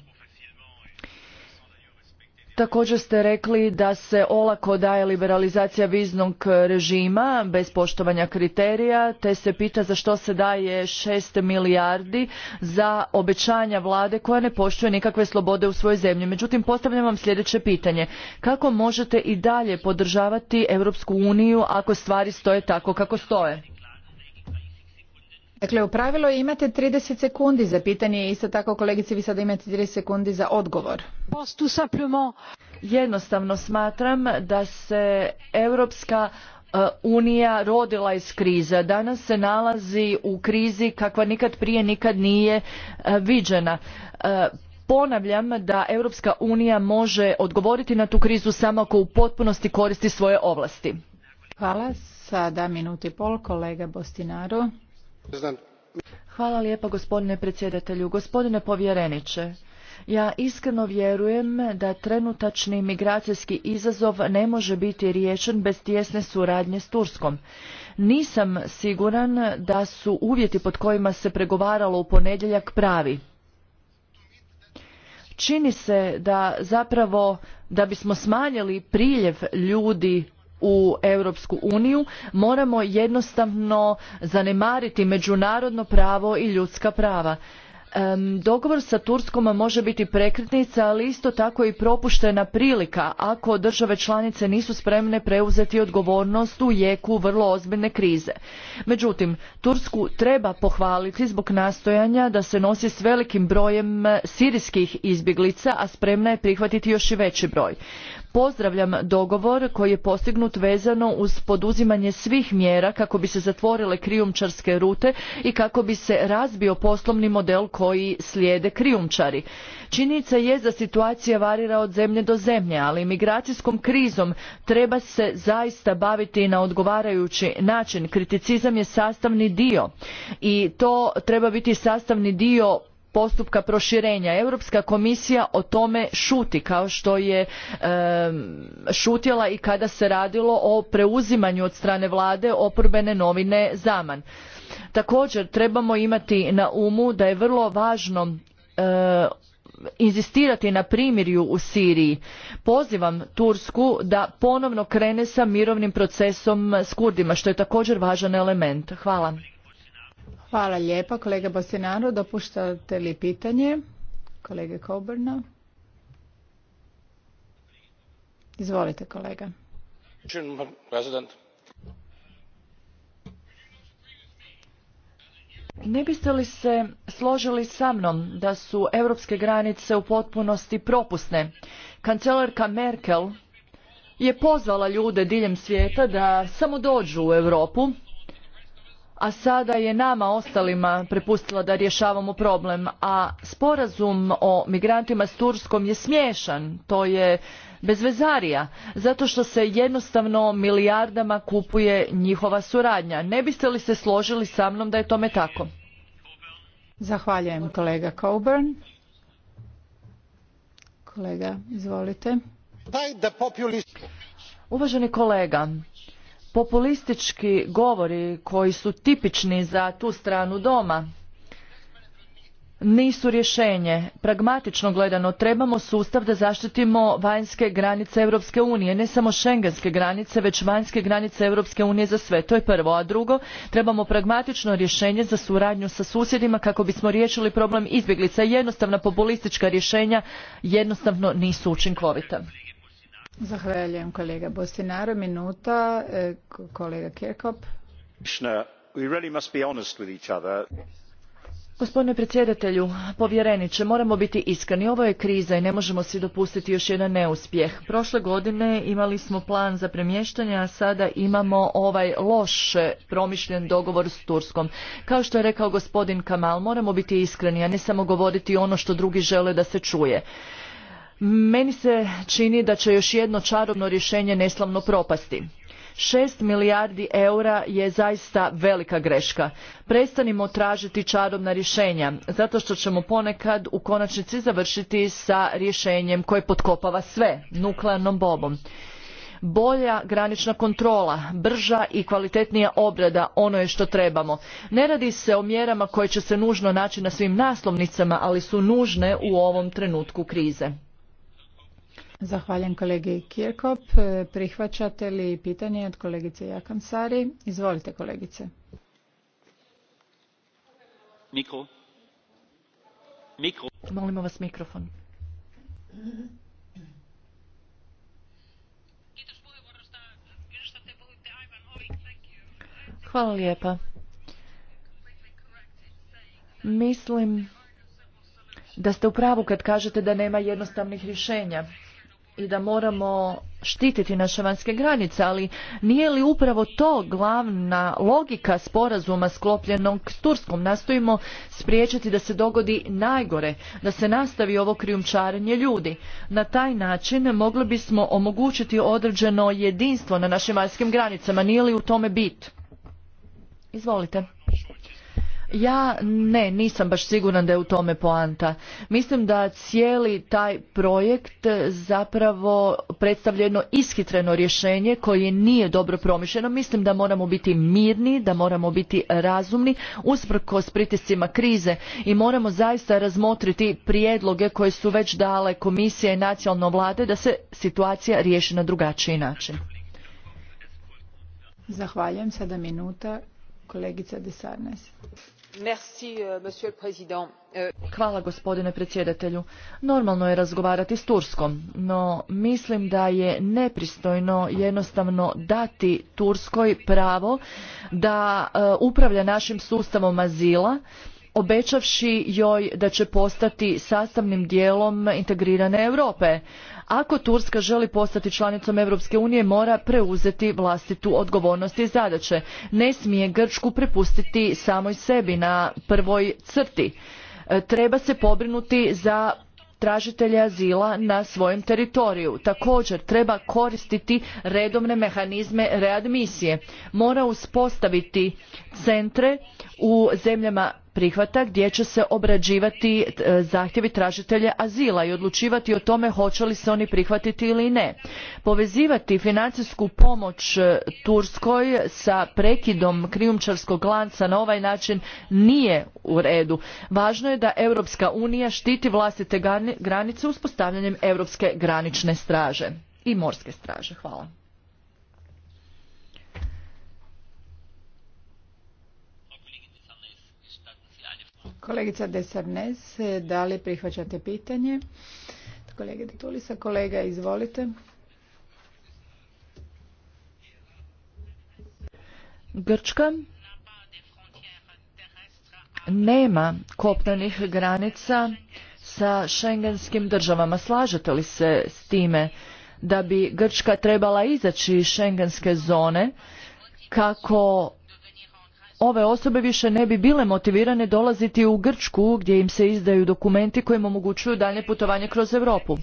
Također ste rekli da se olako daje liberalizacija viznog režima bez poštovanja kriterija, te se pita za što se daje šest milijardi za obećanja vlade koja ne poštuje nikakve slobode u svojoj zemlji. Međutim, postavljam vam sljedeće pitanje. Kako možete i dalje podržavati Europsku uniju ako stvari stoje tako kako stoje? Dakle, u pravilu imate 30 sekundi za pitanje i isto tako kolegice vi sada imate 30 sekundi za odgovor. Jednostavno smatram da se Europska e, unija rodila iz krize. Danas se nalazi u krizi kakva nikad prije nikad nije e, viđena. E, ponavljam da Europska unija može odgovoriti na tu krizu samo ako u potpunosti koristi svoje ovlasti. Hvala. Sada minuti pol kolega Bostinaru. Hvala lijepo gospodine predsjedatelju. Gospodine povjereniče, ja iskreno vjerujem da trenutačni migracijski izazov ne može biti riješen bez tjesne suradnje s Turskom. Nisam siguran da su uvjeti pod kojima se pregovaralo u ponedjeljak pravi. Čini se da zapravo da bismo smanjili priljev ljudi u Europsku uniju moramo jednostavno zanemariti međunarodno pravo i ljudska prava. Dogovor sa Turskom može biti prekretnica, ali isto tako i propuštena prilika ako države članice nisu spremne preuzeti odgovornost u jeku vrlo ozbiljne krize. Međutim, Tursku treba pohvaliti zbog nastojanja da se nosi s velikim brojem sirijskih izbjeglica, a spremna je prihvatiti još i veći broj. Pozdravljam dogovor koji je postignut vezano uz poduzimanje svih mjera kako bi se zatvorile krijumčarske rute i kako bi se razbio poslovni model koji slijede krijumčari. Činjenica je da situacija varira od zemlje do zemlje, ali migracijskom krizom treba se zaista baviti na odgovarajući način. Kriticizam je sastavni dio i to treba biti sastavni dio postupka proširenja. Europska komisija o tome šuti kao što je šutjela i kada se radilo o preuzimanju od strane vlade oporbene novine Zaman. Također trebamo imati na umu da je vrlo važno eh, inzistirati na primirju u Siriji. Pozivam Tursku da ponovno krene sa mirovnim procesom s Kurdima, što je također važan element. Hvala. Hvala lijepa. Kolega Bosinaro, dopuštate li pitanje? Kolege Koburna. Izvolite, kolega. Ne biste li se složili sa mnom da su europske granice u potpunosti propusne? Kancelarka Merkel je pozvala ljude diljem svijeta da samo dođu u Europu a sada je nama ostalima prepustila da rješavamo problem a sporazum o migrantima s turskom je smiješan to je bezvezarija zato što se jednostavno milijardama kupuje njihova suradnja ne biste li se složili sa mnom da je tome tako zahvaljujem kolega coburn kolega izvolite uvaženi kolega populistički govori koji su tipični za tu stranu doma nisu rješenje. Pragmatično gledano trebamo sustav da zaštitimo vanjske granice Europske unije, ne samo šengenske granice, već vanjske granice Europske unije za sve. To je prvo. A drugo, trebamo pragmatično rješenje za suradnju sa susjedima kako bismo riješili problem izbjeglica. Jednostavna populistička rješenja jednostavno nisu učinkovita. Zahvaljujem kolega Bostinaro. Minuta, e, kolega Kirkop. Gospodine predsjedatelju, povjereniče, moramo biti iskreni. Ovo je kriza i ne možemo si dopustiti još jedan neuspjeh. Prošle godine imali smo plan za premještanje, a sada imamo ovaj loše promišljen dogovor s Turskom. Kao što je rekao gospodin Kamal, moramo biti iskreni, a ne samo govoriti ono što drugi žele da se čuje. Meni se čini da će još jedno čarobno rješenje neslavno propasti. Šest milijardi eura je zaista velika greška. Prestanimo tražiti čarobna rješenja, zato što ćemo ponekad u konačnici završiti sa rješenjem koje potkopava sve, nuklearnom bobom. Bolja granična kontrola, brža i kvalitetnija obrada, ono je što trebamo. Ne radi se o mjerama koje će se nužno naći na svim naslovnicama, ali su nužne u ovom trenutku krize. Zahvaljujem kolegi Kirkop. E, prihvaćate li pitanje od kolegice Jakansari? Izvolite kolegice. Mikro. Mikro. Molimo vas mikrofon. Hvala lijepa. Mislim da ste u pravu kad kažete da nema jednostavnih rješenja i da moramo štititi naše vanjske granice, ali nije li upravo to glavna logika sporazuma sklopljenog s Turskom? Nastojimo spriječiti da se dogodi najgore, da se nastavi ovo krijumčarenje ljudi. Na taj način mogli bismo omogućiti određeno jedinstvo na našim vanjskim granicama. Nije li u tome bit? Izvolite. Ja ne, nisam baš siguran da je u tome poanta. Mislim da cijeli taj projekt zapravo predstavlja jedno ishitreno rješenje koje nije dobro promišljeno. Mislim da moramo biti mirni, da moramo biti razumni usprkos pritiscima krize i moramo zaista razmotriti prijedloge koje su već dale komisije i nacionalno vlade da se situacija riješi na drugačiji način. Zahvaljujem, sada minuta, kolegica Desarnes. Euh, euh, Hvala gospodine predsjedatelju. Normalno je razgovarati s Turskom, no mislim da je nepristojno jednostavno dati Turskoj pravo da e, upravlja našim sustavom azila obećavši joj da će postati sastavnim dijelom integrirane Europe. Ako Turska želi postati članicom Europske unije, mora preuzeti vlastitu odgovornost i zadaće. Ne smije Grčku prepustiti samoj sebi na prvoj crti. E, treba se pobrinuti za tražitelje azila na svojem teritoriju. Također treba koristiti redovne mehanizme readmisije. Mora uspostaviti centre u zemljama prihvata gdje će se obrađivati e, zahtjevi tražitelja azila i odlučivati o tome hoće li se oni prihvatiti ili ne. Povezivati financijsku pomoć e, Turskoj sa prekidom krijumčarskog lanca na ovaj način nije u redu. Važno je da Europska unija štiti vlastite granice uspostavljanjem Europske granične straže i morske straže. Hvala. Kolegica Desarnes, da li prihvaćate pitanje? Kolege tulisa kolega, izvolite. Grčka nema kopnenih granica sa šengenskim državama. Slažete li se s time da bi Grčka trebala izaći iz šengenske zone kako ove osobe više ne bi bile motivirane dolaziti u Grčku gdje im se izdaju dokumenti im omogućuju daljnje putovanje kroz Europu.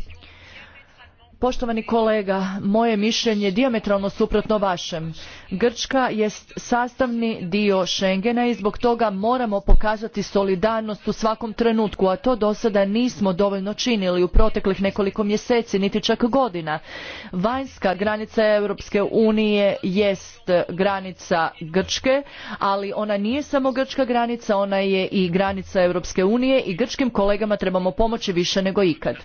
Poštovani kolega, moje mišljenje je diametralno suprotno vašem. Grčka jest sastavni dio Schengena i zbog toga moramo pokazati solidarnost u svakom trenutku, a to do sada nismo dovoljno činili u proteklih nekoliko mjeseci, niti čak godina. Vanjska granica Europske unije jest granica Grčke, ali ona nije samo grčka granica, ona je i granica Europske unije i grčkim kolegama trebamo pomoći više nego ikad.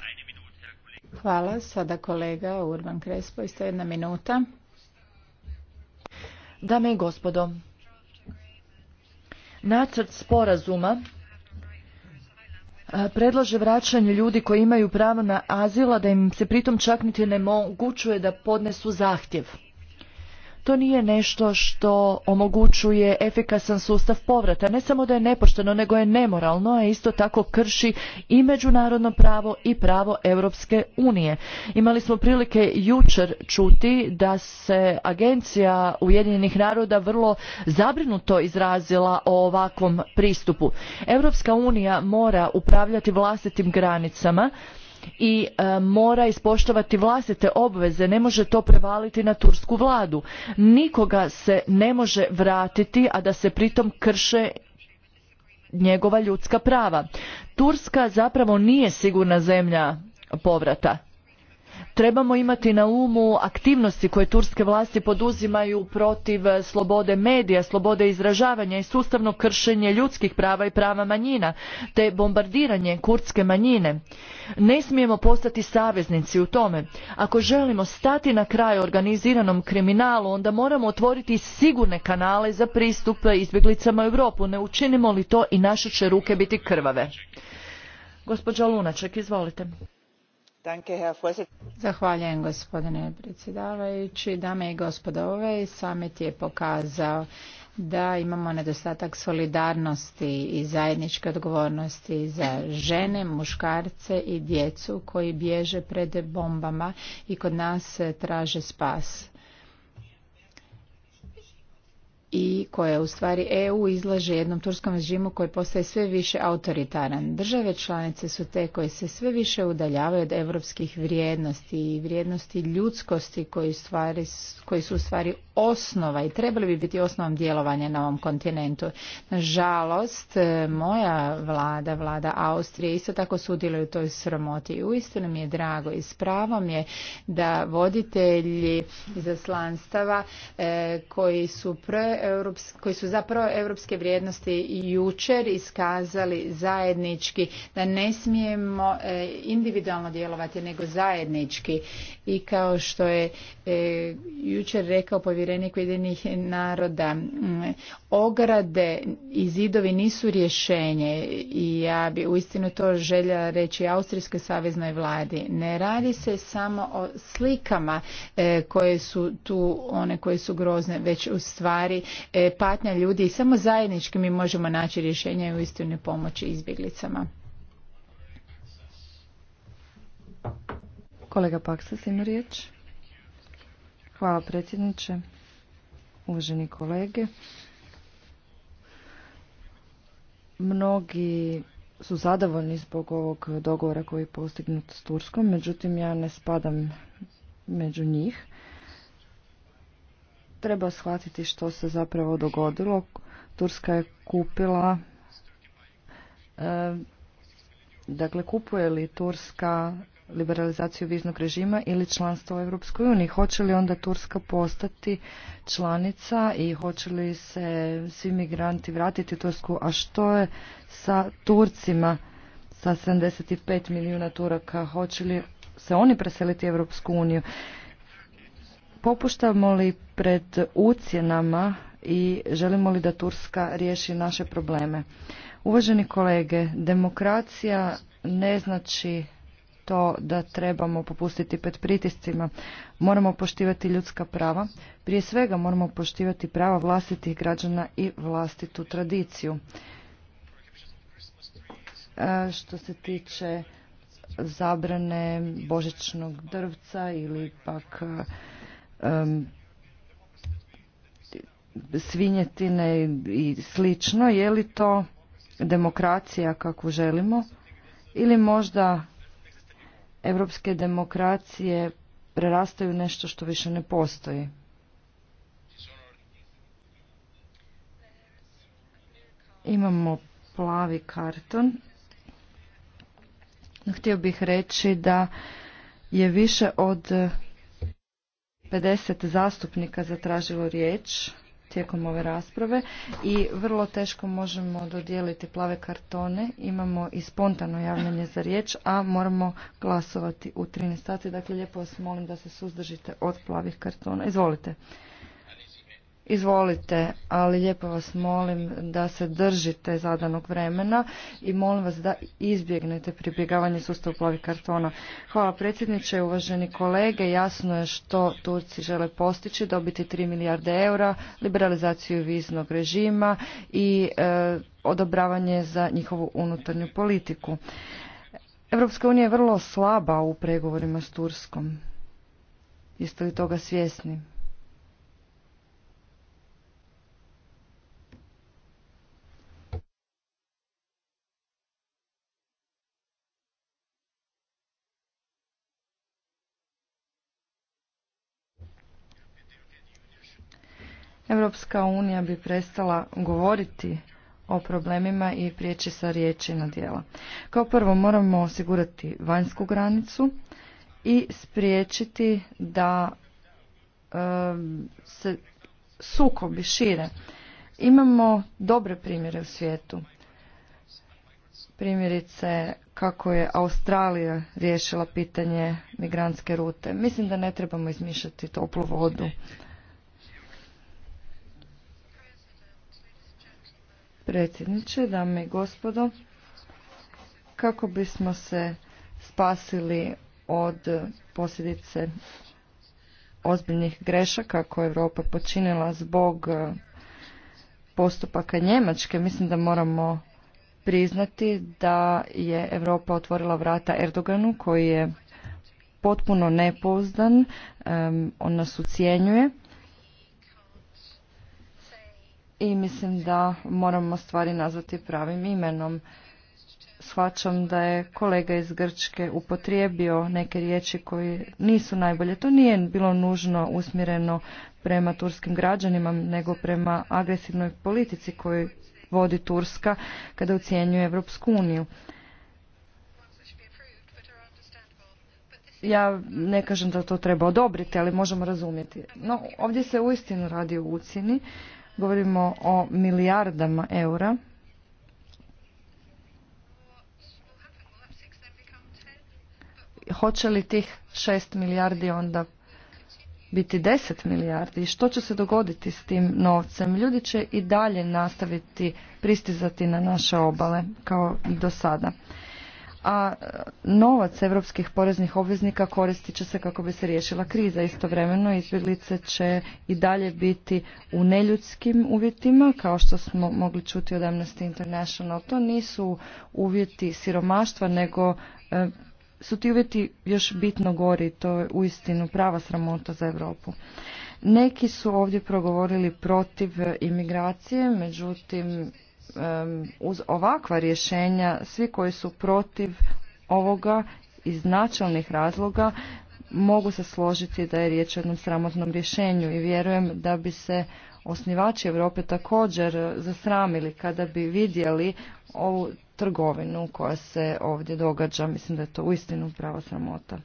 Hvala. Sada kolega Urban Krespo, isto jedna minuta. Dame i gospodo, nacrt sporazuma predlaže vraćanje ljudi koji imaju pravo na azila da im se pritom čak niti ne mogućuje da podnesu zahtjev to nije nešto što omogućuje efikasan sustav povrata. Ne samo da je nepošteno, nego je nemoralno, a isto tako krši i međunarodno pravo i pravo Europske unije. Imali smo prilike jučer čuti da se agencija Ujedinjenih naroda vrlo zabrinuto izrazila o ovakvom pristupu. Europska unija mora upravljati vlastitim granicama, i e, mora ispoštovati vlastite obveze ne može to prevaliti na tursku vladu nikoga se ne može vratiti a da se pritom krše njegova ljudska prava turska zapravo nije sigurna zemlja povrata Trebamo imati na umu aktivnosti koje turske vlasti poduzimaju protiv e, slobode medija, slobode izražavanja i sustavno kršenje ljudskih prava i prava manjina, te bombardiranje kurdske manjine. Ne smijemo postati saveznici u tome. Ako želimo stati na kraj organiziranom kriminalu, onda moramo otvoriti sigurne kanale za pristup izbjeglicama u Europu. Ne učinimo li to i naše će ruke biti krvave. Gospođa Lunaček, izvolite. Zahvaljujem gospodine predsjedavajući. Dame i gospodo, ovaj summit je pokazao da imamo nedostatak solidarnosti i zajedničke odgovornosti za žene, muškarce i djecu koji bježe pred bombama i kod nas traže spas i koja u stvari EU izlaže jednom turskom režimu koji postaje sve više autoritaran. Države članice su te koje se sve više udaljavaju od europskih vrijednosti i vrijednosti ljudskosti koji, koji su u stvari osnova i trebali bi biti osnovom djelovanja na ovom kontinentu. Nažalost, e, moja vlada, vlada Austrije, isto tako sudjeluje u toj sramoti. I uistinu mi je drago i s pravom je da voditelji izaslanstava e, koji su, koji su za proeuropske vrijednosti jučer iskazali zajednički da ne smijemo e, individualno djelovati nego zajednički i kao što je jučer rekao povjerenik jedinih naroda. Mm, ograde i zidovi nisu rješenje i ja bi uistinu to željela reći Austrijskoj saveznoj vladi. Ne radi se samo o slikama e, koje su tu, one koje su grozne, već u stvari e, patnja ljudi i samo zajednički mi možemo naći rješenje i uistinu pomoći izbjeglicama. Kolega Paksas ima riječ. Hvala predsjedniče uvaženi kolege. Mnogi su zadovoljni zbog ovog dogovora koji je postignut s Turskom, međutim ja ne spadam među njih. Treba shvatiti što se zapravo dogodilo. Turska je kupila e, dakle kupuje li Turska liberalizaciju viznog režima ili članstvo u Europskoj uniji. Hoće li onda Turska postati članica i hoće li se svi migranti vratiti u Tursku? A što je sa Turcima, sa 75 milijuna Turaka? Hoće li se oni preseliti u Europsku uniju? Popuštamo li pred ucjenama i želimo li da Turska riješi naše probleme? Uvaženi kolege, demokracija ne znači to da trebamo popustiti pred pritiscima. Moramo poštivati ljudska prava. Prije svega moramo poštivati prava vlastitih građana i vlastitu tradiciju. E, što se tiče zabrane božičnog drvca ili pak e, svinjetine i slično, je li to demokracija kakvu želimo ili možda europske demokracije prerastaju nešto što više ne postoji. Imamo plavi karton. Htio bih reći da je više od 50 zastupnika zatražilo riječ tijekom ove rasprave i vrlo teško možemo dodijeliti plave kartone. Imamo i spontano javljanje za riječ, a moramo glasovati u 13 sati. Dakle, lijepo vas molim da se suzdržite od plavih kartona. Izvolite. Izvolite, ali lijepo vas molim da se držite zadanog vremena i molim vas da izbjegnete pribjegavanje sustavu plovi kartona. Hvala predsjedniče, uvaženi kolege. Jasno je što Turci žele postići, dobiti 3 milijarde eura, liberalizaciju viznog režima i e, odobravanje za njihovu unutarnju politiku. Europska unija je vrlo slaba u pregovorima s Turskom. Jeste li toga svjesni? Europska unija bi prestala govoriti o problemima i prijeći sa riječi na djela. Kao prvo moramo osigurati vanjsku granicu i spriječiti da se sukobi šire. Imamo dobre primjere u svijetu. Primjerice kako je Australija riješila pitanje migrantske rute. Mislim da ne trebamo izmišljati toplu vodu. predsjedniče, dame i gospodo. Kako bismo se spasili od posljedice ozbiljnih grešaka koje je Europa počinila zbog e, postupaka Njemačke, mislim da moramo priznati da je Europa otvorila vrata Erdoganu koji je potpuno nepouzdan, on nas ucijenjuje i mislim da moramo stvari nazvati pravim imenom. Shvaćam da je kolega iz Grčke upotrijebio neke riječi koje nisu najbolje. To nije bilo nužno usmjereno prema turskim građanima, nego prema agresivnoj politici koju vodi Turska kada ucijenjuje Europsku uniju. ja ne kažem da to treba odobriti, ali možemo razumjeti. No, ovdje se uistinu radi o ucjeni Govorimo o milijardama eura. Hoće li tih šest milijardi onda biti deset milijardi i što će se dogoditi s tim novcem? Ljudi će i dalje nastaviti pristizati na naše obale kao i do sada a novac europskih poreznih obveznika koristit će se kako bi se riješila kriza. Istovremeno izbjeglice će i dalje biti u neljudskim uvjetima, kao što smo mogli čuti od Amnesty International. To nisu uvjeti siromaštva, nego e, su ti uvjeti još bitno gori. To je uistinu prava sramota za Europu. Neki su ovdje progovorili protiv imigracije, međutim uz ovakva rješenja svi koji su protiv ovoga iz načelnih razloga mogu se složiti da je riječ o jednom sramotnom rješenju i vjerujem da bi se osnivači Europe također zasramili kada bi vidjeli ovu trgovinu koja se ovdje događa. Mislim da je to uistinu prava sramota.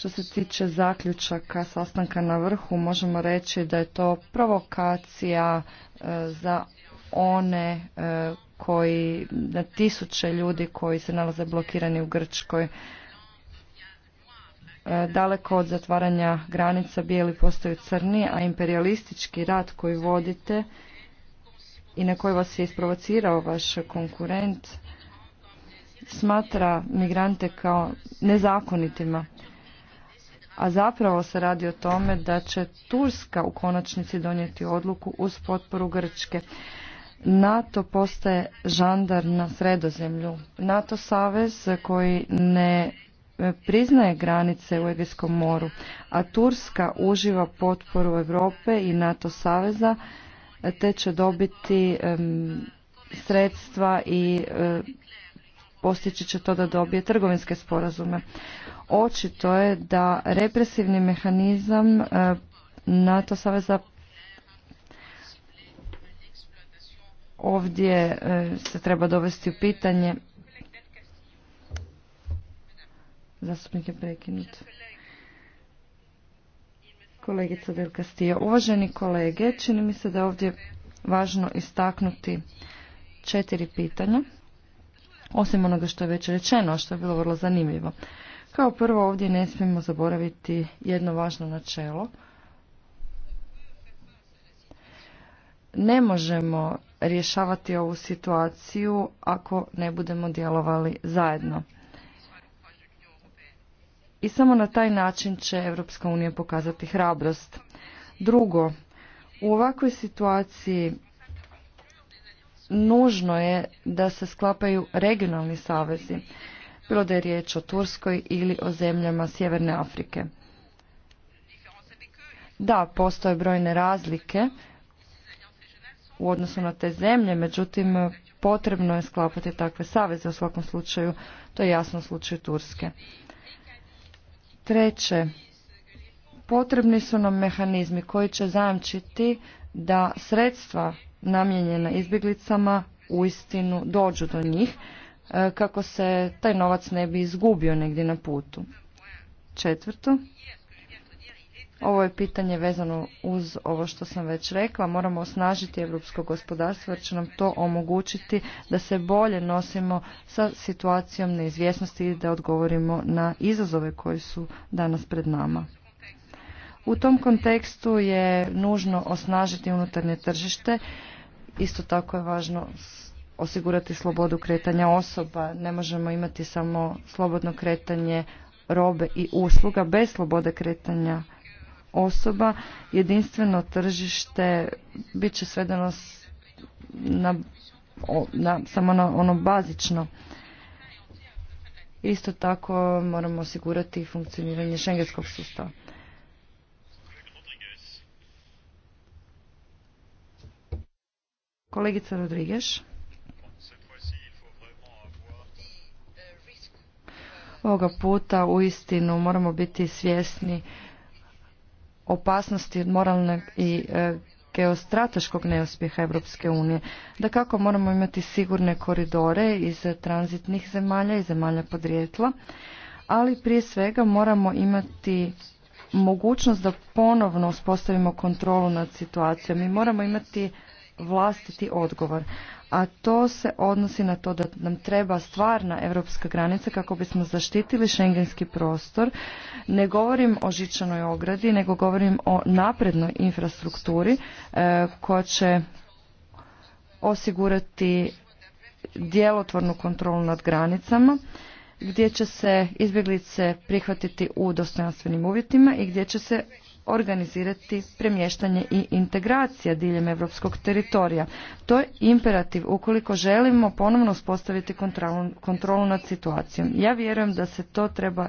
Što se tiče zaključaka sastanka na vrhu, možemo reći da je to provokacija e, za one e, koji, na tisuće ljudi koji se nalaze blokirani u Grčkoj. E, daleko od zatvaranja granica bijeli postaju crni, a imperialistički rat koji vodite i na koji vas je isprovocirao vaš konkurent smatra migrante kao nezakonitima a zapravo se radi o tome da će Turska u konačnici donijeti odluku uz potporu Grčke. NATO postaje žandar na sredozemlju. NATO savez koji ne priznaje granice u Egejskom moru, a Turska uživa potporu Europe i NATO saveza te će dobiti sredstva i e, postići će to da dobije trgovinske sporazume očito je da represivni mehanizam e, NATO saveza ovdje e, se treba dovesti u pitanje. Zastupnik je prekinut. Kolegica Del Castillo. Uvaženi kolege, čini mi se da je ovdje važno istaknuti četiri pitanja, osim onoga što je već rečeno, što je bilo vrlo zanimljivo. Kao prvo ovdje ne smijemo zaboraviti jedno važno načelo. Ne možemo rješavati ovu situaciju ako ne budemo djelovali zajedno. I samo na taj način će Europska unija pokazati hrabrost. Drugo, u ovakvoj situaciji nužno je da se sklapaju regionalni savezi bilo da je riječ o Turskoj ili o zemljama Sjeverne Afrike. Da, postoje brojne razlike u odnosu na te zemlje, međutim potrebno je sklapati takve saveze u svakom slučaju, to je jasno u slučaju Turske. Treće, potrebni su nam mehanizmi koji će zajamčiti da sredstva namijenjena izbjeglicama uistinu dođu do njih E, kako se taj novac ne bi izgubio negdje na putu. Četvrto, ovo je pitanje vezano uz ovo što sam već rekla. Moramo osnažiti europsko gospodarstvo jer će nam to omogućiti da se bolje nosimo sa situacijom neizvjesnosti i da odgovorimo na izazove koji su danas pred nama. U tom kontekstu je nužno osnažiti unutarnje tržište. Isto tako je važno osigurati slobodu kretanja osoba. Ne možemo imati samo slobodno kretanje robe i usluga bez slobode kretanja osoba. Jedinstveno tržište bit će svedeno na, na, samo na ono bazično. Isto tako moramo osigurati funkcioniranje šengenskog sustava. Kolegica Rodriguez. Ovoga puta u istinu moramo biti svjesni opasnosti od moralnog i e, geostrateškog neuspjeha Europske unije. Da kako moramo imati sigurne koridore iz tranzitnih zemalja i zemalja podrijetla, ali prije svega moramo imati mogućnost da ponovno uspostavimo kontrolu nad situacijom i moramo imati vlastiti odgovor a to se odnosi na to da nam treba stvarna europska granica kako bismo zaštitili šengenski prostor. Ne govorim o žičanoj ogradi, nego govorim o naprednoj infrastrukturi e, koja će osigurati djelotvornu kontrolu nad granicama gdje će se izbjeglice prihvatiti u dostojanstvenim uvjetima i gdje će se organizirati premještanje i integracija diljem europskog teritorija. To je imperativ ukoliko želimo ponovno uspostaviti kontrolu, nad situacijom. Ja vjerujem da se to treba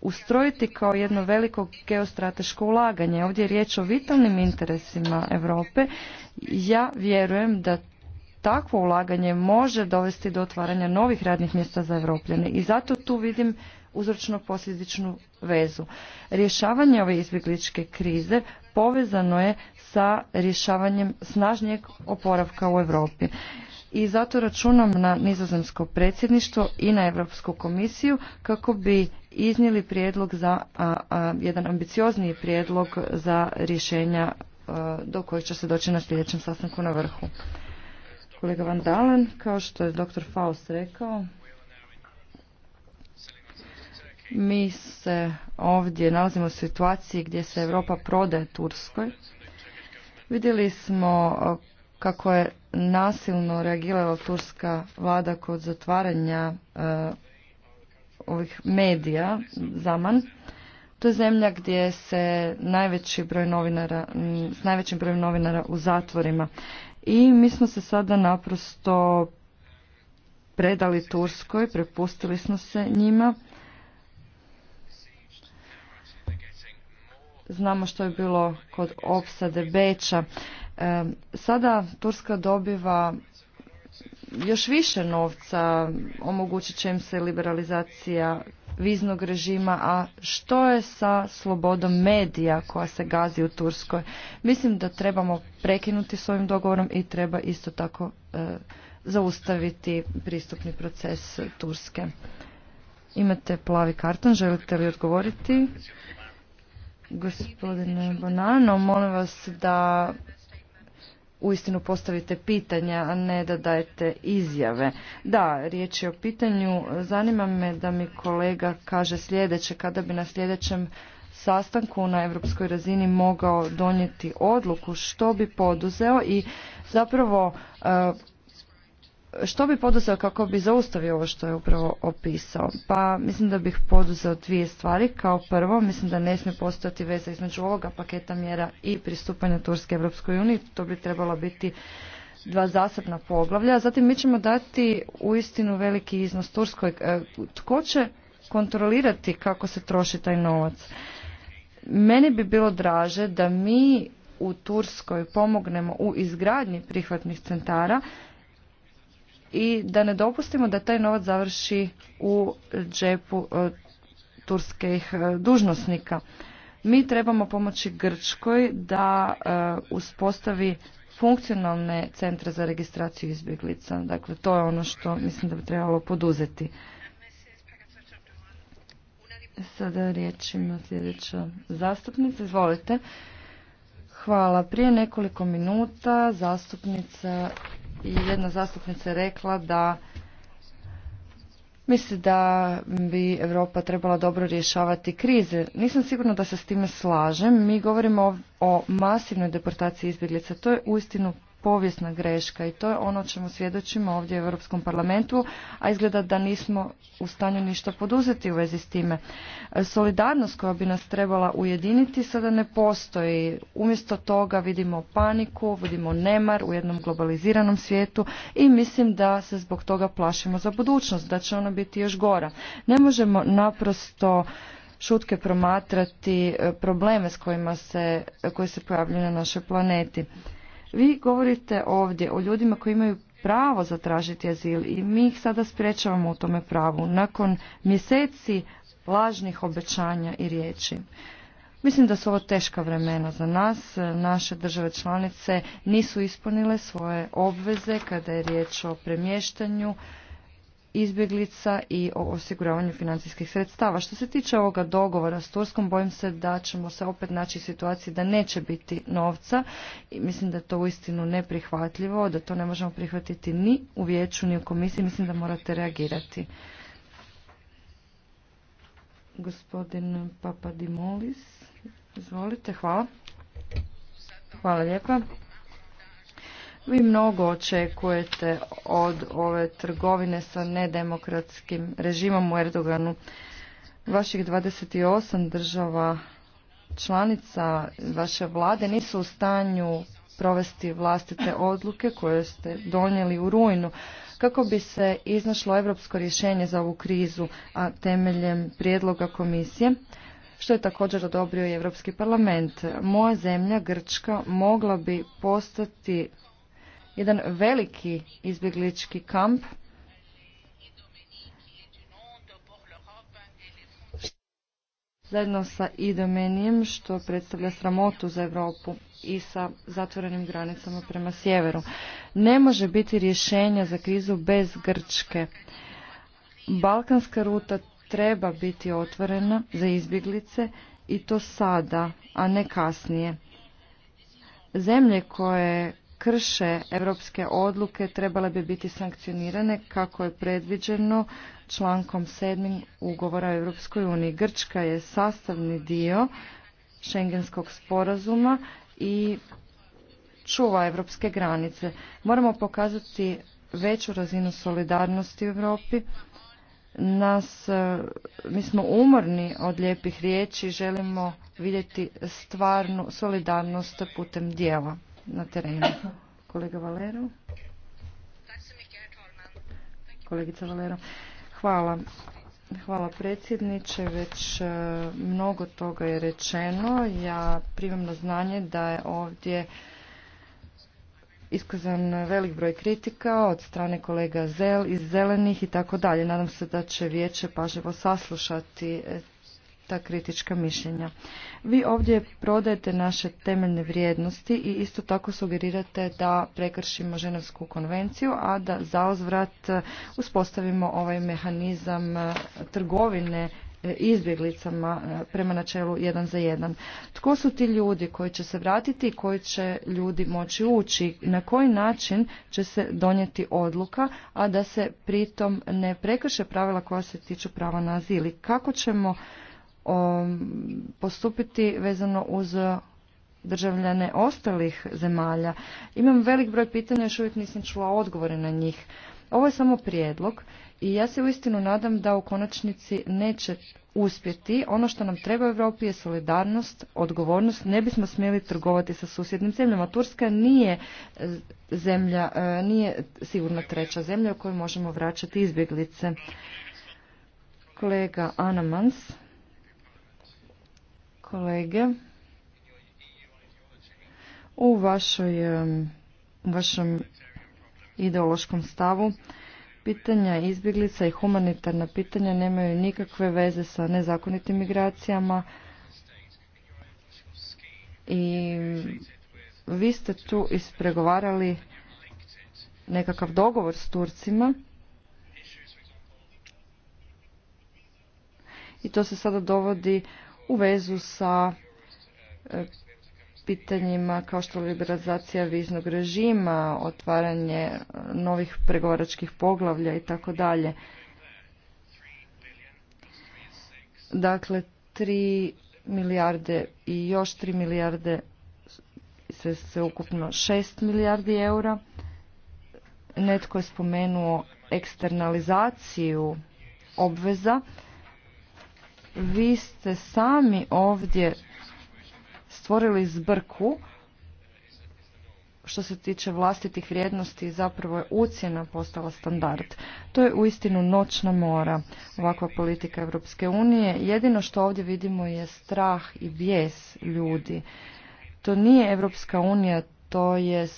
ustrojiti kao jedno veliko geostrateško ulaganje. Ovdje je riječ o vitalnim interesima Europe. Ja vjerujem da takvo ulaganje može dovesti do otvaranja novih radnih mjesta za Europljane i zato tu vidim uzročno-posljedičnu vezu. Rješavanje ove izbjegličke krize povezano je sa rješavanjem snažnijeg oporavka u Europi. I zato računam na nizozemsko predsjedništvo i na Europsku komisiju kako bi iznijeli prijedlog za jedan ambiciozniji prijedlog za rješenja do kojih će se doći na sljedećem sastanku na vrhu. Kolega Van Dalen, kao što je dr. Faust rekao, mi se ovdje nalazimo u situaciji gdje se Europa prodaje Turskoj. Vidjeli smo e, kako je nasilno reagirala turska vlada kod zatvaranja e, ovih medija, Zaman. To je zemlja gdje se najveći broj novinara, s najvećim brojem novinara u zatvorima. I mi smo se sada naprosto predali Turskoj, prepustili smo se njima Znamo što je bilo kod opsade Beča. E, sada Turska dobiva još više novca, omogućit će im se liberalizacija viznog režima, a što je sa slobodom medija koja se gazi u Turskoj? Mislim da trebamo prekinuti s ovim dogovorom i treba isto tako e, zaustaviti pristupni proces Turske. Imate plavi karton, želite li odgovoriti? Gospodine Bonano, molim vas da uistinu postavite pitanja, a ne da dajete izjave. Da, riječ je o pitanju. Zanima me da mi kolega kaže sljedeće, kada bi na sljedećem sastanku na europskoj razini mogao donijeti odluku što bi poduzeo i zapravo e, što bi poduzeo kako bi zaustavio ovo što je upravo opisao? Pa mislim da bih poduzeo dvije stvari. Kao prvo, mislim da ne smije postojati veza između ovoga paketa mjera i pristupanja Turske Europskoj uniji. To bi trebalo biti dva zasebna poglavlja. Zatim mi ćemo dati uistinu veliki iznos Turskoj. E, tko će kontrolirati kako se troši taj novac? Meni bi bilo draže da mi u Turskoj pomognemo u izgradnji prihvatnih centara, i da ne dopustimo da taj novac završi u džepu e, turskih e, dužnosnika. Mi trebamo pomoći Grčkoj da e, uspostavi funkcionalne centre za registraciju izbjeglica. Dakle, to je ono što mislim da bi trebalo poduzeti. Sada riječ ima sljedeća zastupnica. Izvolite. Hvala. Prije nekoliko minuta zastupnica i jedna zastupnica je rekla da misli da bi Europa trebala dobro rješavati krize. Nisam sigurna da se s time slažem. Mi govorimo o, o masivnoj deportaciji izbjeglica. To je uistinu povijesna greška i to je ono čemu svjedočimo ovdje u Europskom parlamentu, a izgleda da nismo u stanju ništa poduzeti u vezi s time. Solidarnost koja bi nas trebala ujediniti sada ne postoji. Umjesto toga vidimo paniku, vidimo nemar u jednom globaliziranom svijetu i mislim da se zbog toga plašimo za budućnost, da će ona biti još gora. Ne možemo naprosto šutke promatrati e, probleme s kojima se, koji se pojavljuju na našoj planeti. Vi govorite ovdje o ljudima koji imaju pravo zatražiti azil i mi ih sada sprečavamo u tome pravu nakon mjeseci lažnih obećanja i riječi. Mislim da su ovo teška vremena za nas. Naše države članice nisu ispunile svoje obveze kada je riječ o premještanju izbjeglica i o osiguravanju financijskih sredstava. Što se tiče ovoga dogovora s Turskom, bojim se da ćemo se opet naći u situaciji da neće biti novca i mislim da je to uistinu neprihvatljivo, da to ne možemo prihvatiti ni u vijeću, ni u komisiji. Mislim da morate reagirati. Gospodin Papadimolis, izvolite, hvala. Hvala lijepa. Vi mnogo očekujete od ove trgovine sa nedemokratskim režimom u Erdoganu. Vaših 28 država članica vaše vlade nisu u stanju provesti vlastite odluke koje ste donijeli u rujnu kako bi se iznašlo europsko rješenje za ovu krizu, a temeljem prijedloga komisije, što je također odobrio i Europski parlament. Moja zemlja, Grčka, mogla bi postati jedan veliki izbjeglički kamp zajedno sa idomenijem što predstavlja sramotu za Europu i sa zatvorenim granicama prema sjeveru. Ne može biti rješenja za krizu bez Grčke. Balkanska ruta treba biti otvorena za izbjeglice i to sada, a ne kasnije. Zemlje koje krše europske odluke trebale bi biti sankcionirane kako je predviđeno člankom 7. ugovora o Europskoj uniji. Grčka je sastavni dio šengenskog sporazuma i čuva europske granice. Moramo pokazati veću razinu solidarnosti u Europi. Nas, e, mi smo umorni od lijepih riječi, želimo vidjeti stvarnu solidarnost putem dijela na terenu. Kolega Valero. Kolegica Valero. Hvala. Hvala predsjedniče, već e, mnogo toga je rečeno. Ja primam na znanje da je ovdje iskazan velik broj kritika od strane kolega Zel iz Zelenih i tako dalje. Nadam se da će vijeće pažljivo saslušati e, ta kritička mišljenja. Vi ovdje prodajete naše temeljne vrijednosti i isto tako sugerirate da prekršimo Ženevsku konvenciju, a da zaozvrat uspostavimo ovaj mehanizam e, trgovine e, izbjeglicama e, prema načelu jedan za jedan. Tko su ti ljudi koji će se vratiti i koji će ljudi moći ući? Na koji način će se donijeti odluka, a da se pritom ne prekrše pravila koja se tiču prava na azil? kako ćemo Um, postupiti vezano uz državljane ostalih zemalja. Imam velik broj pitanja, još uvijek nisam čula odgovore na njih. Ovo je samo prijedlog i ja se uistinu nadam da u konačnici neće uspjeti. Ono što nam treba u Europi je solidarnost, odgovornost. Ne bismo smjeli trgovati sa susjednim zemljama. Turska nije e, zemlja, e, nije sigurno treća zemlja u kojoj možemo vraćati izbjeglice. Kolega Anamans kolege. U, vašoj, u vašem ideološkom stavu pitanja izbjeglica i humanitarna pitanja nemaju nikakve veze sa nezakonitim migracijama i vi ste tu ispregovarali nekakav dogovor s Turcima i to se sada dovodi u vezu sa e, pitanjima kao što liberalizacija viznog režima, otvaranje e, novih pregovaračkih poglavlja i tako dalje. Dakle, 3 milijarde i još 3 milijarde sve se ukupno 6 milijardi eura. Netko je spomenuo eksternalizaciju obveza vi ste sami ovdje stvorili zbrku što se tiče vlastitih vrijednosti i zapravo je ucjena postala standard. To je uistinu noćna mora ovakva politika Europske unije. Jedino što ovdje vidimo je strah i bijes ljudi. To nije Europska unija, to je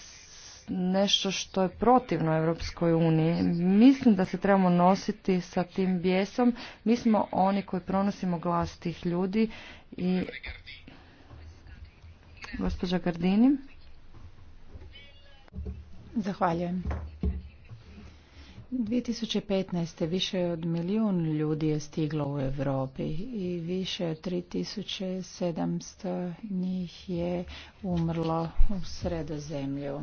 nešto što je protivno Europskoj uniji. Mislim da se trebamo nositi sa tim bijesom. Mi smo oni koji pronosimo glas tih ljudi i gospođa Gardini. Zahvaljujem. 2015. više od milijun ljudi je stiglo u Europi i više od 3700 njih je umrlo u sredozemlju.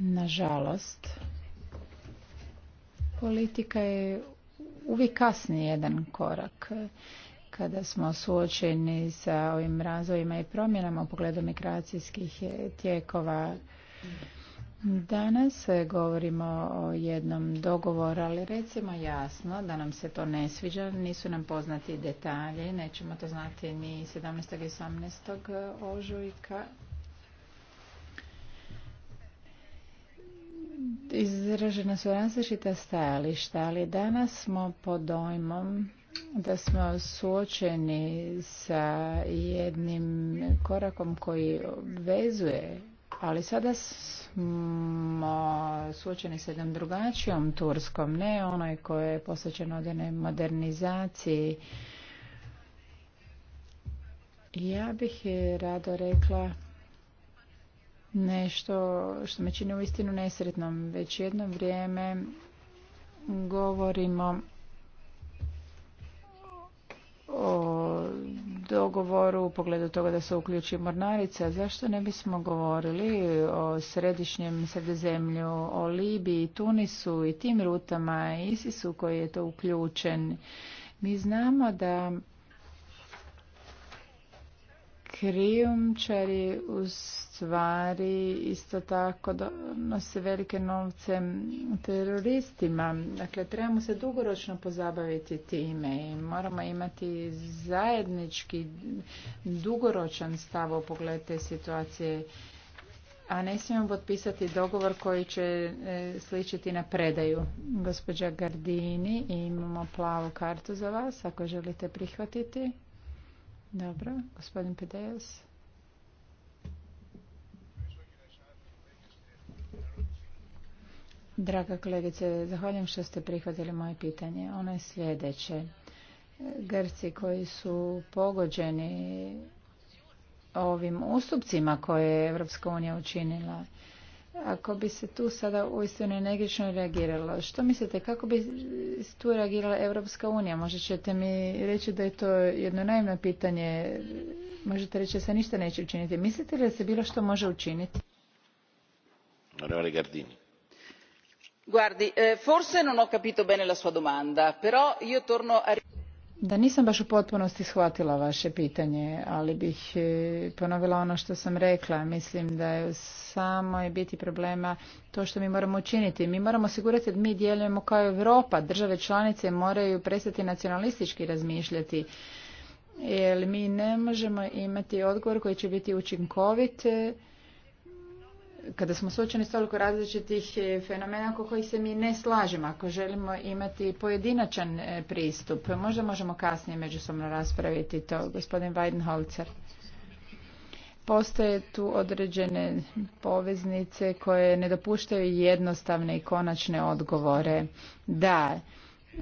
Nažalost, politika je uvijek kasni jedan korak kada smo suočeni sa ovim razvojima i promjenama u pogledu migracijskih tijekova. Danas govorimo o jednom dogovoru, ali recimo jasno da nam se to ne sviđa, nisu nam poznati detalje, nećemo to znati ni 17. i 18. ožujka, Izražena su različita stajališta, ali danas smo pod dojmom da smo suočeni sa jednim korakom koji vezuje ali sada smo suočeni sa jednom drugačijom Turskom, ne onoj koja je posvećena jedne modernizaciji. Ja bih rado rekla nešto što me čini uistinu nesretnom. Već jedno vrijeme govorimo o dogovoru u pogledu toga da se uključi mornarica. Zašto ne bismo govorili o središnjem sredozemlju, o Libiji, Tunisu i tim rutama, Isisu koji je to uključen? Mi znamo da krijumčari uz stvari isto tako donose velike novce teroristima. Dakle, trebamo se dugoročno pozabaviti time i moramo imati zajednički dugoročan stav u pogledu te situacije a ne smijemo potpisati dogovor koji će e, sličiti na predaju. Gospođa Gardini, imamo plavu kartu za vas, ako želite prihvatiti. Dobro, gospodin Pedeus. Draga kolegice, zahvaljujem što ste prihvatili moje pitanje. Ono je sljedeće. Grci koji su pogođeni ovim ustupcima koje je Europska unija učinila, ako bi se tu sada uistinu energično reagiralo, što mislite, kako bi tu reagirala Europska unija? Možda ćete mi reći da je to jedno naivno pitanje, možete reći da se ništa neće učiniti. Mislite li da se bilo što može učiniti? Gardini. Eh, forse non ho capito bene la domanda, Da nisam baš u potpunosti shvatila vaše pitanje, ali bih eh, ponovila ono što sam rekla. Mislim da je samo i biti problema to što mi moramo učiniti. Mi moramo osigurati da mi djelujemo kao Europa. Države članice moraju prestati nacionalistički razmišljati. Jer mi ne možemo imati odgovor koji će biti učinkovit kada smo suočeni s toliko različitih e, fenomena oko kojih se mi ne slažemo, ako želimo imati pojedinačan e, pristup, možda možemo kasnije međusobno raspraviti to, gospodin Weidenholzer. Postoje tu određene poveznice koje ne dopuštaju jednostavne i konačne odgovore. Da,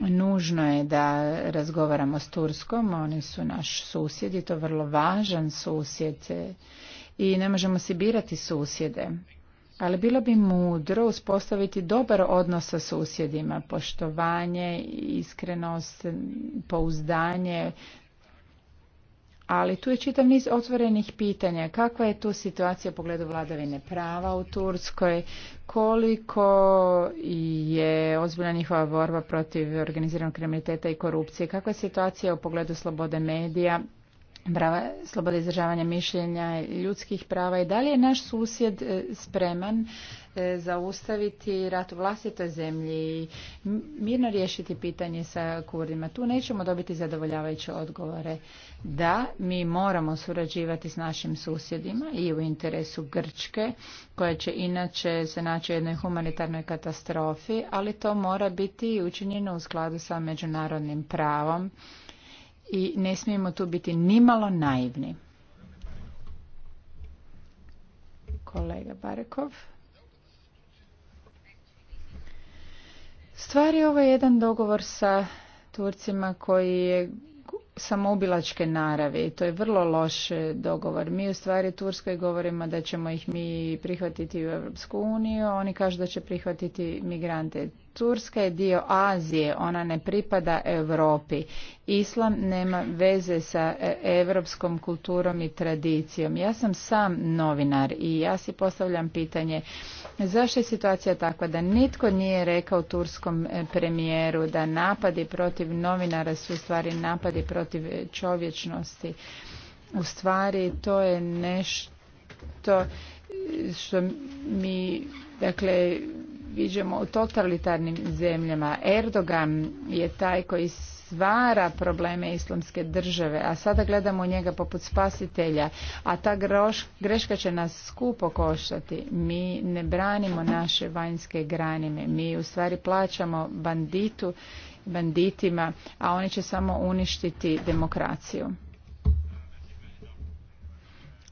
Nužno je da razgovaramo s Turskom, oni su naš susjed i to vrlo važan susjed i ne možemo si birati susjede. Ali bilo bi mudro uspostaviti dobar odnos sa susjedima, poštovanje, iskrenost, pouzdanje, ali tu je čitav niz otvorenih pitanja. Kakva je tu situacija u pogledu vladavine prava u Turskoj? Koliko je ozbiljna njihova borba protiv organiziranog kriminaliteta i korupcije? Kakva je situacija u pogledu slobode medija prava slobode izražavanja mišljenja ljudskih prava i da li je naš susjed e, spreman e, zaustaviti rat u vlastitoj zemlji i mirno riješiti pitanje sa kurdima. Tu nećemo dobiti zadovoljavajuće odgovore. Da, mi moramo surađivati s našim susjedima i u interesu Grčke, koja će inače se naći u jednoj humanitarnoj katastrofi, ali to mora biti učinjeno u skladu sa međunarodnim pravom i ne smijemo tu biti nimalo naivni. Kolega Barekov. Stvari ovo je jedan dogovor sa Turcima koji je samoubilačke naravi. To je vrlo loš e, dogovor. Mi u stvari Turskoj govorimo da ćemo ih mi prihvatiti u Europsku uniju, oni kažu da će prihvatiti migrante. Turska je dio Azije, ona ne pripada Europi. Islam nema veze sa europskom kulturom i tradicijom. Ja sam sam novinar i ja si postavljam pitanje zašto je situacija takva da nitko nije rekao turskom e, premijeru da napadi protiv novinara su u stvari napadi protiv čovječnosti. U stvari to je nešto što mi dakle viđemo u totalitarnim zemljama. Erdogan je taj koji stvara probleme islamske države, a sada gledamo njega poput spasitelja, a ta greška će nas skupo koštati. Mi ne branimo naše vanjske granime. mi u stvari plaćamo banditu, banditima, a oni će samo uništiti demokraciju.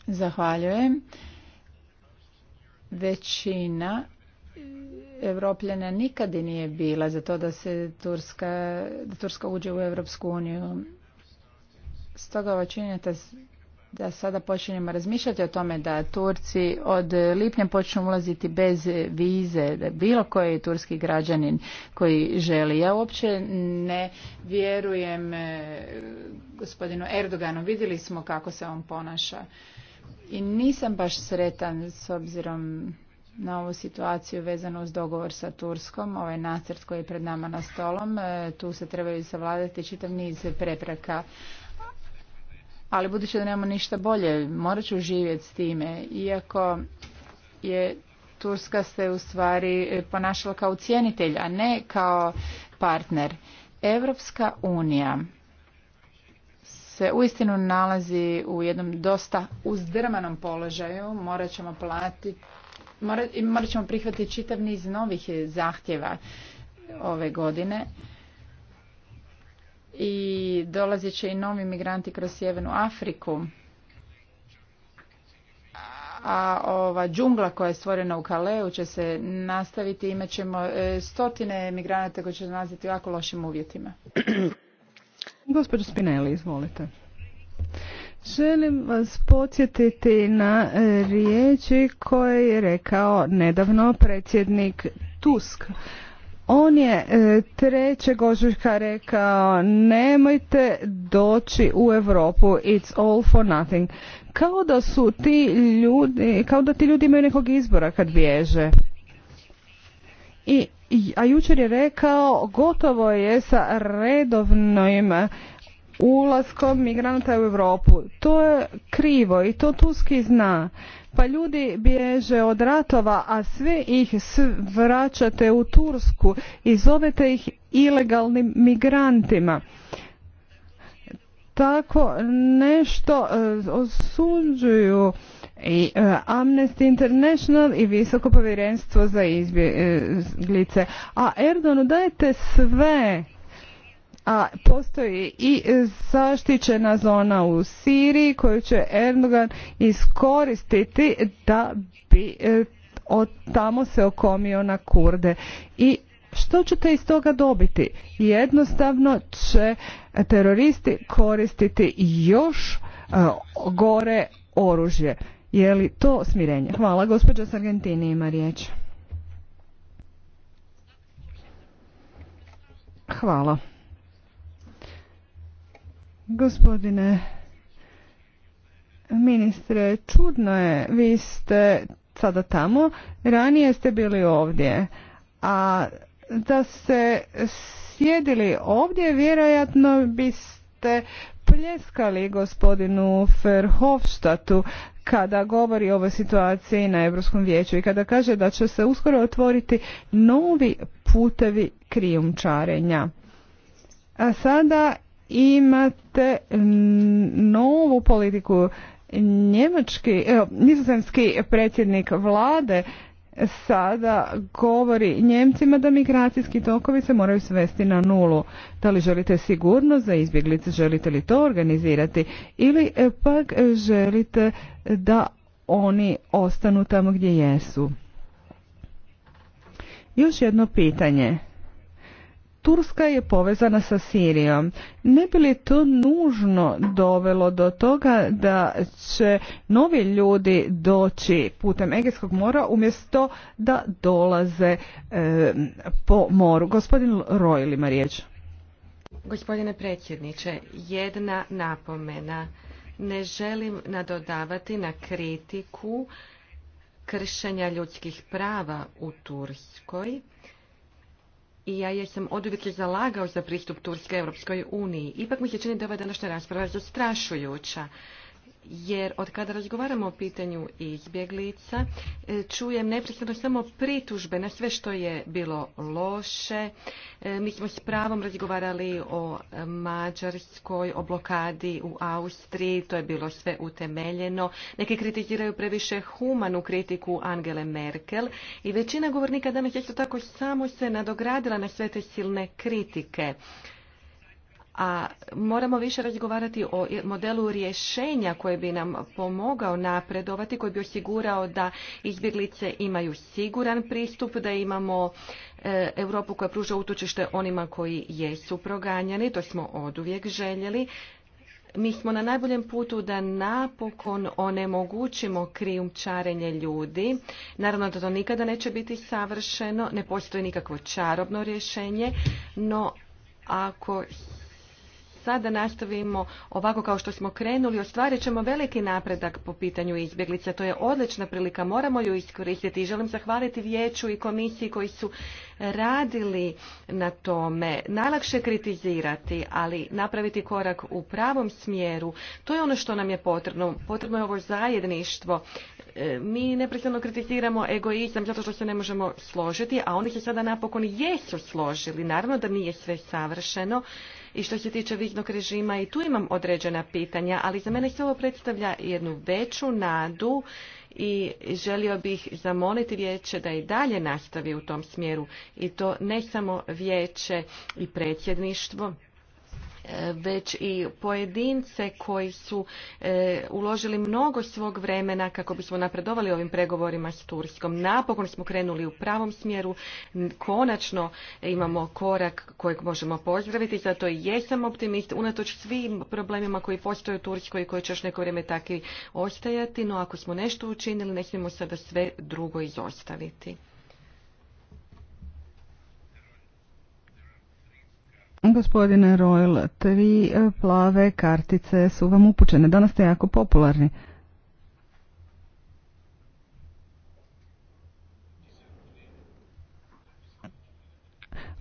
Zahvaljujem. Većina Evropljana nikad i nije bila za to da se Turska, da Turska uđe u Europsku uniju. Stoga ovo da sada počinjemo razmišljati o tome da Turci od lipnja počnu ulaziti bez vize, da bilo koji turski građanin koji želi. Ja uopće ne vjerujem e, gospodinu Erdoganu, vidjeli smo kako se on ponaša. I nisam baš sretan s obzirom na ovu situaciju vezanu uz dogovor sa Turskom, ovaj nacrt koji je pred nama na stolom. E, tu se trebaju savladati čitav niz prepreka. Ali budući da nemamo ništa bolje, morat ću živjeti s time. Iako je Turska se u stvari e, ponašala kao cjenitelj, a ne kao partner. Evropska unija se uistinu nalazi u jednom dosta uzdrmanom položaju. Morat ćemo platiti morat ćemo prihvatiti čitav niz novih zahtjeva ove godine i dolazit će i novi migranti kroz Sjevernu Afriku. A ova džungla koja je stvorena u Kaleu će se nastaviti. Imat ćemo e, stotine migranata koji će nalaziti u jako lošim uvjetima. Gospodin Spinelli, izvolite. Želim vas podsjetiti na e, riječi koje je rekao nedavno predsjednik Tusk. On je e, trećeg ožujka rekao nemojte doći u Europu, it's all for nothing. Kao da su ti ljudi, kao da ti ljudi imaju nekog izbora kad bježe. I, a jučer je rekao gotovo je sa redovnim ulaskom migranta u Europu. To je krivo i to Tuski zna. Pa ljudi bježe od ratova, a sve ih vraćate u Tursku i zovete ih ilegalnim migrantima. Tako nešto e, osuđuju i e, Amnesty International i Visoko povjerenstvo za izbjeglice. A Erdonu dajte sve a postoji i zaštićena zona u Siriji koju će Erdogan iskoristiti da bi e, od tamo se okomio na kurde i što ćete iz toga dobiti? Jednostavno će teroristi koristiti još e, gore oružje. Je li to smirenje? Hvala. Gospođa s Argentini ima riječ. Hvala. Gospodine ministre, čudno je, vi ste sada tamo, ranije ste bili ovdje, a da ste sjedili ovdje, vjerojatno biste pljeskali gospodinu Verhofstadtu kada govori o ovoj situaciji na Europskom vijeću i kada kaže da će se uskoro otvoriti novi putevi krijumčarenja. A sada imate novu politiku. Njemački, nizozemski predsjednik vlade sada govori Njemcima da migracijski tokovi se moraju svesti na nulu. Da li želite sigurnost za izbjeglice, želite li to organizirati ili e, pak želite da oni ostanu tamo gdje jesu? Još jedno pitanje. Turska je povezana sa Sirijom. Ne bi li to nužno dovelo do toga da će novi ljudi doći putem Egejskog mora umjesto da dolaze e, po moru? Gospodin Rojl ima riječ. Gospodine predsjedniče, jedna napomena. Ne želim nadodavati na kritiku kršenja ljudskih prava u Turskoj i ja jesam od uvijek zalagao za pristup Turske Europskoj uniji. Ipak mi se čini da ova današnja rasprava zastrašujuća jer od kada razgovaramo o pitanju izbjeglica, e, čujem neprestano samo pritužbe na sve što je bilo loše. E, mi smo s pravom razgovarali o Mađarskoj, o blokadi u Austriji, to je bilo sve utemeljeno. Neki kritiziraju previše humanu kritiku Angele Merkel i većina govornika danas isto tako samo se nadogradila na sve te silne kritike a moramo više razgovarati o modelu rješenja koji bi nam pomogao napredovati, koji bi osigurao da izbjeglice imaju siguran pristup, da imamo e, Europu koja pruža utočište onima koji jesu proganjani, to smo oduvijek željeli. Mi smo na najboljem putu da napokon onemogućimo krijumčarenje ljudi. Naravno da to nikada neće biti savršeno, ne postoji nikakvo čarobno rješenje, no ako sada nastavimo ovako kao što smo krenuli, ostvarit ćemo veliki napredak po pitanju izbjeglica. To je odlična prilika, moramo ju iskoristiti i želim zahvaliti vijeću i komisiji koji su radili na tome. Najlakše kritizirati, ali napraviti korak u pravom smjeru, to je ono što nam je potrebno. Potrebno je ovo zajedništvo. E, mi neprestano kritiziramo egoizam zato što se ne možemo složiti, a oni se sada napokon jesu složili. Naravno da nije sve savršeno, i što se tiče viznog režima i tu imam određena pitanja, ali za mene se ovo predstavlja jednu veću nadu i želio bih zamoliti vijeće da i dalje nastavi u tom smjeru i to ne samo vijeće i predsjedništvo već i pojedince koji su e, uložili mnogo svog vremena kako bismo napredovali ovim pregovorima s Turskom. Napokon smo krenuli u pravom smjeru, konačno imamo korak kojeg možemo pozdraviti, zato i jesam optimist, unatoč svim problemima koji postoje u Turskoj i koji će još neko vrijeme takvi ostajati, no ako smo nešto učinili, ne smijemo sada sve drugo izostaviti. Gospodine Royal, tri e, plave kartice su vam upućene. Danas ste jako popularni.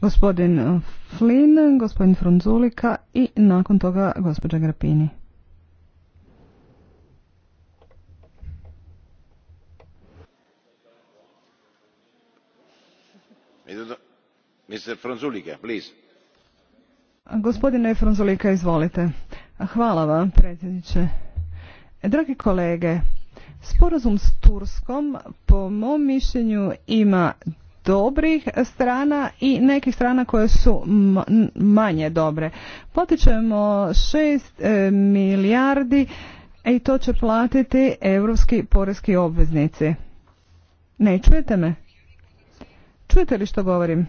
Gospodin Flynn, gospodin Frunzulika i nakon toga gospođa Grapini. Mr. Frunzulika, please. Gospodine Frunzulika, izvolite. Hvala vam, predsjedniče. Dragi kolege, sporazum s Turskom po mom mišljenju ima dobrih strana i nekih strana koje su manje dobre. Potičemo šest e, milijardi i to će platiti europski porezki obveznici. Ne čujete me? Čujete li što govorim?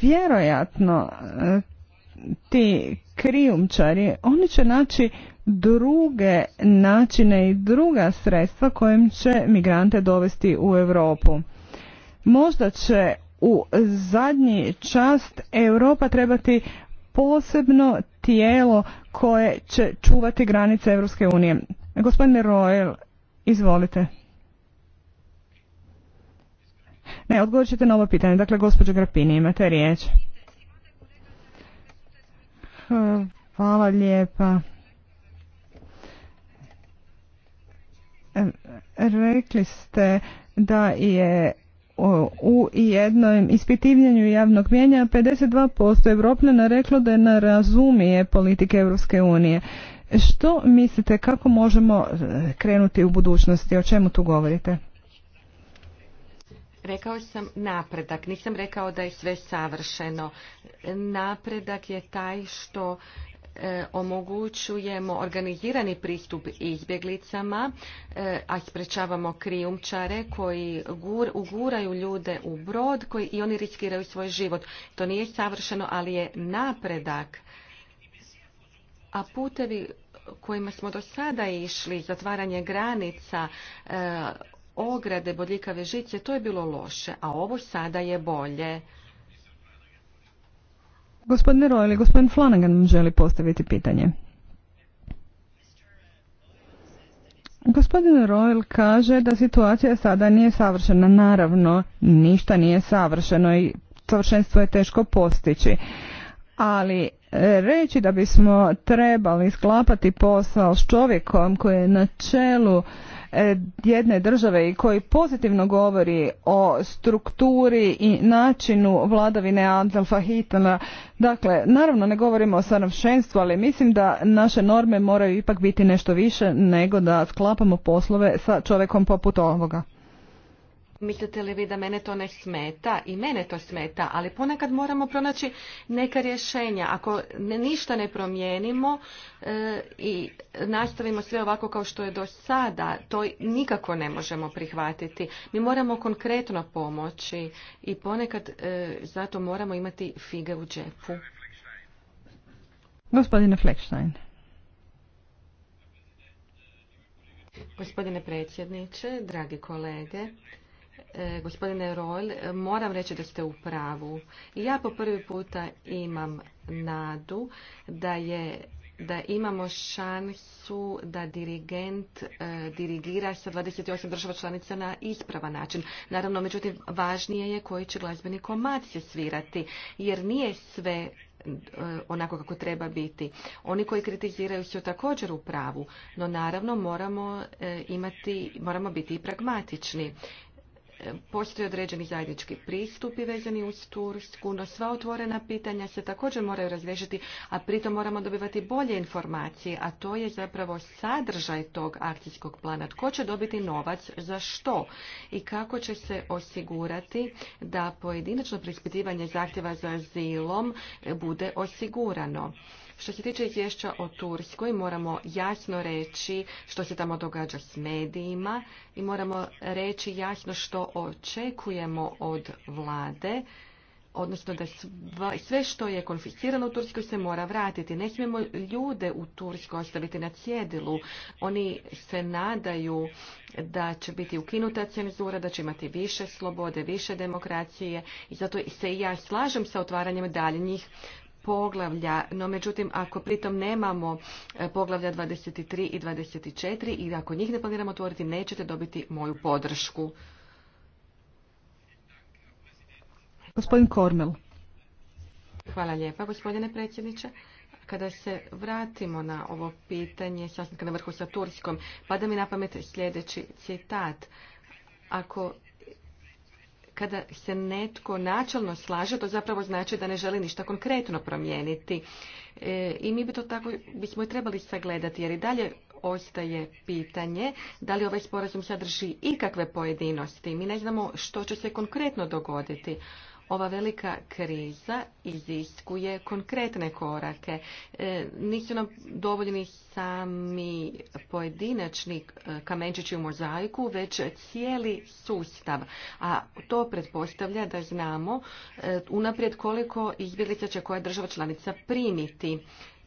vjerojatno e, ti krijumčari, oni će naći druge načine i druga sredstva kojim će migrante dovesti u Europu. Možda će u zadnji čast Europa trebati posebno tijelo koje će čuvati granice Europske unije. Gospodine Royal, izvolite. Ne, odgovorit ćete na ovo pitanje. Dakle, gospođo Grapini, imate riječ. Hvala lijepa. Rekli ste da je u jednom ispitivanju javnog mjenja 52% Evropljana reklo da je ne razumije politike Europske unije. Što mislite kako možemo krenuti u budućnosti? O čemu tu govorite? Rekao sam napredak, nisam rekao da je sve savršeno. Napredak je taj što e, omogućujemo organizirani pristup izbjeglicama, e, a sprečavamo krijumčare koji uguraju ljude u brod koji, i oni riskiraju svoj život. To nije savršeno, ali je napredak. A putevi kojima smo do sada išli, zatvaranje granica, e, ograde bodljikave žice, to je bilo loše, a ovo sada je bolje. Gospodine Royle, gospodin Flanagan želi postaviti pitanje. Gospodin Royal kaže da situacija sada nije savršena. Naravno, ništa nije savršeno i savršenstvo je teško postići. Ali e, reći da bismo trebali sklapati posao s čovjekom koji je na čelu E, jedne države i koji pozitivno govori o strukturi i načinu vladavine Adolfa Hitlera. Dakle, naravno ne govorimo o sanovšenstvu, ali mislim da naše norme moraju ipak biti nešto više nego da sklapamo poslove sa čovjekom poput ovoga. Mislite li vi da mene to ne smeta? I mene to smeta, ali ponekad moramo pronaći neka rješenja. Ako ništa ne promijenimo e, i nastavimo sve ovako kao što je do sada, to nikako ne možemo prihvatiti. Mi moramo konkretno pomoći i ponekad e, zato moramo imati fige u džepu. Gospodine Fleckstein. Gospodine predsjedniče, dragi kolege, E, gospodine rol moram reći da ste u pravu. Ja po prvi puta imam nadu da je da imamo šansu da dirigent e, dirigira sa 28 država članica na ispravan način. Naravno, međutim, važnije je koji će glazbeni komad se svirati, jer nije sve e, onako kako treba biti. Oni koji kritiziraju su također u pravu, no naravno moramo imati, moramo biti i pragmatični. Postoje određeni zajednički pristupi vezani uz Tursku, no sva otvorena pitanja se također moraju razriješiti, a pritom moramo dobivati bolje informacije, a to je zapravo sadržaj tog akcijskog plana. Tko će dobiti novac, za što i kako će se osigurati da pojedinačno prispitivanje zahtjeva za azilom bude osigurano. Što se tiče izvješća o Turskoj, moramo jasno reći što se tamo događa s medijima i moramo reći jasno što očekujemo od vlade, odnosno da sve što je konfiscirano u Turskoj se mora vratiti. Ne smijemo ljude u Turskoj ostaviti na cjedilu. Oni se nadaju da će biti ukinuta cenzura, da će imati više slobode, više demokracije i zato se i ja slažem sa otvaranjem daljnjih poglavlja, no međutim ako pritom nemamo e, poglavlja 23 i 24 i ako njih ne planiramo otvoriti nećete dobiti moju podršku. Gospodin Kormel. Hvala lijepa gospodine predsjedniče. Kada se vratimo na ovo pitanje sastanka na vrhu sa Turskom, pada mi na pamet sljedeći citat. Ako kada se netko načelno slaže, to zapravo znači da ne želi ništa konkretno promijeniti. E, I mi bi to tako, bismo i trebali sagledati, jer i dalje ostaje pitanje da li ovaj sporazum sadrži ikakve pojedinosti. Mi ne znamo što će se konkretno dogoditi. Ova velika kriza iziskuje konkretne korake. E, nisu nam dovoljni sami pojedinačni e, kamenčići u mozaiku, već cijeli sustav. A to pretpostavlja da znamo e, unaprijed koliko izbjeglica će koja država članica primiti.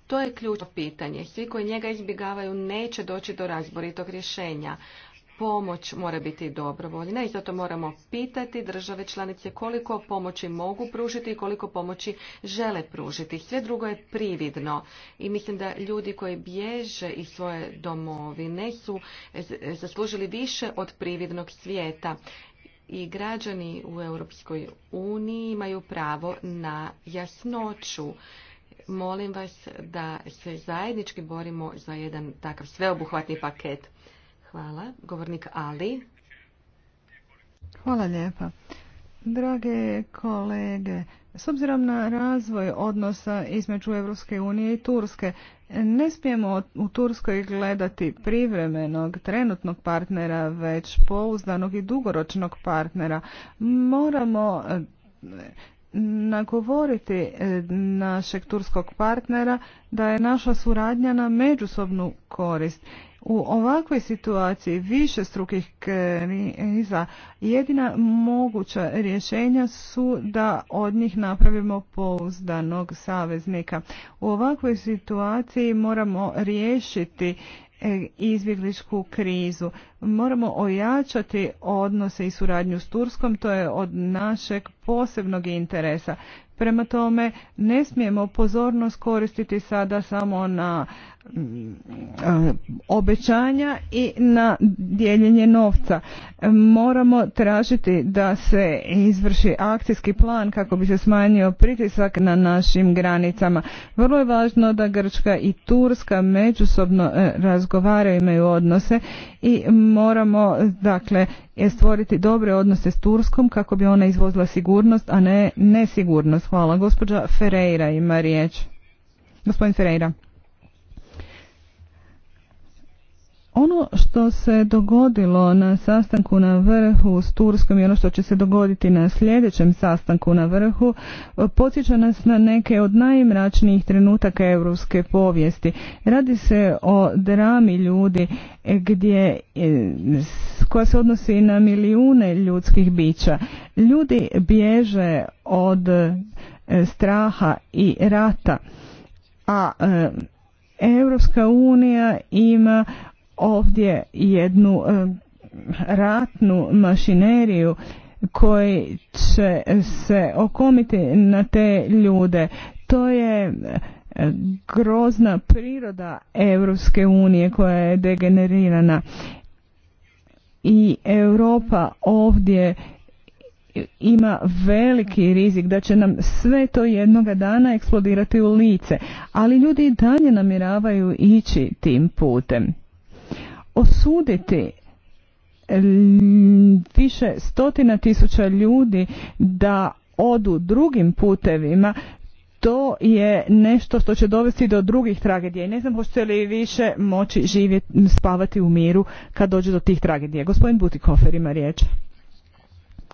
To je ključno pitanje. Svi koji njega izbjegavaju neće doći do razboritog rješenja pomoć mora biti dobrovoljna i zato moramo pitati države članice koliko pomoći mogu pružiti i koliko pomoći žele pružiti. Sve drugo je prividno i mislim da ljudi koji bježe iz svoje domovine su zaslužili više od prividnog svijeta i građani u Europskoj uniji imaju pravo na jasnoću. Molim vas da se zajednički borimo za jedan takav sveobuhvatni paket. Hvala. Govornik Ali. Hvala lijepa. Drage kolege, s obzirom na razvoj odnosa između Europske unije i Turske, ne smijemo u Turskoj gledati privremenog, trenutnog partnera, već pouzdanog i dugoročnog partnera. Moramo eh, nagovoriti eh, našeg turskog partnera da je naša suradnja na međusobnu korist u ovakvoj situaciji više strukih kriza jedina moguća rješenja su da od njih napravimo pouzdanog saveznika. U ovakvoj situaciji moramo riješiti e, izbjegličku krizu. Moramo ojačati odnose i suradnju s Turskom, to je od našeg posebnog interesa. Prema tome, ne smijemo pozornost koristiti sada samo na mm, e, obećanja i na dijeljenje novca. Moramo tražiti da se izvrši akcijski plan kako bi se smanjio pritisak na našim granicama. Vrlo je važno da Grčka i Turska međusobno e, razgovaraju, imaju odnose i moramo dakle stvoriti dobre odnose s Turskom kako bi ona izvozila sigurnost, a ne nesigurnost. Hvala. Gospođa Ferreira ima riječ. Gospodin Ferreira. Ono što se dogodilo na sastanku na vrhu s Turskom i ono što će se dogoditi na sljedećem sastanku na vrhu podsjeća nas na neke od najmračnijih trenutaka europske povijesti. Radi se o drami ljudi e, gdje e, koja se odnosi na milijune ljudskih bića. Ljudi bježe od e, straha i rata, a Europska unija ima ovdje jednu e, ratnu mašineriju koji će se okomiti na te ljude. To je e, grozna priroda Europske unije koja je degenerirana i Europa ovdje ima veliki rizik da će nam sve to jednoga dana eksplodirati u lice, ali ljudi i dalje namiravaju ići tim putem. Osuditi više stotina tisuća ljudi da odu drugim putevima to je nešto što će dovesti do drugih tragedija i ne znam hoćete li više moći živjeti, spavati u miru kad dođe do tih tragedija. Gospodin Butikofer ima riječ.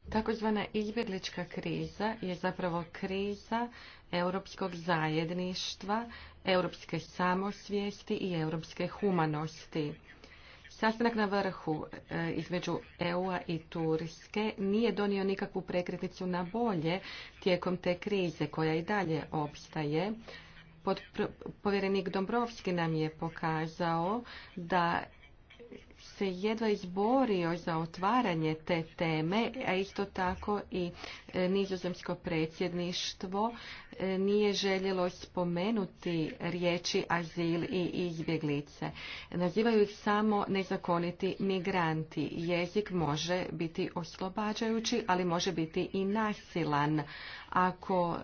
Takozvana izbjeglička kriza je zapravo kriza europskog zajedništva, europske samosvijesti i europske humanosti. Sastanak na vrhu e, između EU-a i Turske nije donio nikakvu prekretnicu na bolje tijekom te krize koja i dalje opstaje. povjerenik Dombrovski nam je pokazao da se jedva izborio za otvaranje te teme, a isto tako i e, nizozemsko predsjedništvo e, nije željelo spomenuti riječi azil i izbjeglice. Nazivaju ih samo nezakoniti migranti. Jezik može biti oslobađajući, ali može biti i nasilan. Ako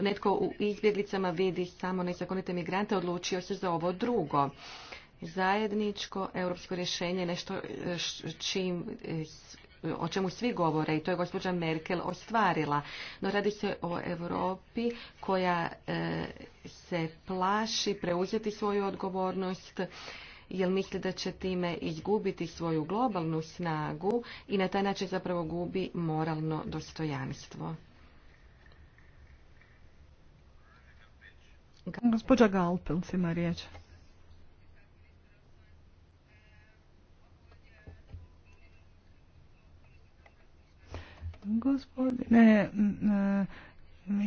netko u izbjeglicama vidi samo nezakonite migrante, odlučio se za ovo drugo zajedničko europsko rješenje, nešto e, čim e, o čemu svi govore i to je gospođa Merkel ostvarila. No radi se o Europi koja e, se plaši preuzeti svoju odgovornost jer misli da će time izgubiti svoju globalnu snagu i na taj način zapravo gubi moralno dostojanstvo. Gospođa Galpel, ima riječ. Gospodine, mm,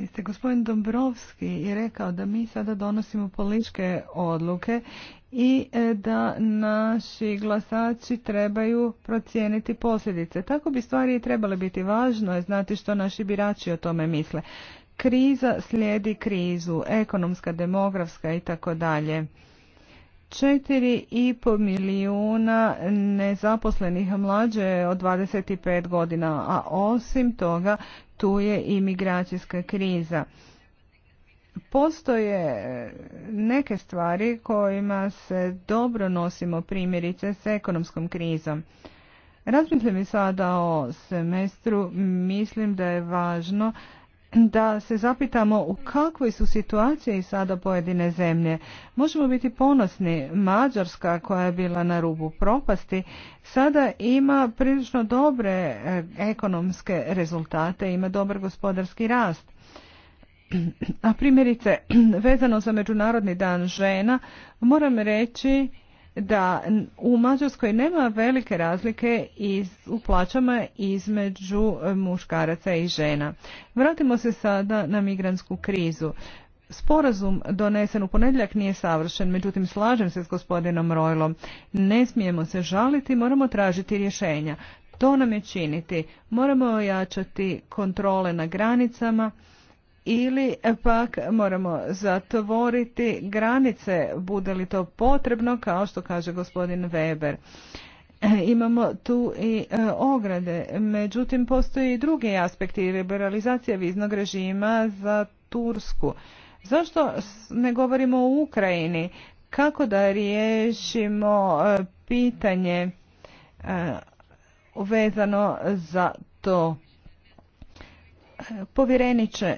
e, ste gospodin Dombrovski je rekao da mi sada donosimo političke odluke i e, da naši glasači trebaju procijeniti posljedice. Tako bi stvari i trebale biti važno je znati što naši birači o tome misle. Kriza slijedi krizu, ekonomska, demografska i tako dalje. 4,5 milijuna nezaposlenih mlađe od 25 godina, a osim toga tu je i migracijska kriza. Postoje neke stvari kojima se dobro nosimo primjerice s ekonomskom krizom. Razmislim i sada o semestru, mislim da je važno da se zapitamo u kakvoj su situaciji sada pojedine zemlje. Možemo biti ponosni, Mađarska koja je bila na rubu propasti, sada ima prilično dobre e, ekonomske rezultate, ima dobar gospodarski rast. <clears throat> A primjerice, <clears throat> vezano za Međunarodni dan žena, moram reći da u Mađarskoj nema velike razlike u plaćama između e, muškaraca i žena. Vratimo se sada na migransku krizu. Sporazum donesen u ponedjeljak nije savršen, međutim slažem se s gospodinom Rojlom. Ne smijemo se žaliti, moramo tražiti rješenja. To nam je činiti. Moramo ojačati kontrole na granicama, ili e, pak moramo zatvoriti granice, bude li to potrebno, kao što kaže gospodin Weber. E, imamo tu i e, ograde, međutim postoji i drugi aspekti liberalizacije viznog režima za Tursku. Zašto ne govorimo o Ukrajini? Kako da riješimo pitanje vezano za to? Povjereniče,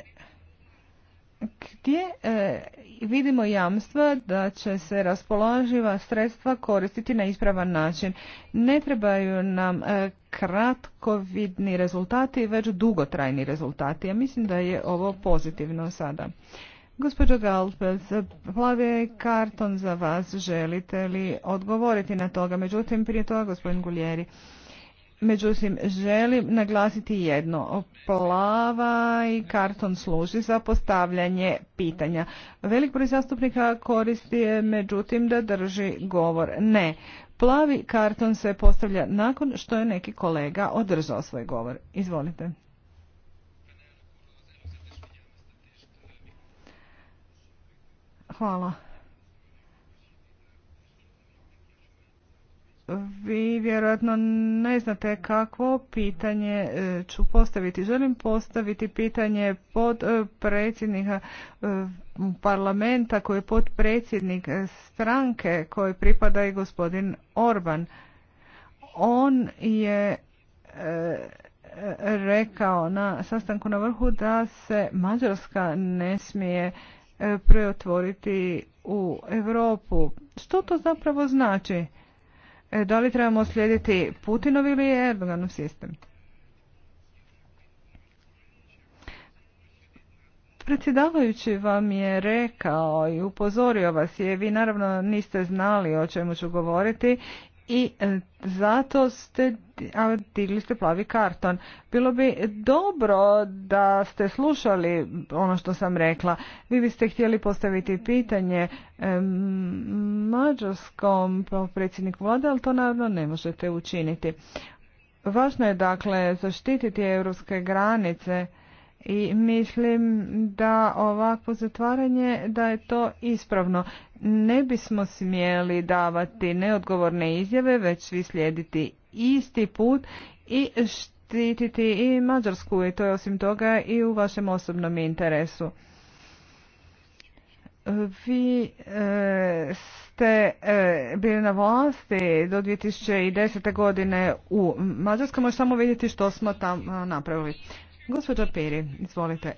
gdje e, vidimo jamstva da će se raspoloživa sredstva koristiti na ispravan način. Ne trebaju nam e, kratkovidni rezultati, već dugotrajni rezultati. Ja mislim da je ovo pozitivno sada. Gospođo Galpec, plavi karton za vas. Želite li odgovoriti na toga? Međutim, prije toga, gospodin Guljeri. Međutim, želim naglasiti jedno. Plava i karton služi za postavljanje pitanja. Velik broj zastupnika koristi je, međutim, da drži govor. Ne. Plavi karton se postavlja nakon što je neki kolega održao svoj govor. Izvolite. Hvala. vi vjerojatno ne znate kakvo pitanje e, ću postaviti. Želim postaviti pitanje pod e, predsjednika e, parlamenta koji je podpredsjednik stranke koji pripada i gospodin Orban. On je rekao na sastanku na vrhu da se Mađarska ne smije preotvoriti u Europu. Što to zapravo znači? E, da li trebamo slijediti Putinov ili Erdoganov sistem? Predsjedavajući vam je rekao i upozorio vas je, vi naravno niste znali o čemu ću govoriti i e, zato ste digli ste plavi karton. Bilo bi dobro da ste slušali ono što sam rekla. Vi biste htjeli postaviti pitanje e, mađarskom predsjedniku vlade, ali to naravno ne možete učiniti. Važno je dakle zaštititi europske granice i mislim da ovakvo zatvaranje da je to ispravno. Ne bismo smjeli davati neodgovorne izjave, već svi slijediti isti put i štititi i Mađarsku i to je osim toga i u vašem osobnom interesu. Vi e, ste e, bili na vlasti do 2010. godine u Mađarskoj, možete samo vidjeti što smo tamo napravili. Gospođo Peri, izvolite.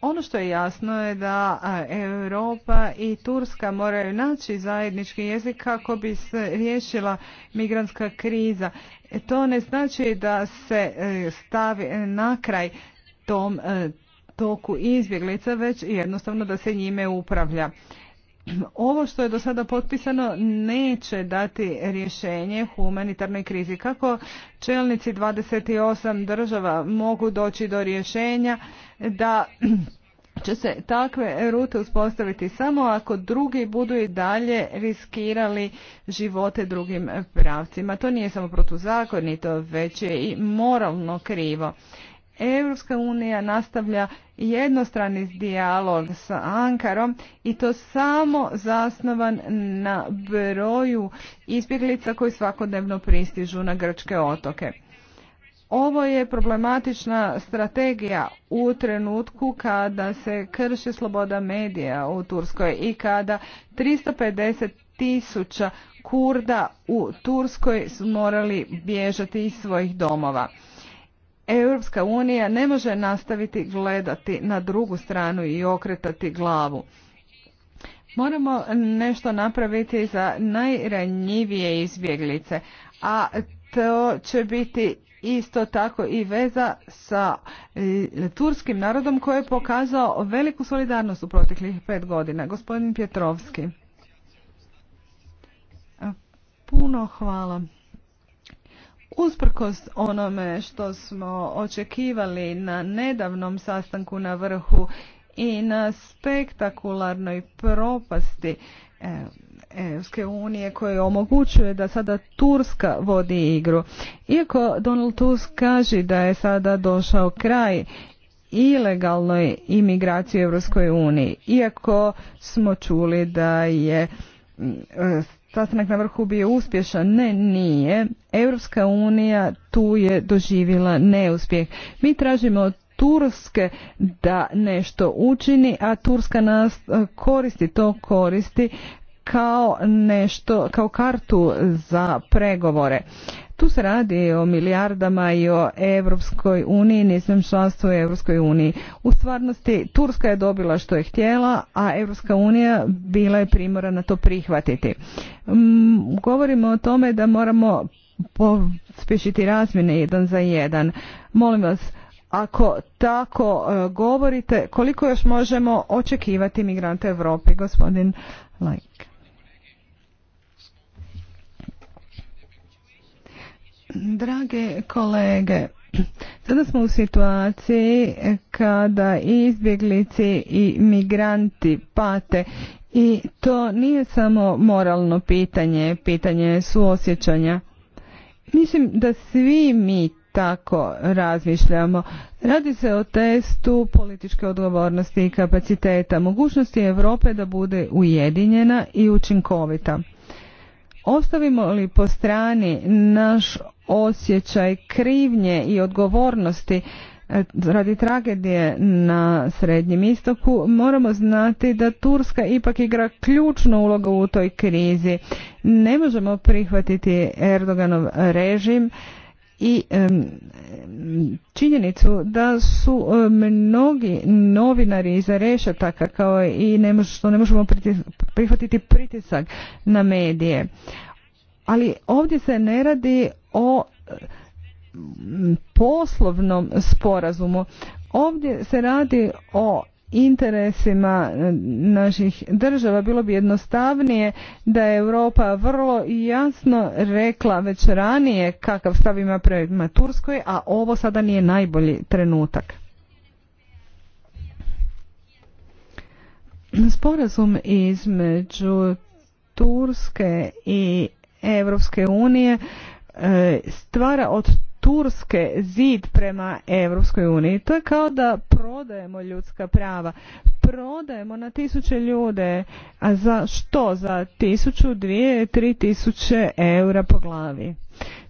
Ono što je jasno je da Europa i Turska moraju naći zajednički jezik kako bi se riješila migrantska kriza. E, to ne znači da se e, stavi na kraj tom e, toku izbjeglica, već jednostavno da se njime upravlja ovo što je do sada potpisano neće dati rješenje humanitarnoj krizi. Kako čelnici 28 država mogu doći do rješenja da <clears throat> će se takve rute uspostaviti samo ako drugi budu i dalje riskirali živote drugim pravcima. To nije samo protuzakonito, već je i moralno krivo. Europska unija nastavlja jednostrani dijalog sa Ankarom i to samo zasnovan na broju izbjeglica koji svakodnevno pristižu na grčke otoke. Ovo je problematična strategija u trenutku kada se krši sloboda medija u Turskoj i kada 350 tisuća Kurda u Turskoj su morali bježati iz svojih domova. Europska unija ne može nastaviti gledati na drugu stranu i okretati glavu. Moramo nešto napraviti za najranjivije izbjeglice, a to će biti isto tako i veza sa e, turskim narodom koji je pokazao veliku solidarnost u proteklih pet godina. Gospodin Pjetrovski. Puno hvala. Usprkos onome što smo očekivali na nedavnom sastanku na vrhu i na spektakularnoj propasti e, EU unije koje omogućuje da sada Turska vodi igru. Iako Donald Tusk kaže da je sada došao kraj ilegalnoj imigraciji u Evropskoj uniji, iako smo čuli da je sastanak na vrhu bio uspješan? Ne, nije. Europska unija tu je doživjela neuspjeh. Mi tražimo od Turske da nešto učini, a Turska nas e, koristi, to koristi kao nešto, kao kartu za pregovore. Tu se radi o milijardama i o Europskoj uniji, nisam članstvo u Europskoj uniji. U stvarnosti Turska je dobila što je htjela, a Europska unija bila je primorana to prihvatiti. Mm, govorimo o tome da moramo pospješiti razmjene jedan za jedan. Molim vas, ako tako e, govorite, koliko još možemo očekivati migrante Europi, gospodin Lajk? Drage kolege, sada smo u situaciji kada izbjeglici i migranti pate i to nije samo moralno pitanje, pitanje suosjećanja. Mislim da svi mi tako razmišljamo. Radi se o testu političke odgovornosti i kapaciteta, mogućnosti Europe da bude ujedinjena i učinkovita. Ostavimo li po strani naš osjećaj krivnje i odgovornosti e, radi tragedije na Srednjem istoku, moramo znati da Turska ipak igra ključnu ulogu u toj krizi. Ne možemo prihvatiti Erdoganov režim i činjenicu da su mnogi novinari iza rešetaka kao i ne što ne možemo prihvatiti pritisak na medije. Ali ovdje se ne radi o poslovnom sporazumu. Ovdje se radi o interesima e, naših država bilo bi jednostavnije da je Europa vrlo jasno rekla već ranije kakav stav ima prema Turskoj, a ovo sada nije najbolji trenutak. Sporazum između Turske i Europske unije e, stvara od Turske zid prema Europskoj uniji. To je kao da prodajemo ljudska prava. Prodajemo na tisuće ljude. A za što? Za tisuću, dvije, tri tisuće eura po glavi.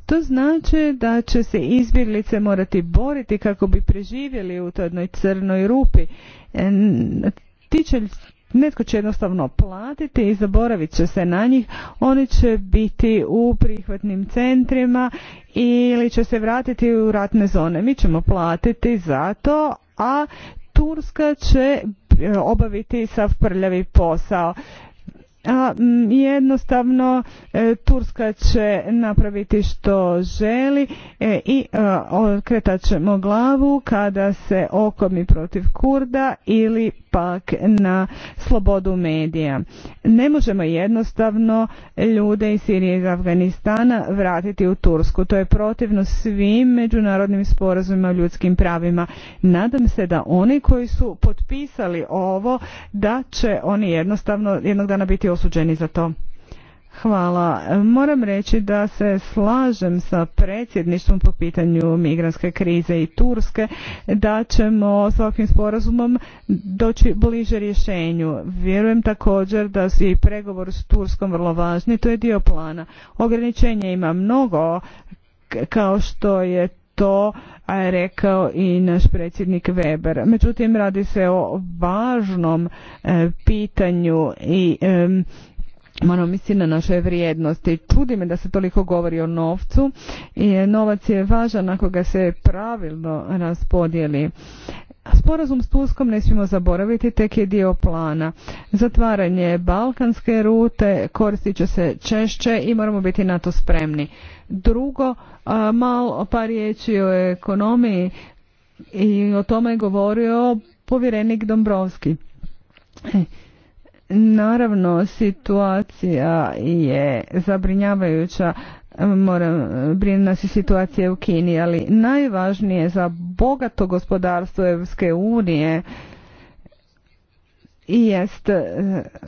To znači da će se izbjeglice morati boriti kako bi preživjeli u toj jednoj crnoj rupi. Ti će Netko će jednostavno platiti i zaboravit će se na njih. Oni će biti u prihvatnim centrima ili će se vratiti u ratne zone. Mi ćemo platiti za to, a Turska će e, obaviti sav prljavi posao a jednostavno e, Turska će napraviti što želi e, i e, okretat ćemo glavu kada se okomi protiv Kurda ili pak na slobodu medija. Ne možemo jednostavno ljude iz Sirije i Afganistana vratiti u Tursku. To je protivno svim međunarodnim sporazumima o ljudskim pravima. Nadam se da oni koji su potpisali ovo, da će oni jednostavno jednog dana biti osuđeni za to. Hvala. Moram reći da se slažem sa predsjedništvom po pitanju migranske krize i Turske, da ćemo s ovakvim sporazumom doći bliže rješenju. Vjerujem također da su i pregovor s Turskom vrlo važni, to je dio plana. Ograničenja ima mnogo, kao što je to je rekao i naš predsjednik Weber. Međutim, radi se o važnom e, pitanju i Moram misli na naše vrijednosti. Čudi me da se toliko govori o novcu. I novac je važan ako ga se pravilno raspodijeli. Sporazum s Turskom ne smijemo zaboraviti, tek je dio plana. Zatvaranje balkanske rute koristit će se češće i moramo biti na to spremni. Drugo, malo par riječi o ekonomiji i o tome je govorio povjerenik Dombrovski. Naravno, situacija je zabrinjavajuća, moram, brinuti nas i situacija u Kini, ali najvažnije za bogato gospodarstvo EU unije jest e,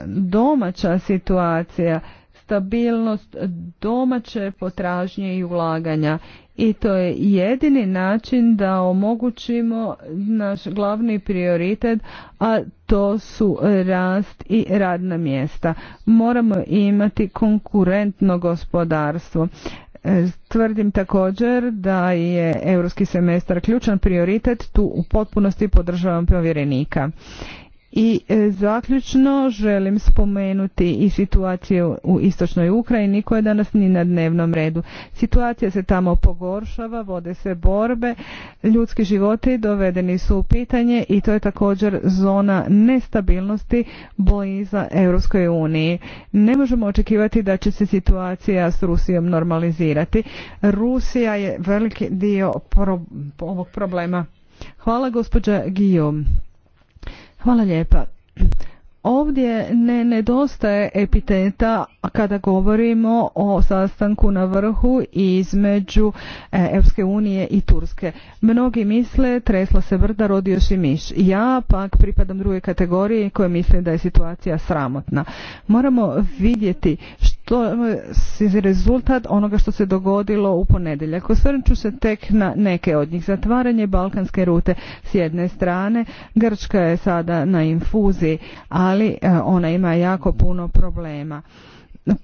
domaća situacija stabilnost domaće potražnje i ulaganja. I to je jedini način da omogućimo naš glavni prioritet, a to su rast i radna mjesta. Moramo imati konkurentno gospodarstvo. E, tvrdim također da je europski semestar ključan prioritet, tu u potpunosti podržavam povjerenika. I e, zaključno želim spomenuti i situaciju u istočnoj Ukrajini koja je danas ni na dnevnom redu. Situacija se tamo pogoršava, vode se borbe, ljudski životi dovedeni su u pitanje i to je također zona nestabilnosti za Europskoj uniji. Ne možemo očekivati da će se situacija s Rusijom normalizirati. Rusija je veliki dio ovog problema. Hvala gospođa Guillaume. Hvala lijepa. Ovdje ne nedostaje epiteta kada govorimo o sastanku na vrhu između e, Europske unije i Turske. Mnogi misle tresla se brda, rodio i miš. Ja pak pripadam druge kategorije koje misle da je situacija sramotna. Moramo vidjeti što to je rezultat onoga što se dogodilo u ponedjeljak. Osvrnut ću se tek na neke od njih. Zatvaranje balkanske rute s jedne strane, Grčka je sada na infuziji, ali e, ona ima jako puno problema.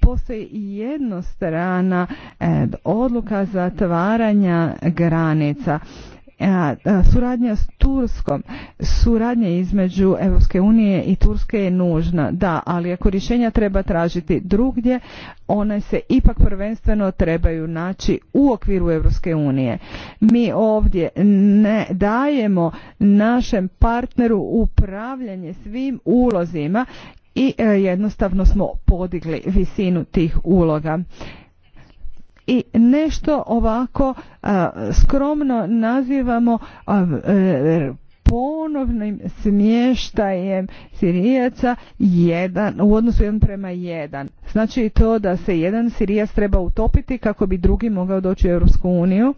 Postoji i jednostrana e, odluka zatvaranja granica Suradnja s Turskom, suradnja između Europske unije i Turske je nužna, da, ali ako rješenja treba tražiti drugdje, one se ipak prvenstveno trebaju naći u okviru Europske unije. Mi ovdje ne dajemo našem partneru upravljanje svim ulozima i e, jednostavno smo podigli visinu tih uloga i nešto ovako skromno nazivamo e, ponovnim smještajem sirijaca jedan, u odnosu jedan prema jedan. Znači to da se jedan sirijac treba utopiti kako bi drugi mogao doći u Europsku uniju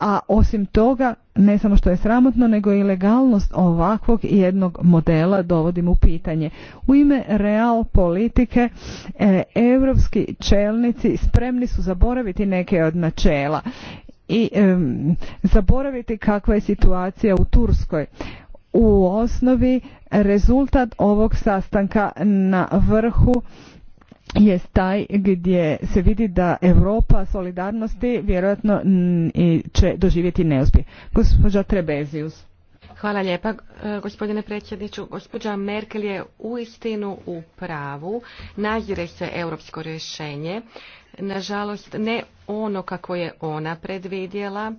a osim toga ne samo što je sramotno nego i legalnost ovakvog jednog modela dovodim u pitanje. U ime real politike europski čelnici spremni su zaboraviti neke od načela i zaboraviti kakva je situacija u Turskoj. U osnovi rezultat ovog sastanka na vrhu je taj gdje se vidi da Europa solidarnosti vjerojatno će doživjeti neuspjeh. Gospođa Trebezius. Hvala lijepa, gospodine predsjedniče. Gospođa Merkel je uistinu u pravu. Nazire se europsko rješenje. Nažalost, ne ono kako je ona predvidjela.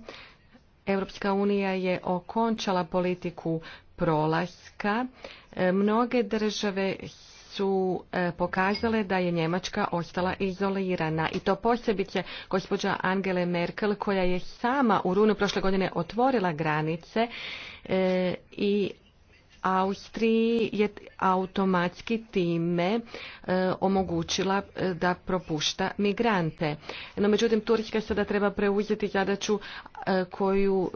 Europska unija je okončala politiku prolaska. E, mnoge države su e, pokazale da je Njemačka ostala izolirana i to posebice gospođa Angele Merkel koja je sama u runu prošle godine otvorila granice e, i Austriji je automatski time e, omogućila da propušta migrante. No međutim, Turska sada treba preuzeti zadaću koju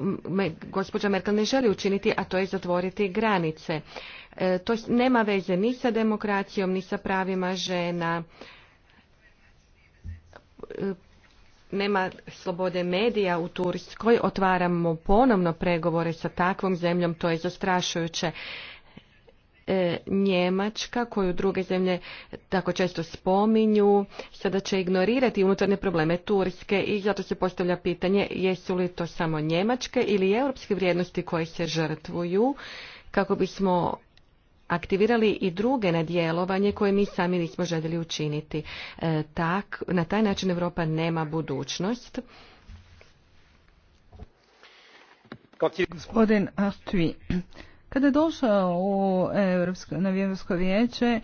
gospođa Merkel ne želi učiniti, a to je zatvoriti granice. E, to nema veze ni sa demokracijom, ni sa pravima žena. E, nema slobode medija u Turskoj. Otvaramo ponovno pregovore sa takvom zemljom. To je zastrašujuće. E, Njemačka, koju druge zemlje tako često spominju, sada će ignorirati unutarnje probleme Turske i zato se postavlja pitanje jesu li to samo Njemačke ili europske vrijednosti koje se žrtvuju kako bismo aktivirali i druge na djelovanje koje mi sami nismo željeli učiniti. E, tak, na taj način Europa nema budućnost. Gospodin kada je došao u na Europsko vijeće,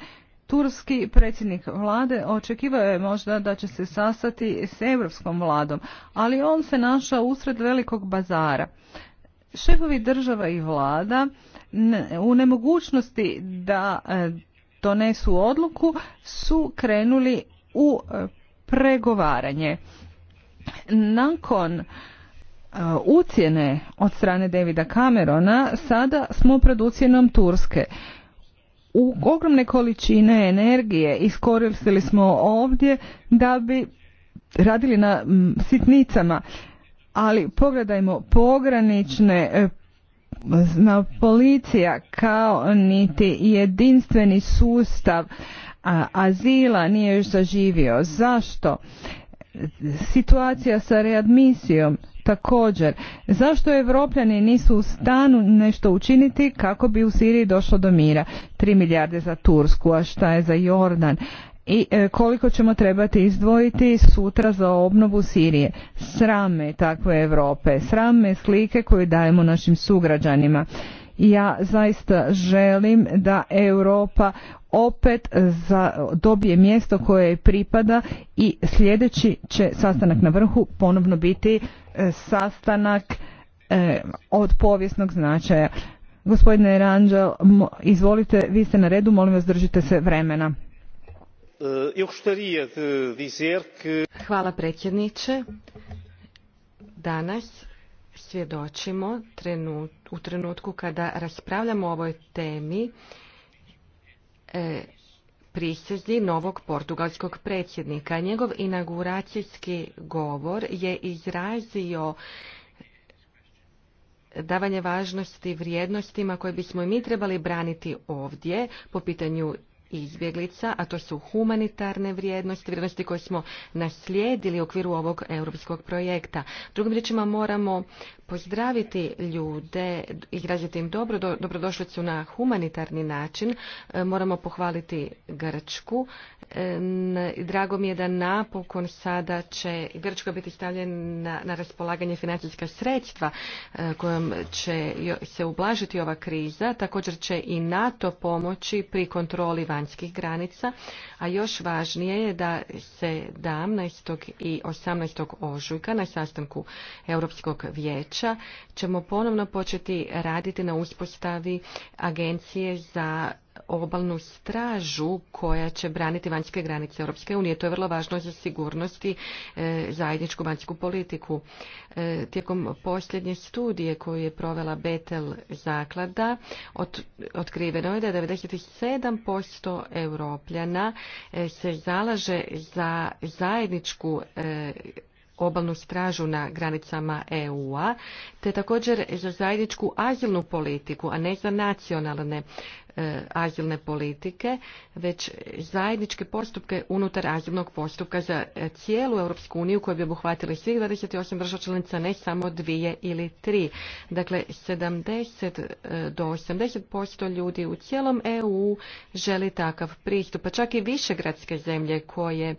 Turski predsjednik vlade očekivao je možda da će se sastati s europskom vladom, ali on se našao usred velikog bazara. Šefovi država i vlada u nemogućnosti da e, donesu odluku su krenuli u e, pregovaranje. Nakon e, ucjene od strane Davida Camerona sada smo pred ucjenom Turske. U ogromne količine energije iskoristili smo ovdje da bi radili na sitnicama, ali pogledajmo pogranične policija kao niti jedinstveni sustav azila nije još zaživio. Zašto? Situacija sa readmisijom također. Zašto Evropljani nisu u stanu nešto učiniti kako bi u Siriji došlo do mira? 3 milijarde za Tursku, a šta je za Jordan? i e, koliko ćemo trebati izdvojiti sutra za obnovu Sirije. Srame takve Europe, srame slike koje dajemo našim sugrađanima. Ja zaista želim da Europa opet za, dobije mjesto koje pripada i sljedeći će sastanak na vrhu ponovno biti e, sastanak e, od povijesnog značaja. Gospodine Ranđel, izvolite, vi ste na redu, molim vas držite se vremena. Eh, Hvala predsjedniče. Danas svjedočimo u trenutku kada raspravljamo o ovoj temi eh, prisjezi novog portugalskog predsjednika. Njegov inauguracijski govor je izrazio davanje važnosti vrijednostima koje bismo i mi trebali braniti ovdje po pitanju izbjeglica, a to su humanitarne vrijednosti, vrijednosti koje smo naslijedili u okviru ovog europskog projekta. Drugim riječima moramo pozdraviti ljude, izraziti im dobro, do, dobrodošlicu na humanitarni način. E, moramo pohvaliti Grčku. E, drago mi je da napokon sada će Grčka biti stavljena na raspolaganje financijska sredstva e, kojom će se ublažiti ova kriza. Također će i NATO pomoći pri kontroli vanjskih granica, a još važnije je da se 17. i 18. ožujka na sastanku Europskog vijeća ćemo ponovno početi raditi na uspostavi agencije za obalnu stražu koja će braniti vanjske granice Europske unije. To je vrlo važno za sigurnost i e, zajedničku vanjsku politiku. E, tijekom posljednje studije koju je provela Betel zaklada, otkriveno je da 97% europljana e, se zalaže za zajedničku obalnu stražu na granicama EU-a, te također za zajedničku azilnu politiku, a ne za nacionalne e, azilne politike, već zajedničke postupke unutar azilnog postupka za e, cijelu Europsku uniju koje bi obuhvatili svih 28 država članica, ne samo dvije ili tri. Dakle, 70 e, do 80% ljudi u cijelom EU želi takav pristup, pa čak i višegradske zemlje koje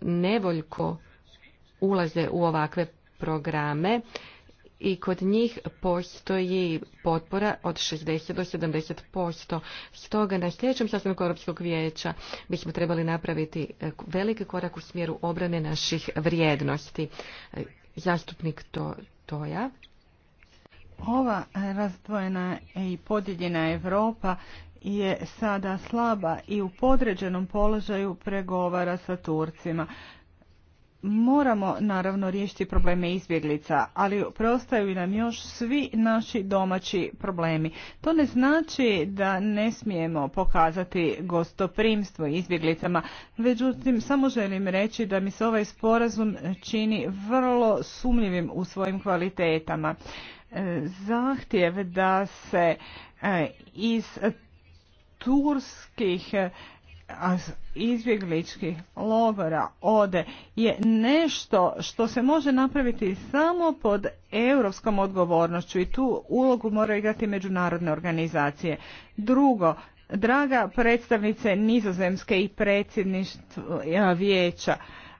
nevoljko ulaze u ovakve programe i kod njih postoji potpora od 60 do 70%. Stoga na sljedećem sastanku Europskog vijeća bismo trebali napraviti e, veliki korak u smjeru obrane naših vrijednosti. E, zastupnik to, ja. Ova razdvojena i podijeljena Europa je sada slaba i u podređenom položaju pregovara sa Turcima. Moramo naravno riješiti probleme izbjeglica, ali preostaju nam još svi naši domaći problemi. To ne znači da ne smijemo pokazati gostoprimstvo izbjeglicama, međutim samo želim reći da mi se ovaj sporazum čini vrlo sumljivim u svojim kvalitetama. E, zahtjev da se e, iz turskih izbjegličkih logora ode je nešto što se može napraviti samo pod europskom odgovornošću i tu ulogu moraju igrati međunarodne organizacije. Drugo, draga predstavnice nizozemske i predsjedništva vijeća,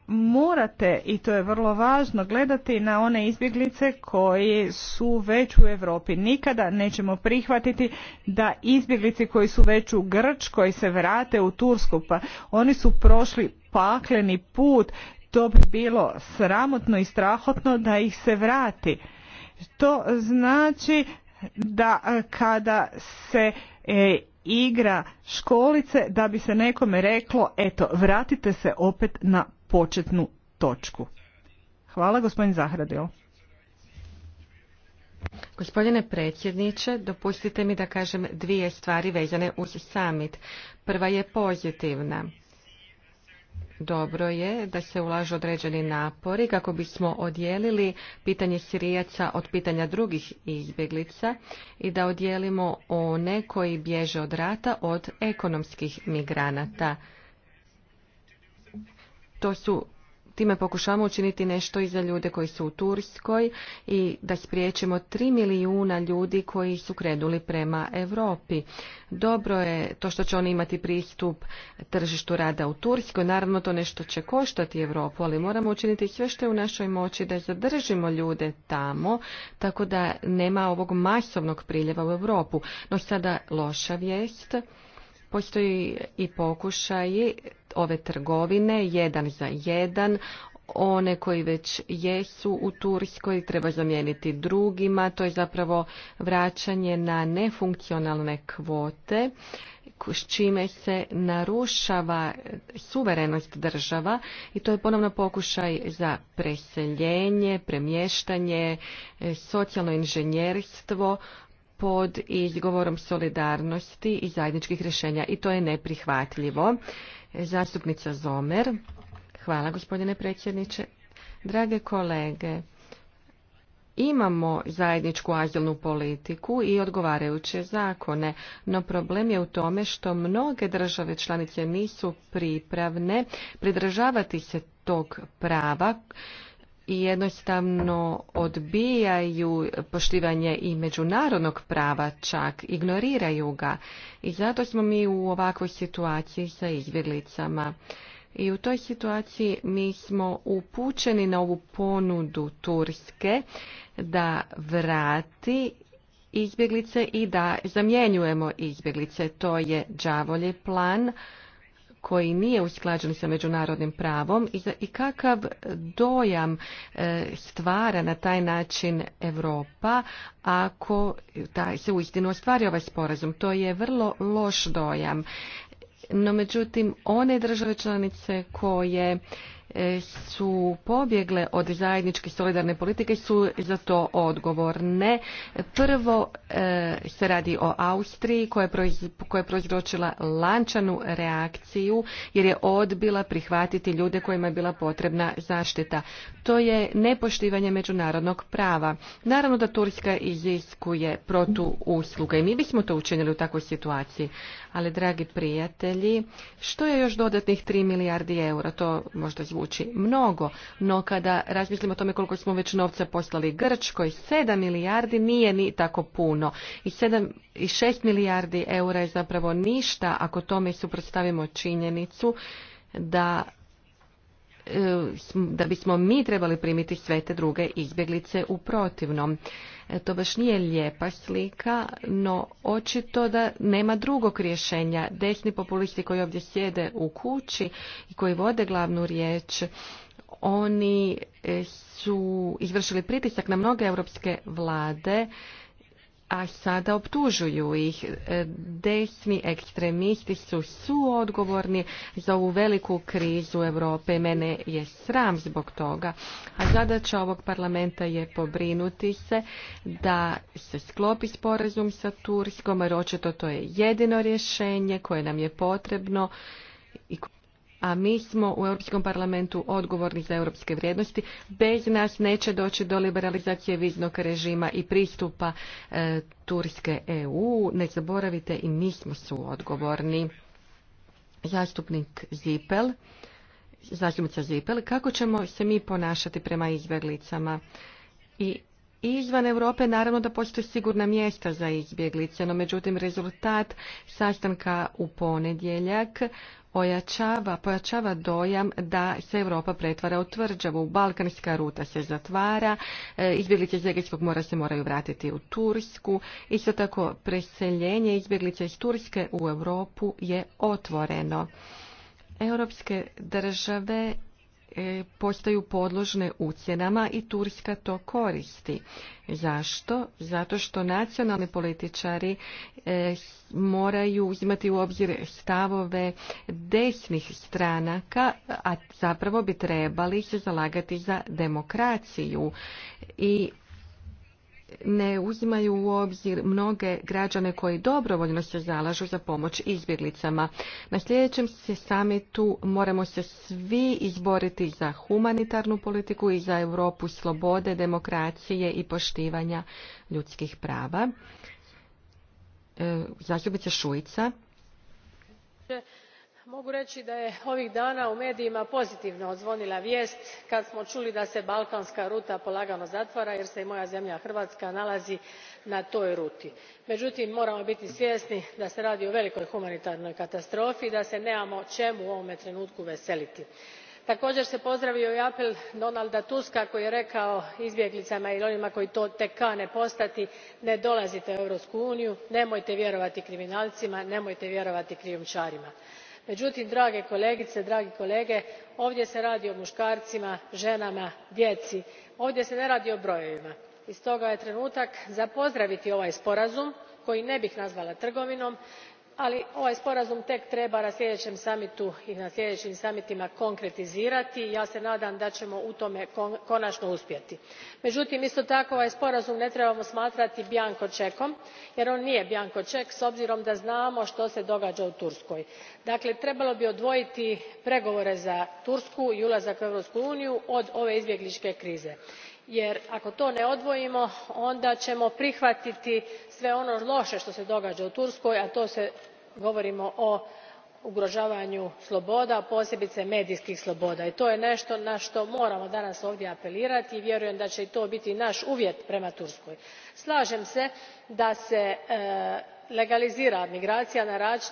morate, i to je vrlo važno, gledati na one izbjeglice koji su već u Europi. Nikada nećemo prihvatiti da izbjeglice koji su već u Grčkoj se vrate u Tursku. Pa oni su prošli pakleni put. To bi bilo sramotno i strahotno da ih se vrati. To znači da e, kada se e, igra školice da bi se nekome reklo eto vratite se opet na početnu točku. Hvala gospodin Zahradil. Gospodine predsjedniče, dopustite mi da kažem dvije stvari vezane uz summit. Prva je pozitivna. Dobro je da se ulažu određeni napori kako bismo odijelili pitanje Sirijaca od pitanja drugih izbjeglica i da odijelimo one koji bježe od rata od ekonomskih migranata to su Time pokušavamo učiniti nešto i za ljude koji su u Turskoj i da spriječimo 3 milijuna ljudi koji su krenuli prema Europi. Dobro je to što će oni imati pristup tržištu rada u Turskoj. Naravno to nešto će koštati Europu, ali moramo učiniti sve što je u našoj moći da zadržimo ljude tamo, tako da nema ovog masovnog priljeva u Europu. No sada loša vijest. Postoji i pokušaj ove trgovine jedan za jedan, one koji već jesu u Turskoj treba zamijeniti drugima, to je zapravo vraćanje na nefunkcionalne kvote s čime se narušava suverenost država i to je ponovno pokušaj za preseljenje, premještanje, e, socijalno inženjerstvo, pod izgovorom solidarnosti i zajedničkih rješenja i to je neprihvatljivo. Zastupnica Zomer. Hvala gospodine predsjedniče. Drage kolege, imamo zajedničku azilnu politiku i odgovarajuće zakone, no problem je u tome što mnoge države članice nisu pripravne pridržavati se tog prava i jednostavno odbijaju poštivanje i međunarodnog prava čak, ignoriraju ga. I zato smo mi u ovakvoj situaciji sa izbjeglicama. I u toj situaciji mi smo upućeni na ovu ponudu Turske da vrati izbjeglice i da zamjenjujemo izbjeglice. To je džavolje plan koji nije usklađen sa međunarodnim pravom i kakav dojam e, stvara na taj način Europa ako se uistinu ostvari ovaj sporazum. To je vrlo loš dojam. No međutim, one države članice koje su pobjegle od zajedničke solidarne politike su za to odgovorne. Prvo e, se radi o Austriji koja je proizročila lančanu reakciju jer je odbila prihvatiti ljude kojima je bila potrebna zaštita. To je nepoštivanje međunarodnog prava. Naravno da Turska iziskuje protu usluga i mi bismo to učinili u takvoj situaciji. Ali, dragi prijatelji, što je još dodatnih 3 milijardi eura? To možda zvuči mnogo, no kada razmislimo o tome koliko smo već novca poslali Grčkoj, 7 milijardi nije ni tako puno. I, 7, i 6 milijardi eura je zapravo ništa ako tome suprotstavimo činjenicu da E, da bismo mi trebali primiti sve te druge izbjeglice u protivnom. E, to baš nije lijepa slika, no očito da nema drugog rješenja. Desni populisti koji ovdje sjede u kući i koji vode glavnu riječ, oni e, su izvršili pritisak na mnoge europske vlade a sada optužuju ih. E, desni ekstremisti su suodgovorni za ovu veliku krizu Europe. Mene je sram zbog toga. A zadaća ovog parlamenta je pobrinuti se da se sklopi sporazum sa Turskom, jer očito to je jedino rješenje koje nam je potrebno a mi smo u Europskom parlamentu odgovorni za europske vrijednosti. Bez nas neće doći do liberalizacije viznog režima i pristupa e, Turske EU. Ne zaboravite i mi smo odgovorni. Zastupnik Zipel, zastupnica Zipel, kako ćemo se mi ponašati prema izbjeglicama i Izvan Europe naravno da postoje sigurna mjesta za izbjeglice, no međutim rezultat sastanka u ponedjeljak pojačava, dojam da se Europa pretvara u tvrđavu. Balkanska ruta se zatvara, e, izbjeglice iz Egejskog mora se moraju vratiti u Tursku. Isto tako preseljenje izbjeglica iz Turske u Europu je otvoreno. Europske države E, postaju podložne ucjenama i Turska to koristi. Zašto? Zato što nacionalni političari e, moraju uzimati u obzir stavove desnih stranaka, a zapravo bi trebali se zalagati za demokraciju i ne uzimaju u obzir mnoge građane koji dobrovoljno se zalažu za pomoć izbjeglicama. Na sljedećem se samitu moramo se svi izboriti za humanitarnu politiku i za Europu slobode, demokracije i poštivanja ljudskih prava. E, Zastupnica Šujica mogu reći da je ovih dana u medijima pozitivno odzvonila vijest kad smo uli da se balkanska ruta polagano zatvara jer se i moja zemlja hrvatska nalazi na toj ruti. Međutim, moramo biti svjesni da se radi o velikoj humanitarnoj katastrofi i da se nemamo čemu u ovome trenutku veseliti. Također se pozdravio i apel donalda tuska koji je rekao izbjeglicama ili onima koji to tek kane postati ne dolazite u europsku uniju nemojte vjerovati kriminalcima nemojte vjerovati krijumčarima međutim drage kolegice dragi kolege ovdje se radi o muškarcima ženama djeci ovdje se ne radi o brojevima i stoga je trenutak za pozdraviti ovaj sporazum koji ne bih nazvala trgovinom ali ovaj sporazum tek treba na sljedećem samitu i na sljedećim samitima konkretizirati i ja se nadam da ćemo u tome konačno uspjeti. Međutim, isto tako ovaj sporazum ne trebamo smatrati bianco ekom jer on nije bjanko ek s obzirom da znamo to se događa u turskoj. dakle trebalo bi odvojiti pregovore za tursku i ulazak u europsku uniju od ove izbjeglike krize jer ako to ne odvojimo onda ćemo prihvatiti sve ono loše što se događa u turskoj a to govorimo o ugrožavanju sloboda posebice medijskih sloboda i to je nešto na što moramo danas ovdje apelirati i vjerujem da će i to biti naš uvjet prema turskoj. slažem se da se e, legalizira migracija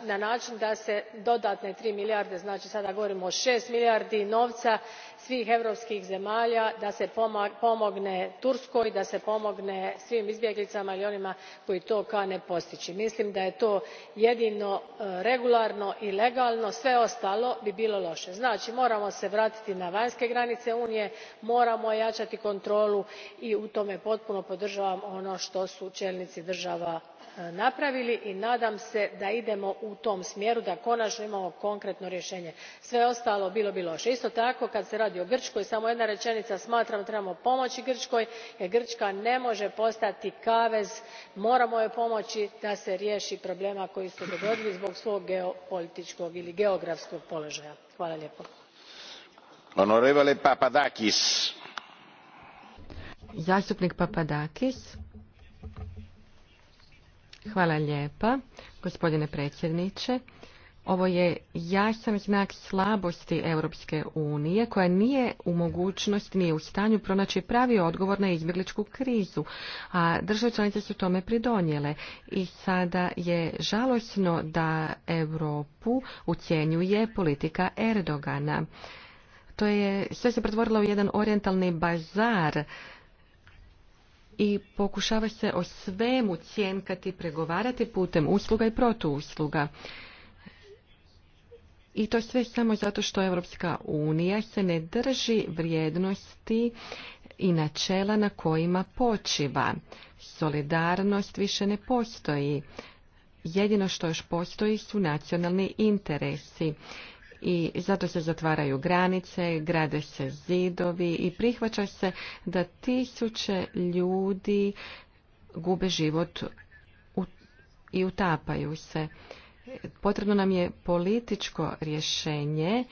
na način da se dodatne tri milijarde znači sada govorimo o šest milijardi novca svih europskih zemalja da se pomogne turskoj da se pomogne svim izbjeglicama ili onima koji to kane postići. mislim da je to jedino e, regularno i legalno sve ostalo bi bilo loše. Znači moramo se vratiti na vanjske granice unije moramo ojačati kontrolu i u tome potpuno podržavam ono što su čelnici država E, napravili i nadam se da idemo u tom smjeru da konačno imamo konkretno rješenje. sve ostalo bilo bi loše. isto tako kad se radi o grčkoj samo jedna rečenica smatram da trebamo pomoći grčkoj jer grčka ne može postati kavez moramo joj pomoći da se riješi problema koji su se dogodili zbog svog geopolitičkog ili geografskog položaja. hvala lijepo. Hvala lijepa, gospodine predsjedniče. Ovo je jasan znak slabosti Europske unije koja nije u mogućnosti, nije u stanju pronaći pravi odgovor na izbjegličku krizu, a države članice su tome pridonijele. I sada je žalosno da Europu ucjenjuje politika Erdogana. To je, sve se pretvorilo u jedan orientalni bazar i pokušava se o svemu cjenkati, pregovarati putem usluga i protuusluga. I to sve samo zato što Europska unija se ne drži vrijednosti i načela na kojima počiva. Solidarnost više ne postoji. Jedino što još postoji su nacionalni interesi i zato se zatvaraju granice, grade se zidovi i prihvaća se da tisuće ljudi gube život i utapaju se. Potrebno nam je političko rješenje,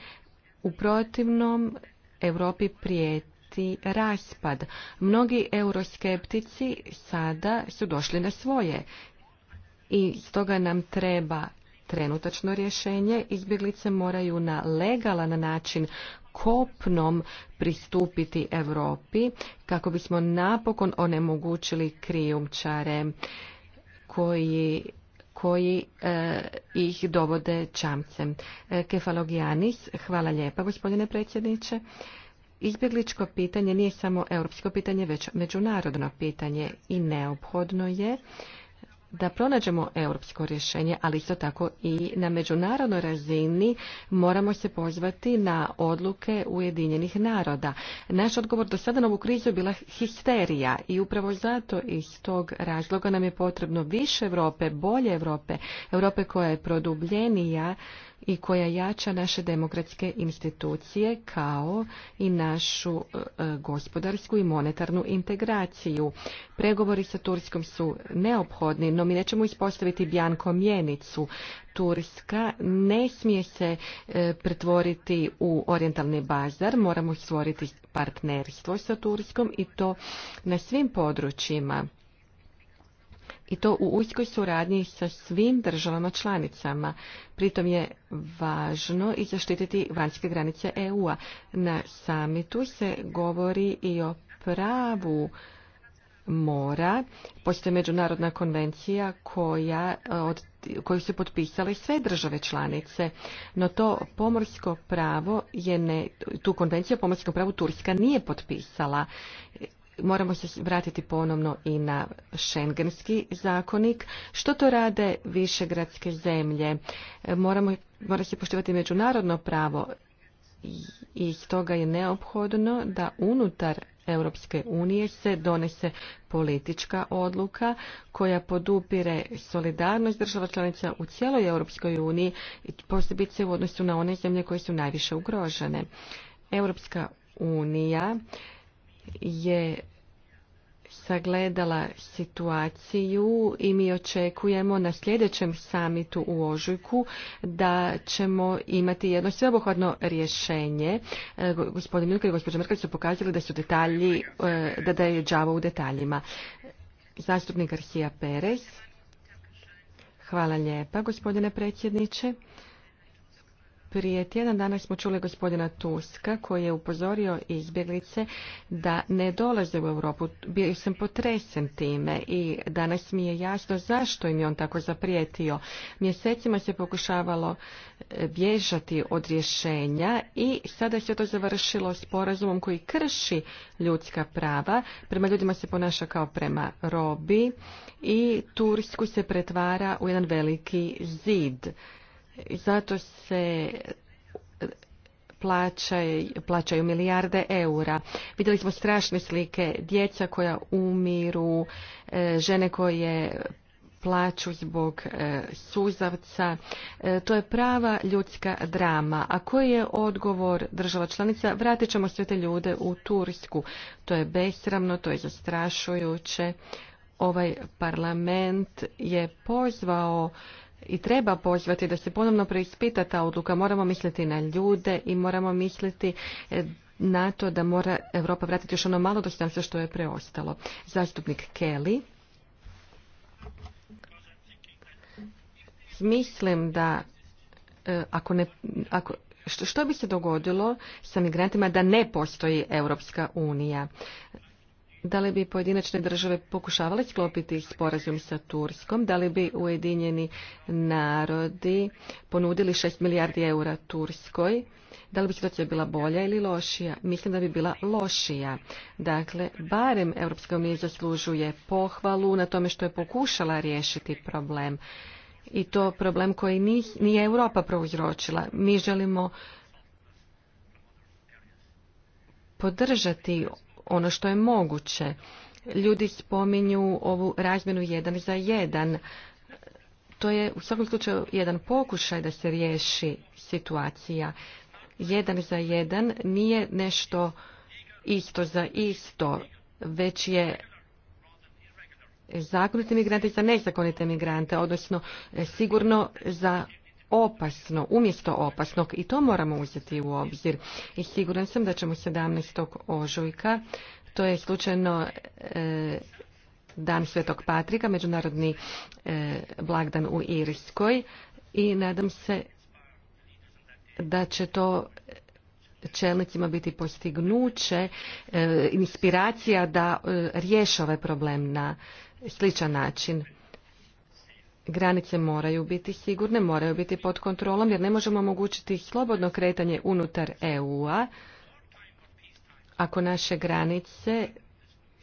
u protivnom Europi prijeti raspad. Mnogi euroskeptici sada su došli na svoje i stoga nam treba trenutačno rješenje. Izbjeglice moraju na legalan način kopnom pristupiti Europi kako bismo napokon onemogućili krijumčare koji koji e, ih dovode čamcem. E, Kefalogijanis, hvala lijepa gospodine predsjedniče. Izbjegličko pitanje nije samo europsko pitanje, već međunarodno pitanje i neophodno je da pronađemo europsko rješenje, ali isto tako i na međunarodnoj razini moramo se pozvati na odluke Ujedinjenih naroda. Naš odgovor do sada na ovu krizu je bila histerija i upravo zato iz tog razloga nam je potrebno više Europe, bolje Europe, Europe koja je produbljenija, i koja jača naše demokratske institucije kao i našu e, gospodarsku i monetarnu integraciju. Pregovori sa Turskom su neophodni, no mi nećemo ispostaviti bjanko mjenicu. Turska ne smije se e, pretvoriti u orientalni bazar, moramo stvoriti partnerstvo sa Turskom i to na svim područjima i to u uskoj suradnji sa svim državama članicama. Pritom je važno i zaštititi vanjske granice EU-a. Na samitu se govori i o pravu mora. Postoje međunarodna konvencija koja, e, od, koju su potpisale sve države članice, no to pomorsko pravo je ne, tu konvenciju o pomorskom pravu Turska nije potpisala moramo se vratiti ponovno i na šengenski zakonik. Što to rade višegradske zemlje? Moramo, mora se poštivati međunarodno pravo i stoga je neophodno da unutar Europske unije se donese politička odluka koja podupire solidarnost država članica u cijeloj Europskoj uniji, posebice u odnosu na one zemlje koje su najviše ugrožene. Europska unija je sagledala situaciju i mi očekujemo na sljedećem samitu u Ožujku da ćemo imati jedno sveobuhvatno rješenje. E, gospodin Milka i gospođa Mrkać su pokazali da su detalji, e, da, da džavo u detaljima. Zastupnik Arhija Perez. Hvala lijepa, gospodine predsjedniče. Prije tjedan danas smo čuli gospodina Tuska koji je upozorio izbjeglice da ne dolaze u Europu. Bio sam potresen time i danas mi je jasno zašto im je on tako zaprijetio. Mjesecima se pokušavalo e, bježati od rješenja i sada se to završilo sporazumom koji krši ljudska prava. Prema ljudima se ponaša kao prema robi i Tursku se pretvara u jedan veliki zid zato se plaćaju, plaćaju milijarde eura. Vidjeli smo strašne slike djeca koja umiru, e, žene koje plaću zbog e, suzavca. E, to je prava ljudska drama. A koji je odgovor država članica? Vratit ćemo sve te ljude u Tursku. To je besramno, to je zastrašujuće. Ovaj parlament je pozvao i treba pozvati da se ponovno preispita ta odluka. Moramo misliti na ljude i moramo misliti e, na to da mora Europa vratiti još ono malo dostojanstva što je preostalo. Zastupnik Kelly. Mislim da e, ako ne, ako, što, što bi se dogodilo sa migrantima da ne postoji Europska unija? Da li bi pojedinačne države pokušavale sklopiti sporazum sa Turskom? Da li bi Ujedinjeni narodi ponudili 6 milijardi eura Turskoj? Da li bi situacija bila bolja ili lošija? Mislim da bi bila lošija. Dakle, barem Europska unija zaslužuje pohvalu na tome što je pokušala riješiti problem. I to problem koji nije Europa prouzročila. Mi želimo podržati ono što je moguće. Ljudi spominju ovu razmjenu jedan za jedan. To je u svakom slučaju jedan pokušaj da se riješi situacija. Jedan za jedan nije nešto isto za isto, već je zakonite migrante za nezakonite migrante, odnosno e, sigurno za opasno, umjesto opasnog i to moramo uzeti u obzir. I siguran sam da ćemo 17. ožujka, to je slučajno e, Dan Svetog Patrika, međunarodni e, blagdan u Irskoj i nadam se da će to čelnicima biti postignuće, e, inspiracija da riješe ovaj problem na sličan način granice moraju biti sigurne, moraju biti pod kontrolom jer ne možemo omogućiti slobodno kretanje unutar EU-a ako naše granice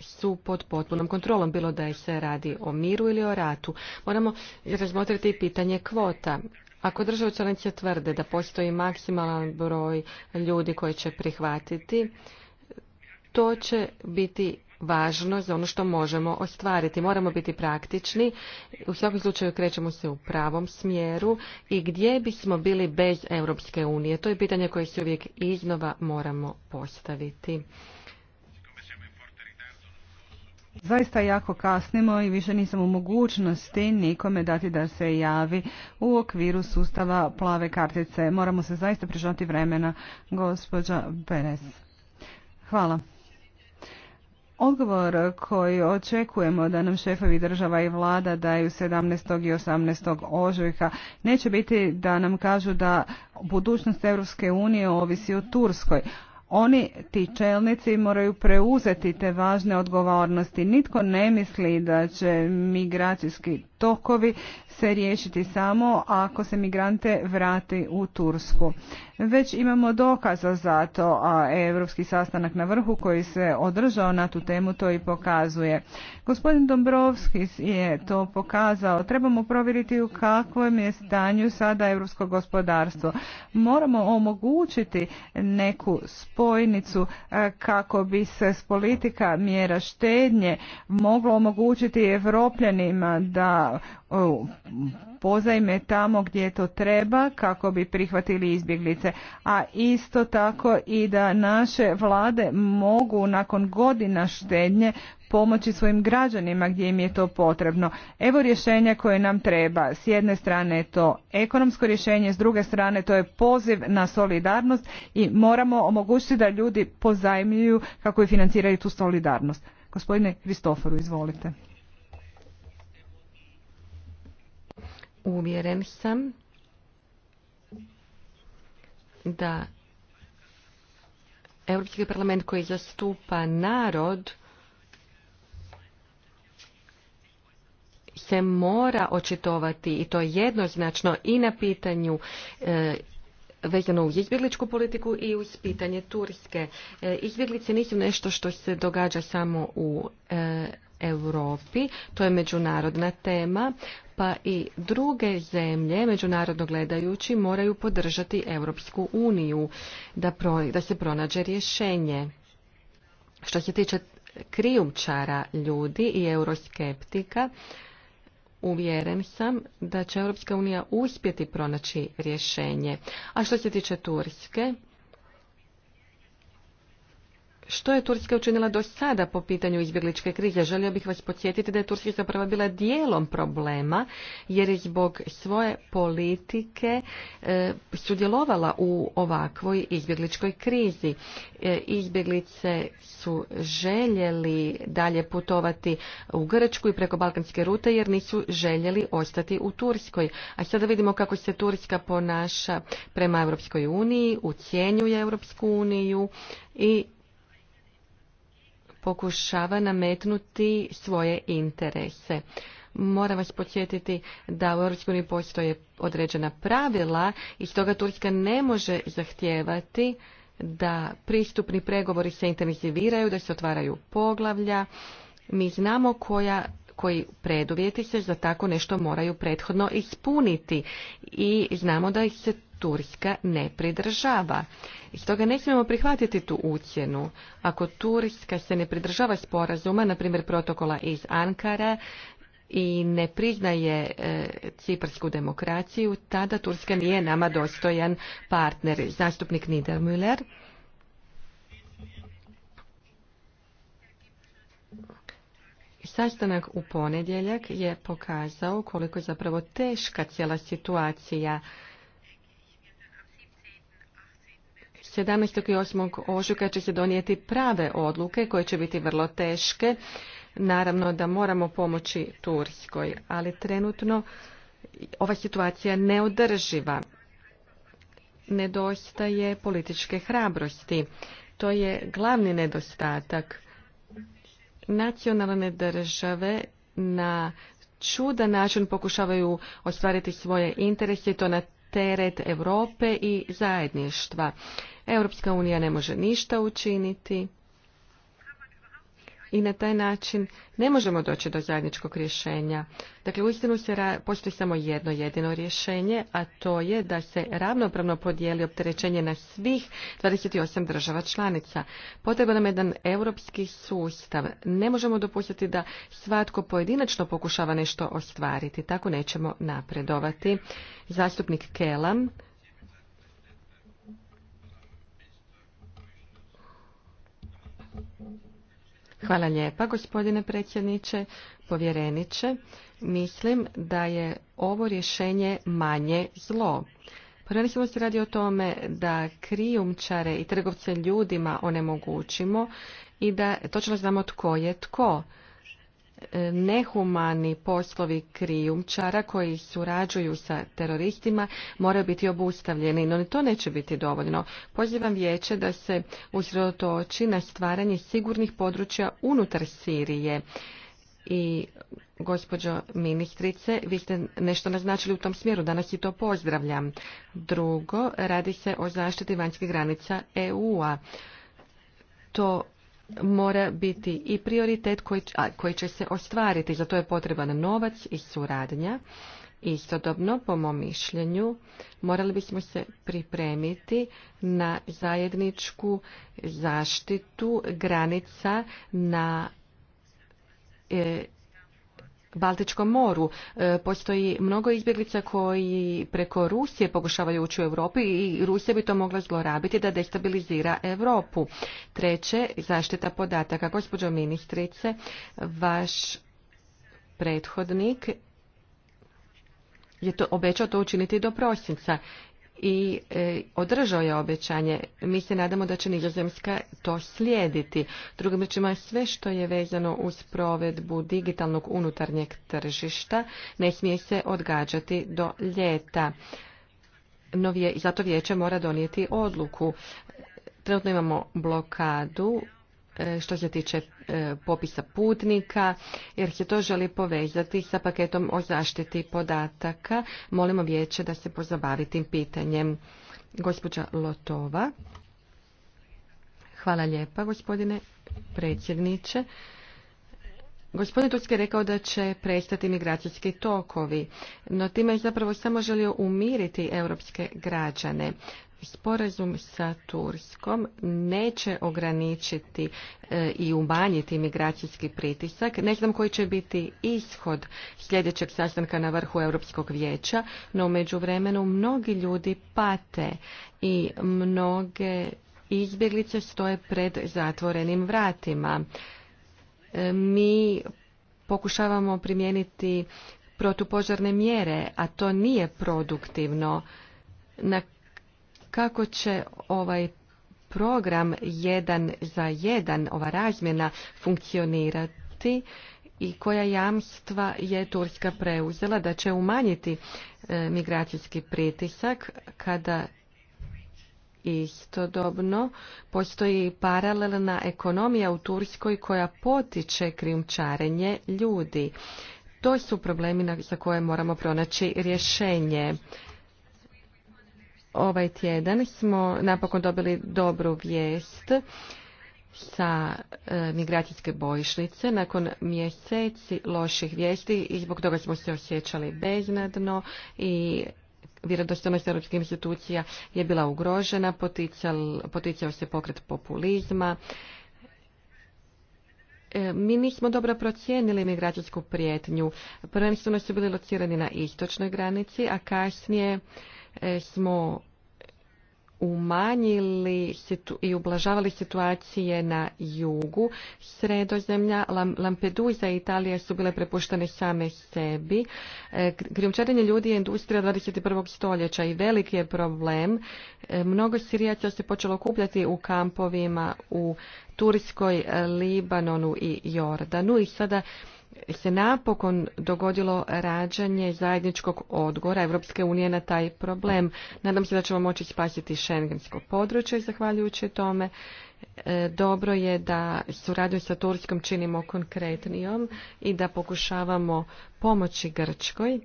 su pod potpunom kontrolom, bilo da se radi o miru ili o ratu. Moramo razmotriti i pitanje kvota. Ako države članice tvrde da postoji maksimalan broj ljudi koji će prihvatiti, to će biti važno za ono što možemo ostvariti. Moramo biti praktični, u svakom slučaju krećemo se u pravom smjeru i gdje bismo bili bez Europske unije? To je pitanje koje se uvijek iznova moramo postaviti. Zaista jako kasnimo i više nisam u mogućnosti nikome dati da se javi u okviru sustava plave kartice. Moramo se zaista prižati vremena, gospođa Beres. Hvala. Odgovor koji očekujemo da nam šefovi država i vlada daju 17. i 18. ožujka neće biti da nam kažu da budućnost Europske unije ovisi o Turskoj. Oni, ti čelnici, moraju preuzeti te važne odgovornosti. Nitko ne misli da će migracijski tokovi se riješiti samo ako se migrante vrati u Tursku. Već imamo dokaza za to, a europski sastanak na vrhu koji se održao na tu temu to i pokazuje. Gospodin Dombrovski je to pokazao. Trebamo provjeriti u kakvom je stanju sada europsko gospodarstvo. Moramo omogućiti neku spojnicu kako bi se s politika mjera štednje moglo omogućiti evropljanima da E, pozajme tamo gdje to treba kako bi prihvatili izbjeglice, a isto tako i da naše vlade mogu nakon godina štednje pomoći svojim građanima gdje im je to potrebno. Evo rješenja koje nam treba. S jedne strane je to ekonomsko rješenje, s druge strane to je poziv na solidarnost i moramo omogućiti da ljudi pozajmljuju kako i financiraju tu solidarnost. Gospodine Kristoforu, izvolite. Uvjeren sam da Europski parlament koji zastupa narod se mora očitovati i to jednoznačno i na pitanju e, vezano uz izbjegličku politiku i uz pitanje Turske. E, izbjeglice nisu nešto što se događa samo u e, Europi, to je međunarodna tema, pa i druge zemlje, međunarodno gledajući, moraju podržati Europsku uniju da, da se pronađe rješenje. Što se tiče krijumčara ljudi i euroskeptika, uvjeren sam da će Europska unija uspjeti pronaći rješenje. A što se tiče Turske, što je Turska učinila do sada po pitanju izbjegličke krize? Želio bih vas podsjetiti da je Turska zapravo bila dijelom problema jer je zbog svoje politike e, sudjelovala u ovakvoj izbjegličkoj krizi. E, izbjeglice su željeli dalje putovati u Grčku i preko balkanske rute jer nisu željeli ostati u Turskoj. A sada vidimo kako se Turska ponaša prema Europskoj uniji, ucijenjuje Europsku uniju i pokušava nametnuti svoje interese. Moram vas podsjetiti da u EU postoje određena pravila i stoga Turska ne može zahtijevati da pristupni pregovori se intenziviraju, da se otvaraju poglavlja. Mi znamo koja koji preduvjeti se za tako nešto moraju prethodno ispuniti i znamo da ih se Turska ne pridržava. I stoga ne smijemo prihvatiti tu ucjenu. Ako Turska se ne pridržava sporazuma, na primjer protokola iz Ankara, i ne priznaje e, demokraciju, tada Turska nije nama dostojan partner. Zastupnik Niedermüller. Sastanak u ponedjeljak je pokazao koliko je zapravo teška cijela situacija 17. i 8. ožujka će se donijeti prave odluke koje će biti vrlo teške. Naravno da moramo pomoći Turskoj, ali trenutno ova situacija neodrživa. Nedostaje političke hrabrosti. To je glavni nedostatak. Nacionalne države na čudan način pokušavaju ostvariti svoje interese i to na teret Europe i zajedništva. Europska unija ne može ništa učiniti i na taj način ne možemo doći do zajedničkog rješenja. Dakle, uistinu se postoji samo jedno jedino rješenje, a to je da se ravnopravno podijeli opterećenje na svih 28 država članica. Potreban nam jedan europski sustav. Ne možemo dopustiti da svatko pojedinačno pokušava nešto ostvariti. Tako nećemo napredovati. Zastupnik Kelam. Hvala lijepa, gospodine predsjedniče, povjereniče. Mislim da je ovo rješenje manje zlo. Prvenstveno se radi o tome da krijumčare i trgovce ljudima onemogućimo i da točno znamo tko je tko nehumani poslovi krijumčara koji surađuju sa teroristima moraju biti obustavljeni, no to neće biti dovoljno. Pozivam vijeće da se usredotoči na stvaranje sigurnih područja unutar Sirije. I gospođo ministrice, vi ste nešto naznačili u tom smjeru, danas i to pozdravljam. Drugo, radi se o zaštiti vanjskih granica EU-a. To mora biti i prioritet koji, koji će se ostvariti. Za to je potreban novac i suradnja. Istodobno, po mom mišljenju, morali bismo se pripremiti na zajedničku zaštitu granica na e, Baltičkom moru. E, postoji mnogo izbjeglica koji preko Rusije pokušavaju ući u Europi i Rusija bi to mogla zlorabiti da destabilizira Europu. Treće, zaštita podataka. Gospođo ministrice, vaš prethodnik je to obećao to učiniti do prosinca i e, održao je obećanje. Mi se nadamo da će Nizozemska to slijediti. Drugim rečima, sve što je vezano uz provedbu digitalnog unutarnjeg tržišta ne smije se odgađati do ljeta. No, zato vijeće mora donijeti odluku. Trenutno imamo blokadu E, što se tiče e, popisa putnika, jer se to želi povezati sa paketom o zaštiti podataka. Molimo vijeće da se pozabavi tim pitanjem. Gospođa Lotova. Hvala lijepa, gospodine predsjedniče. Gospodin Turski je rekao da će prestati migracijski tokovi, no time je zapravo samo želio umiriti europske građane sporazum sa Turskom neće ograničiti e, i umanjiti migracijski pritisak. Ne znam koji će biti ishod sljedećeg sastanka na vrhu Europskog vijeća, no među vremenu mnogi ljudi pate i mnoge izbjeglice stoje pred zatvorenim vratima. E, mi pokušavamo primijeniti protupožarne mjere, a to nije produktivno. Na kako će ovaj program jedan za jedan, ova razmjena funkcionirati i koja jamstva je Turska preuzela da će umanjiti e, migracijski pritisak kada istodobno postoji paralelna ekonomija u Turskoj koja potiče krijumčarenje ljudi. To su problemi za koje moramo pronaći rješenje ovaj tjedan smo napokon dobili dobru vijest sa e, migracijske bojišnice nakon mjeseci loših vijesti i zbog toga smo se osjećali beznadno i vjerodostojnost europskih institucija je bila ugrožena, poticao se pokret populizma. E, mi nismo dobro procijenili migracijsku prijetnju. Prvenstveno su bili locirani na istočnoj granici, a kasnije Eh, smo umanjili i ublažavali situacije na jugu sredozemlja. Lampedusa i Italija su bile prepuštene same sebi. Krijumčarenje eh, ljudi je industrija 21. stoljeća i veliki je problem. Eh, mnogo Sirijaca se počelo kupljati u kampovima u Turskoj, Libanonu i Jordanu i sada se napokon dogodilo rađanje zajedničkog odgora Europske unije na taj problem. Nadam se da ćemo moći spasiti šengensko područje zahvaljujući tome. E, dobro je da suradnju sa Turskom činimo konkretnijom i da pokušavamo pomoći Grčkoj.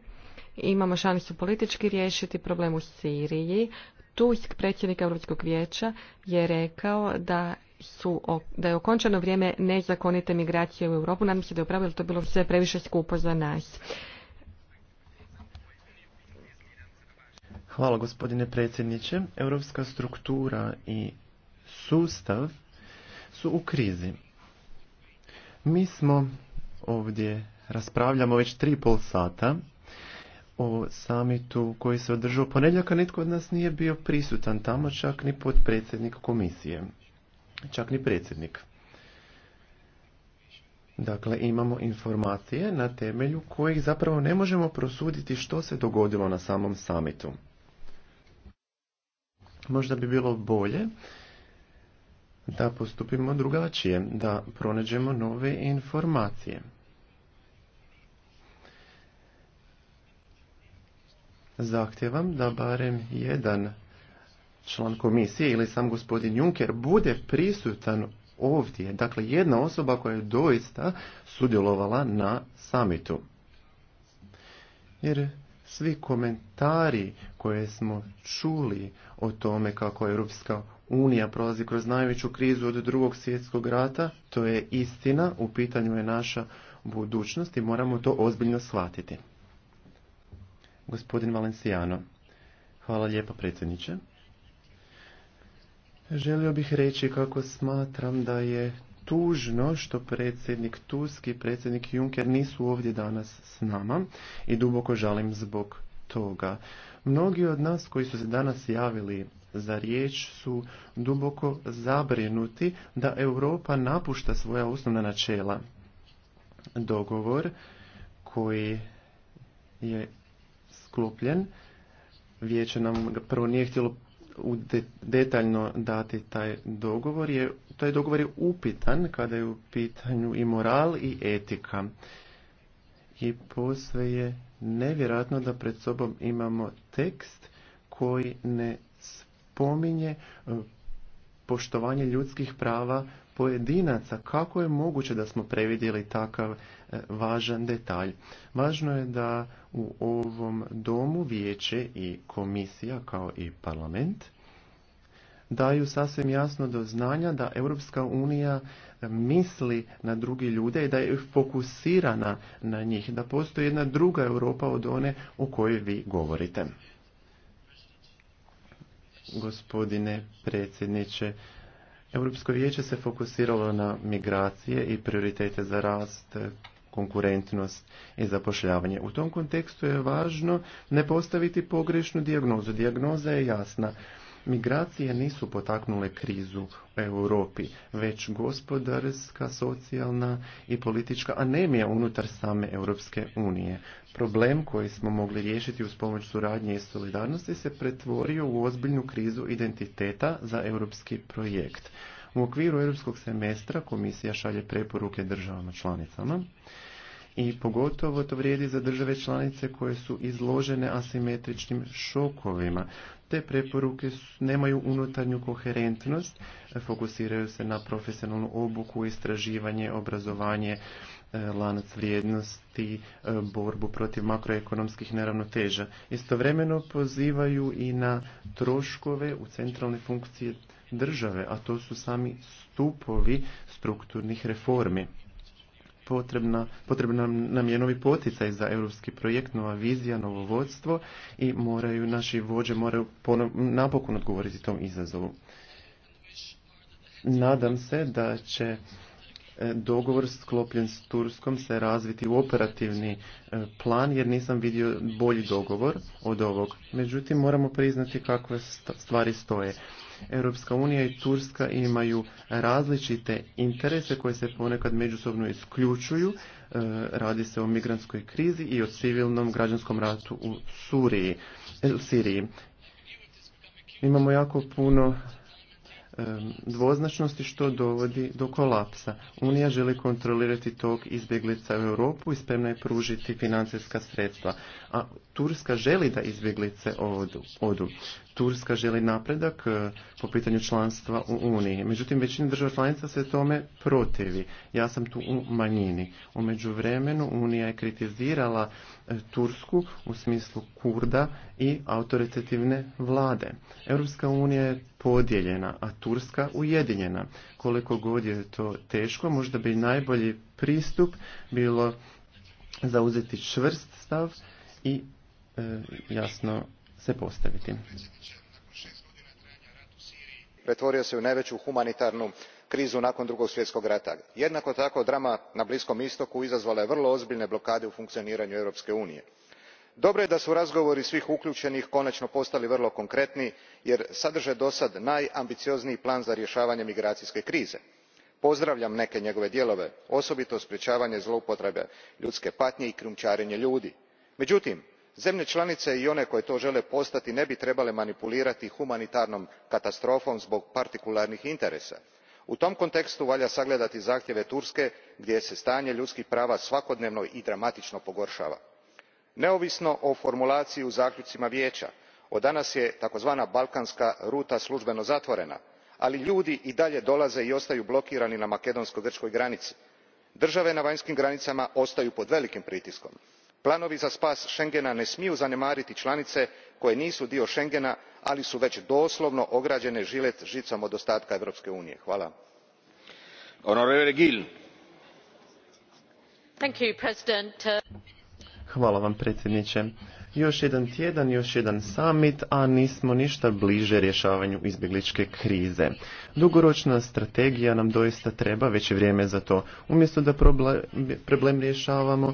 Imamo šansu politički riješiti problem u Siriji, Tusk, predsjednik Europskog vijeća, je rekao da su, da je okončano vrijeme nezakonite migracije u Europu. Nadam se da je upravo, to bilo sve previše skupo za nas. Hvala gospodine predsjedniče. Europska struktura i sustav su u krizi. Mi smo ovdje raspravljamo već tri pol sata o samitu koji se održao ponedjeljaka nitko od nas nije bio prisutan tamo, čak ni potpredsjednik komisije, čak ni predsjednik. Dakle, imamo informacije na temelju kojih zapravo ne možemo prosuditi što se dogodilo na samom samitu. Možda bi bilo bolje da postupimo drugačije, da pronađemo nove informacije. Zahtjevam da barem jedan član komisije ili sam gospodin Juncker bude prisutan ovdje. Dakle, jedna osoba koja je doista sudjelovala na samitu. Jer svi komentari koje smo čuli o tome kako Europska unija prolazi kroz najveću krizu od drugog svjetskog rata, to je istina, u pitanju je naša budućnost i moramo to ozbiljno shvatiti. Gospodin Valenciano. Hvala lijepo predsjedniče. Želio bih reći kako smatram da je tužno što predsjednik Tusk i predsjednik Juncker nisu ovdje danas s nama i duboko žalim zbog toga. Mnogi od nas koji su se danas javili za riječ su duboko zabrinuti da Europa napušta svoja osnovna načela. Dogovor koji je sklopljen. Vijeće nam prvo nije htjelo detaljno dati taj dogovor. Je, taj dogovor je upitan kada je u pitanju i moral i etika. I posve je nevjerojatno da pred sobom imamo tekst koji ne spominje e, poštovanje ljudskih prava pojedinaca kako je moguće da smo previdjeli takav e, važan detalj. Važno je da u ovom domu vijeće i komisija kao i parlament daju sasvim jasno do znanja da Europska unija e, misli na drugi ljude i da je fokusirana na njih, da postoji jedna druga Europa od one o kojoj vi govorite. Gospodine predsjedniče, Europsko vijeće se fokusiralo na migracije i prioritete za rast, konkurentnost i zapošljavanje. U tom kontekstu je važno ne postaviti pogrešnu dijagnozu. Dijagnoza je jasna. Migracije nisu potaknule krizu u Europi, već gospodarska, socijalna i politička anemija unutar same Europske unije. Problem koji smo mogli riješiti uz pomoć suradnje i solidarnosti se pretvorio u ozbiljnu krizu identiteta za europski projekt. U okviru europskog semestra komisija šalje preporuke državama članicama i pogotovo to vrijedi za države članice koje su izložene asimetričnim šokovima. Te preporuke nemaju unutarnju koherentnost, fokusiraju se na profesionalnu obuku, istraživanje, obrazovanje, e, lanac vrijednosti, e, borbu protiv makroekonomskih neravnoteža. Istovremeno pozivaju i na troškove u centralne funkcije države, a to su sami stupovi strukturnih reformi potrebna, potrebna nam je novi poticaj za europski projekt, nova vizija, novo vodstvo i moraju, naši vođe moraju napokon odgovoriti tom izazovu. Nadam se da će e, dogovor sklopljen s Turskom se razviti u operativni e, plan jer nisam vidio bolji dogovor od ovog. Međutim, moramo priznati kakve stvari stoje. Europska unija i Turska imaju različite interese koje se ponekad međusobno isključuju. E, radi se o migrantskoj krizi i o civilnom građanskom ratu u e, Siriji. Imamo jako puno dvoznačnosti što dovodi do kolapsa. Unija želi kontrolirati tog izbjeglica u Europu i spremna je pružiti financijska sredstva. A Turska želi da izbjeglice odu. Turska želi napredak eh, po pitanju članstva u Uniji. Međutim, većina država članica se tome protivi. Ja sam tu u manjini. U međuvremenu Unija je kritizirala eh, Tursku u smislu Kurda i autoritativne vlade. Europska unija je podijeljena, a Turska ujedinjena. Koliko god je to teško, možda bi najbolji pristup bilo zauzeti čvrst stav i e, jasno se postaviti. Pretvorio se u najveću humanitarnu krizu nakon drugog svjetskog rata. Jednako tako drama na Bliskom istoku izazvala je vrlo ozbiljne blokade u funkcioniranju Europske unije dobro je da su razgovori svih uključenih konačno postali vrlo konkretni jer sadrže dosad najambiciozniji plan za rješavanje migracijske krize. pozdravljam neke njegove dijelove osobito sprječavanje zloupotrebe ljudske patnje i krijumčarenje ljudi. međutim zemlje članice i one koje to žele postati ne bi trebale manipulirati humanitarnom katastrofom zbog partikularnih interesa. u tom kontekstu valja sagledati zahtjeve turske gdje se stanje ljudskih prava svakodnevno i dramatično pogoršava neovisno o formulaciji u zakljucima vijeća od danas je takozvana balkanska ruta službeno zatvorena ali ljudi i dalje dolaze i ostaju blokirani na makedonsko grčkoj granici. države na vanjskim granicama ostaju pod velikim pritiskom. planovi za spas schengena ne smiju zanemariti članice koje nisu dio schengena ali su već doslovno ograđene žilet žicom od ostatka europske unije. Hvala vam predsjedniče. Još jedan tjedan, još jedan summit, a nismo ništa bliže rješavanju izbjegličke krize. Dugoročna strategija nam doista treba, već je vrijeme za to. Umjesto da problem rješavamo,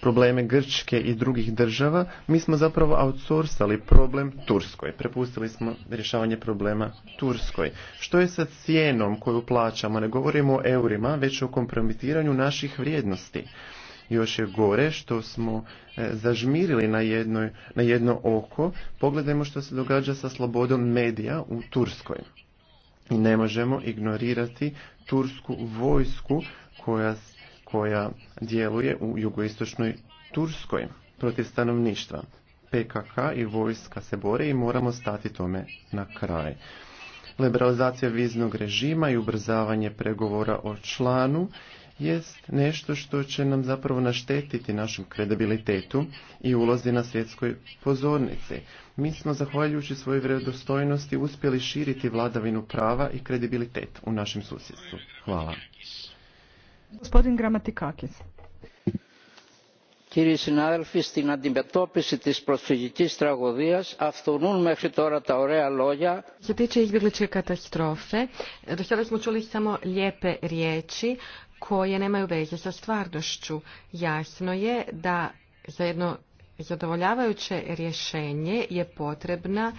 probleme Grčke i drugih država, mi smo zapravo outsourcali problem Turskoj. Prepustili smo rješavanje problema Turskoj. Što je sa cijenom koju plaćamo? Ne govorimo o eurima, već o kompromitiranju naših vrijednosti. Još je gore što smo e, zažmirili na, na jedno oko. Pogledajmo što se događa sa slobodom medija u Turskoj. I ne možemo ignorirati tursku vojsku koja, koja djeluje u jugoistočnoj Turskoj protiv stanovništva. PKK i vojska se bore i moramo stati tome na kraj. Liberalizacija viznog režima i ubrzavanje pregovora o članu jest nešto što će nam zapravo naštetiti našem kredibilitetu i ulozi na svjetskoj pozornici. Mi smo, zahvaljujući svojoj vredostojnosti, uspjeli širiti vladavinu prava i kredibilitet u našem susjedstvu. Hvala. Gospodin Gramatikakis. Κύριοι συνάδελφοι, στην αντιμετώπιση της προσφυγικής τραγωδίας αυθονούν μέχρι τώρα ta orea λόγια. Što tiče izbjegličke katastrofe, do sada smo čuli samo lijepe riječi, koje nemaju veze sa stvarnošću. Jasno je da za jedno zadovoljavajuće rješenje je potrebna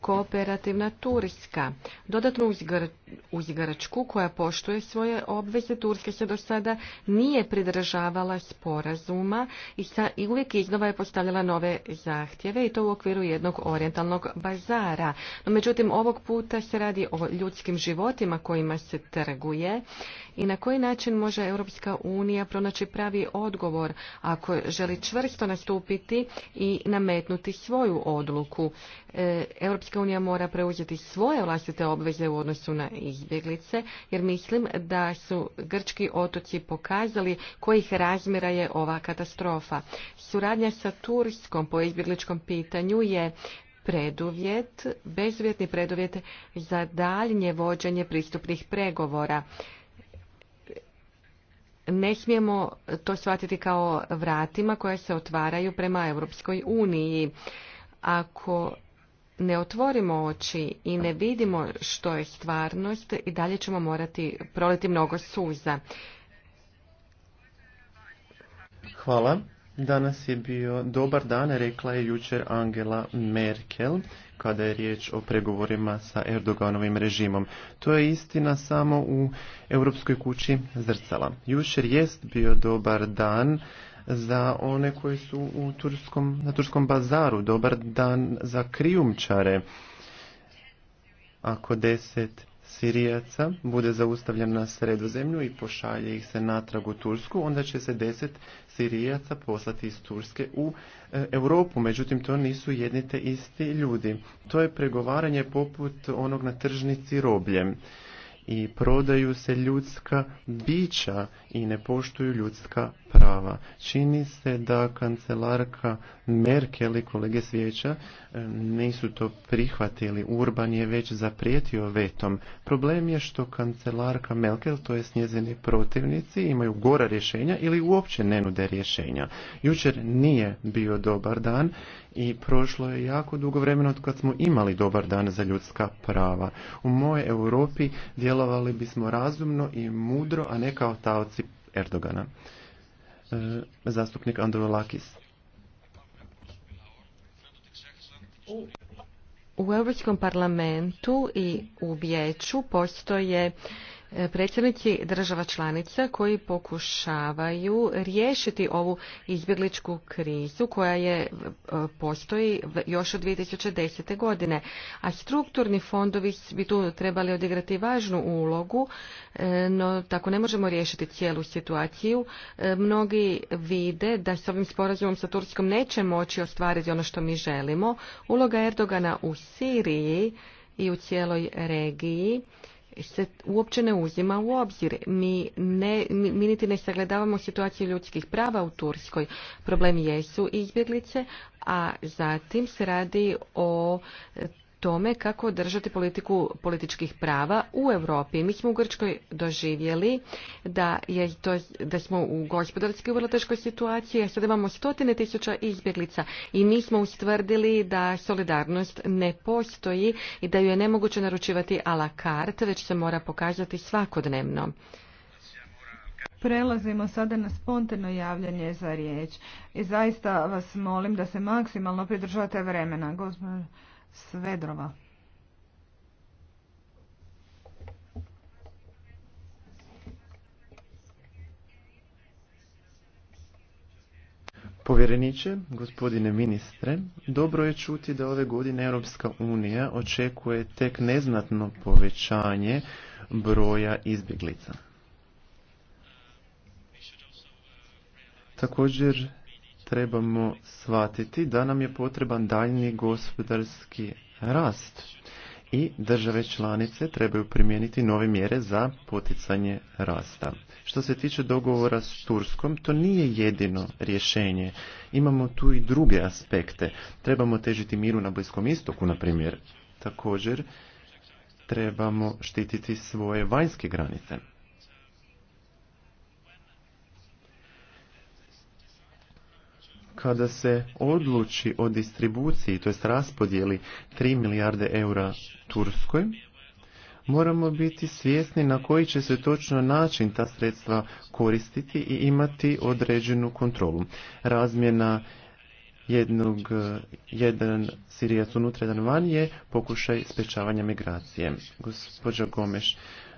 kooperativna Turska. Dodatno uz koja poštuje svoje obveze. Turska se do sada nije pridržavala sporazuma i, uvijek iznova je postavljala nove zahtjeve i to u okviru jednog orientalnog bazara. No, međutim, ovog puta se radi o ljudskim životima kojima se trguje i na koji način može Europska unija pronaći pravi odgovor ako želi čvrsto nastupiti i nametnuti svoju odluku. E, Europska unija mora preuzeti svoje vlastite obveze u odnosu na izbjeglice, jer mislim da su grčki otoci pokazali kojih razmjera je ova katastrofa. Suradnja sa Turskom po izbjegličkom pitanju je preduvjet, bezvjetni preduvjet za daljnje vođenje pristupnih pregovora ne smijemo to shvatiti kao vratima koja se otvaraju prema Europskoj uniji. Ako ne otvorimo oči i ne vidimo što je stvarnost i dalje ćemo morati proliti mnogo suza. Hvala. Danas je bio dobar dan, rekla je jučer Angela Merkel, kada je riječ o pregovorima sa Erdoganovim režimom. To je istina samo u Europskoj kući zrcala. Jučer jest bio dobar dan za one koji su u turskom, na turskom bazaru. Dobar dan za krijumčare. Ako deset Sirijaca bude zaustavljen na sredozemlju i pošalje ih se natrag u Tursku, onda će se deset Sirijaca poslati iz Turske u e, Europu. Međutim, to nisu jednite isti ljudi. To je pregovaranje poput onog na tržnici robljem. I prodaju se ljudska bića i ne poštuju ljudska prava. Čini se da kancelarka Merkel i kolege svijeća e, nisu to prihvatili. Urban je već zaprijetio vetom. Problem je što kancelarka Merkel, to je njezini protivnici, imaju gora rješenja ili uopće ne nude rješenja. Jučer nije bio dobar dan i prošlo je jako dugo vremena od kad smo imali dobar dan za ljudska prava. U moje Europi djelovali bismo razumno i mudro, a ne kao taoci Erdogana. E, zastupnik Andrew Lakis. U Europskom parlamentu i u vijeću postoje E, predsjednici država članica koji pokušavaju riješiti ovu izbjegličku krizu koja je e, postoji još od 2010. godine. A strukturni fondovi bi tu trebali odigrati važnu ulogu, e, no tako ne možemo riješiti cijelu situaciju. Mnogi vide da s ovim sporazumom sa Turskom neće moći ostvariti ono što mi želimo. Uloga Erdogana u Siriji i u cijeloj regiji se uopće ne uzima u obzir. Mi, ne, mi niti ne sagledavamo situaciju ljudskih prava u Turskoj. Problemi jesu izbjeglice, a zatim se radi o tome kako držati politiku političkih prava u Europi. Mi smo u Grčkoj doživjeli da, je to, da smo u gospodarski u vrlo teškoj situaciji, a sada imamo stotine tisuća izbjeglica i mi smo ustvrdili da solidarnost ne postoji i da ju je nemoguće naručivati a la carte, već se mora pokazati svakodnevno. Prelazimo sada na spontano javljanje za riječ. I zaista vas molim da se maksimalno pridržavate vremena. gospodine. Svedrova. Povjereniče, gospodine ministre, dobro je čuti da ove godine Europska unija očekuje tek neznatno povećanje broja izbjeglica. Također trebamo shvatiti da nam je potreban daljni gospodarski rast i države članice trebaju primijeniti nove mjere za poticanje rasta. Što se tiče dogovora s Turskom, to nije jedino rješenje. Imamo tu i druge aspekte. Trebamo težiti miru na Bliskom istoku, na primjer. Također, trebamo štititi svoje vanjske granice. kada se odluči o distribuciji, to jest raspodjeli 3 milijarde eura Turskoj, moramo biti svjesni na koji će se točno način ta sredstva koristiti i imati određenu kontrolu. Razmjena jednog, jedan sirijac unutra, jedan van je pokušaj spečavanja migracije. Gospođa Gomeš,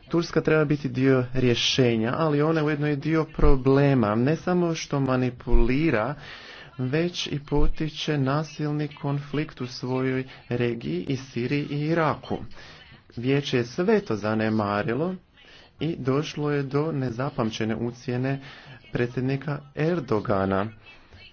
Turska treba biti dio rješenja, ali ona ujedno je dio problema. Ne samo što manipulira već i potiče nasilni konflikt u svojoj regiji i Siriji i Iraku. Vijeće je sve to zanemarilo i došlo je do nezapamćene ucijene predsjednika Erdogana.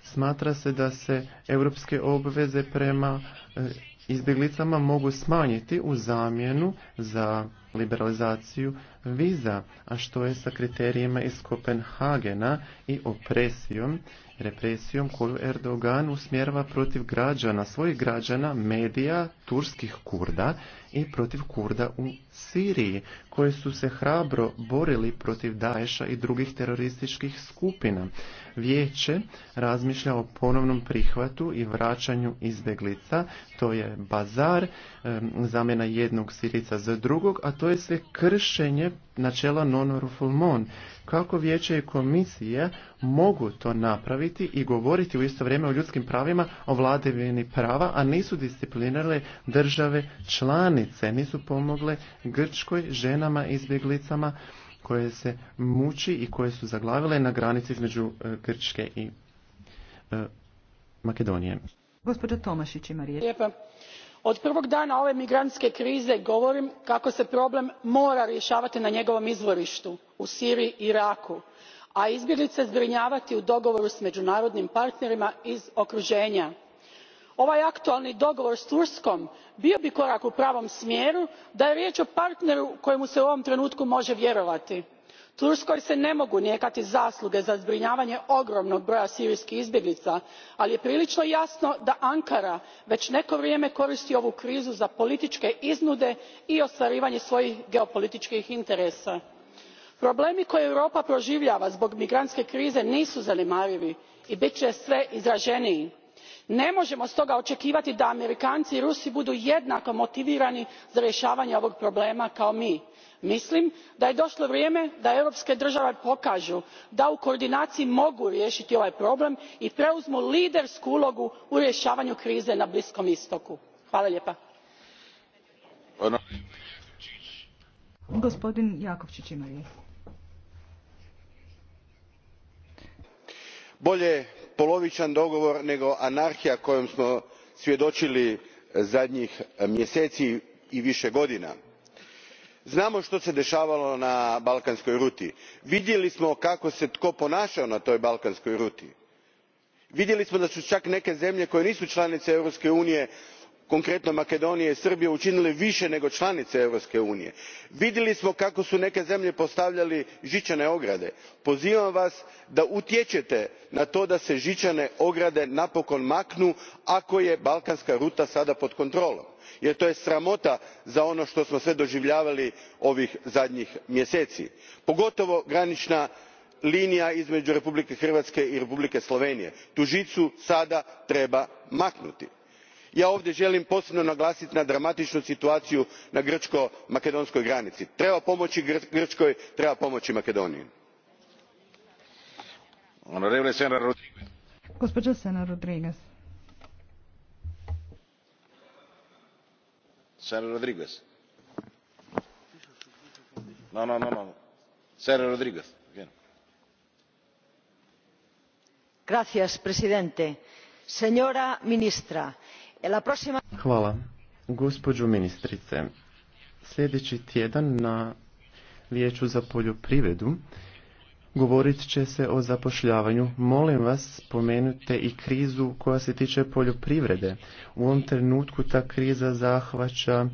Smatra se da se europske obveze prema e, izbjeglicama mogu smanjiti u zamjenu za liberalizaciju viza, a što je sa kriterijima iz Kopenhagena i opresijom represijom koju Erdogan usmjerava protiv građana, svojih građana, medija, turskih kurda i protiv kurda u Siriji, koji su se hrabro borili protiv Daesha i drugih terorističkih skupina. Vijeće razmišlja o ponovnom prihvatu i vraćanju izbeglica, to je bazar, zamjena jednog Sirica za drugog, a to je sve kršenje načela non-refoulement. Kako vijeće i komisije mogu to napraviti i govoriti u isto vrijeme o ljudskim pravima, o vladavini prava, a nisu disciplinirale države članice, nisu pomogle Grčkoj, ženama, izbjeglicama koje se muči i koje su zaglavile na granici između e, Grčke i e, Makedonije. Gospođa Tomašić ima Lijepa od prvog dana ove migrantske krize govorim kako se problem mora rješavati na njegovom izvorištu u siriji i iraku a izbjeglice zbrinjavati u dogovoru s međunarodnim partnerima iz okruženja. ovaj aktualni dogovor s turskom bio bi korak u pravom smjeru da je riječ o partneru kojemu se u ovom trenutku može vjerovati turskoj se ne mogu nijekati zasluge za zbrinjavanje ogromnog broja sirijskih izbjeglica ali je prilično jasno da ankara već neko vrijeme koristi ovu krizu za političke iznude i ostvarivanje svojih geopolitičkih interesa. problemi koje europa proživljava zbog migrantske krize nisu zanemarivi i bit će sve izraženiji. ne možemo stoga očekivati da amerikanci i rusi budu jednako motivirani za rješavanje ovog problema kao mi mislim da je došlo vrijeme da europske države pokažu da u koordinaciji mogu riješiti ovaj problem i preuzmu lidersku ulogu u rješavanju krize na bliskom istoku. Ono- bolje polovičan dogovor nego anarhija kojom smo svjedočili zadnjih mjeseci i više godina znamo što se dešavalo na balkanskoj ruti vidjeli smo kako se tko ponašao na toj balkanskoj ruti vidjeli smo da su čak neke zemlje koje nisu članice europske unije konkretno makedonije i srbije učinili više nego članice europske unije. vidjeli smo kako su neke zemlje postavljale žičane ograde. pozivam vas da utječete na to da se žičane ograde napokon maknu ako je balkanska ruta sada pod kontrolom jer to je sramota za ono što smo sve doživljavali ovih zadnjih mjeseci pogotovo granična linija između republike hrvatske i republike slovenije. tu žicu sada treba maknuti ja ovdje želim posebno naglasiti dramatičnu situaciju na grčko makedonskoj granici. treba pomoći grčkoj treba pomoći makedoniji. presidente señora ministra Hvala. Gospođo ministrice, sljedeći tjedan na Vijeću za poljoprivredu govorit će se o zapošljavanju. Molim vas, spomenute i krizu koja se tiče poljoprivrede. U ovom trenutku ta kriza zahvaća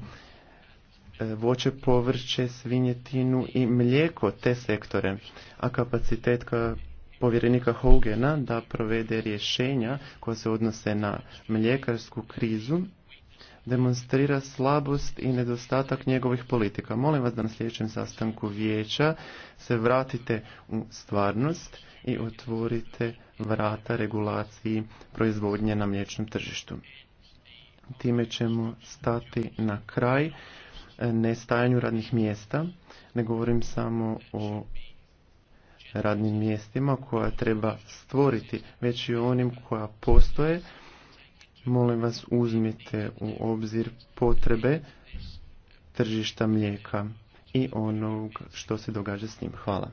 e, voće, povrće, svinjetinu i mlijeko te sektore, a kapacitet ka povjerenika Hogena da provede rješenja koja se odnose na mljekarsku krizu demonstrira slabost i nedostatak njegovih politika. Molim vas da na sljedećem sastanku vijeća se vratite u stvarnost i otvorite vrata regulaciji proizvodnje na mliječnom tržištu. Time ćemo stati na kraj e, nestajanju radnih mjesta. Ne govorim samo o radnim mjestima koja treba stvoriti, već i onim koja postoje. Molim vas uzmite u obzir potrebe tržišta mlijeka i onog što se događa s njim. Hvala.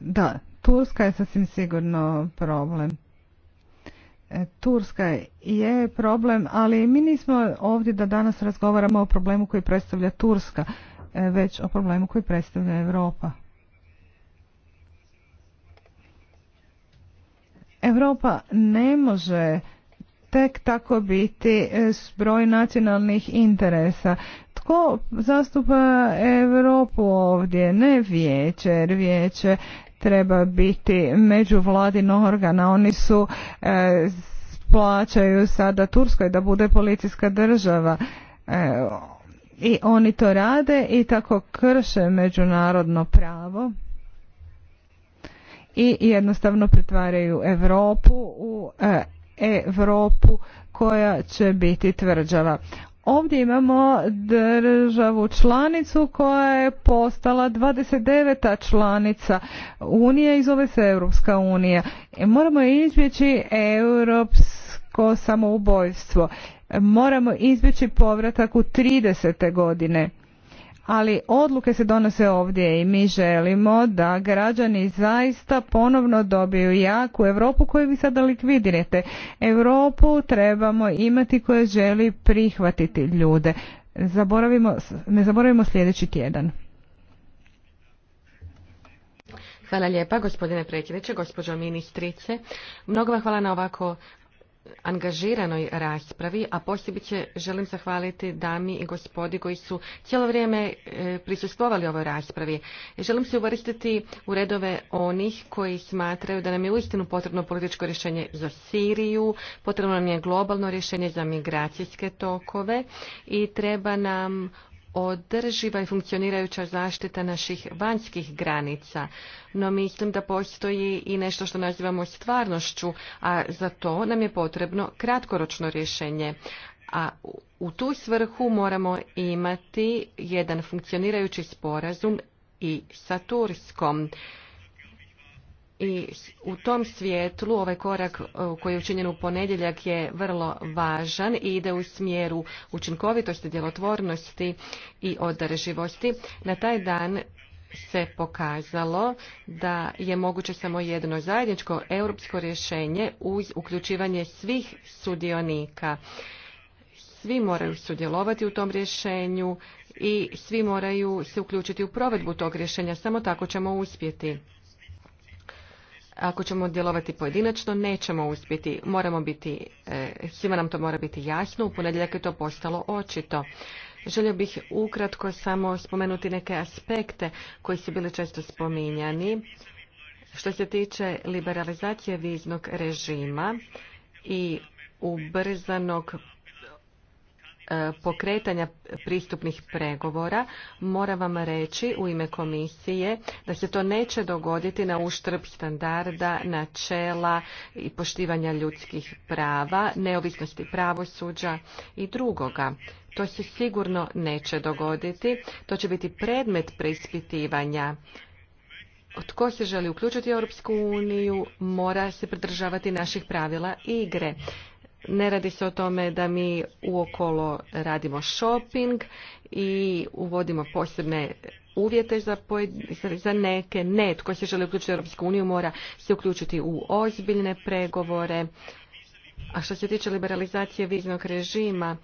Da, Turska je sasvim sigurno problem. Turska je problem, ali mi nismo ovdje da danas razgovaramo o problemu koji predstavlja Turska, e, već o problemu koji predstavlja Europa. Europa ne može tek tako biti e, zbroj nacionalnih interesa. Tko zastupa Europu ovdje? Ne vijeće, jer vijeće treba biti međuvladin organ, organa. oni su e, plaćaju sada Turskoj da bude policijska država. E, I oni to rade i tako krše međunarodno pravo i jednostavno pretvaraju Europu u Europu koja će biti tvrđava. Ovdje imamo državu članicu koja je postala 29. članica Unije i zove se Europska unija. E, moramo izbjeći europsko samoubojstvo. Moramo izbjeći povratak u 30. godine ali odluke se donose ovdje i mi želimo da građani zaista ponovno dobiju jaku Europu koju vi sada likvidirate. Europu trebamo imati koja želi prihvatiti ljude. Zaboravimo, ne zaboravimo sljedeći tjedan. Hvala lijepa, gospodine predsjedniče, gospođo ministrice. Mnogo vam hvala na ovako angažiranoj raspravi, a posebice želim zahvaliti dami i gospodi koji su cijelo vrijeme e, prisustvovali ovoj raspravi. Želim se uvrstiti u redove onih koji smatraju da nam je uistinu potrebno političko rješenje za Siriju, potrebno nam je globalno rješenje za migracijske tokove i treba nam održiva i funkcionirajuća zaštita naših vanjskih granica. No mislim da postoji i nešto što nazivamo stvarnošću, a za to nam je potrebno kratkoročno rješenje. A u tu svrhu moramo imati jedan funkcionirajući sporazum i sa Turskom. I u tom svijetlu ovaj korak e, koji je učinjen u ponedjeljak je vrlo važan i ide u smjeru učinkovitosti, djelotvornosti i održivosti. Na taj dan se pokazalo da je moguće samo jedno zajedničko europsko rješenje uz uključivanje svih sudionika. Svi moraju sudjelovati u tom rješenju i svi moraju se uključiti u provedbu tog rješenja. Samo tako ćemo uspjeti. Ako ćemo djelovati pojedinačno, nećemo uspjeti. Moramo biti, e, svima nam to mora biti jasno, u ponedjeljak je to postalo očito. Želio bih ukratko samo spomenuti neke aspekte koji su bili često spominjani. Što se tiče liberalizacije viznog režima i ubrzanog E, pokretanja pristupnih pregovora, moram vam reći u ime komisije da se to neće dogoditi na uštrb standarda, načela i poštivanja ljudskih prava, neovisnosti pravosuđa i drugoga. To se sigurno neće dogoditi. To će biti predmet preispitivanja tko se želi uključiti u Europsku uniju mora se pridržavati naših pravila igre. Ne radi se o tome da mi uokolo radimo shopping i uvodimo posebne uvjete za, za neke. Ne, tko se želi uključiti u Europsku uniju mora se uključiti u ozbiljne pregovore. A što se tiče liberalizacije viznog režima,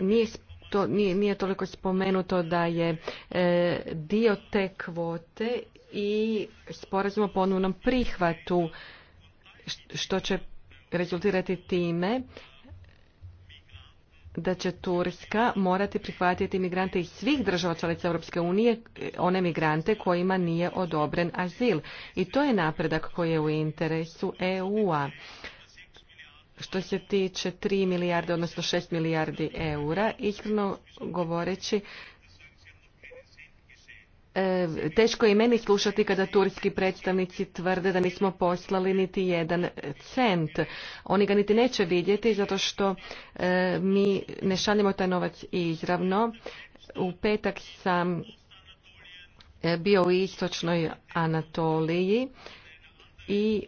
nije, to, nije, nije toliko spomenuto da je e, dio te kvote i sporazum o ponovnom prihvatu što će rezultirati time da će Turska morati prihvatiti migrante iz svih država članica Europske unije, one migrante kojima nije odobren azil. I to je napredak koji je u interesu EU-a. Što se tiče 3 milijarde, odnosno 6 milijardi eura, iskreno govoreći, E, teško je i meni slušati kada turski predstavnici tvrde da nismo poslali niti jedan cent. Oni ga niti neće vidjeti zato što e, mi ne šaljemo taj novac izravno. U petak sam e, bio u istočnoj Anatoliji i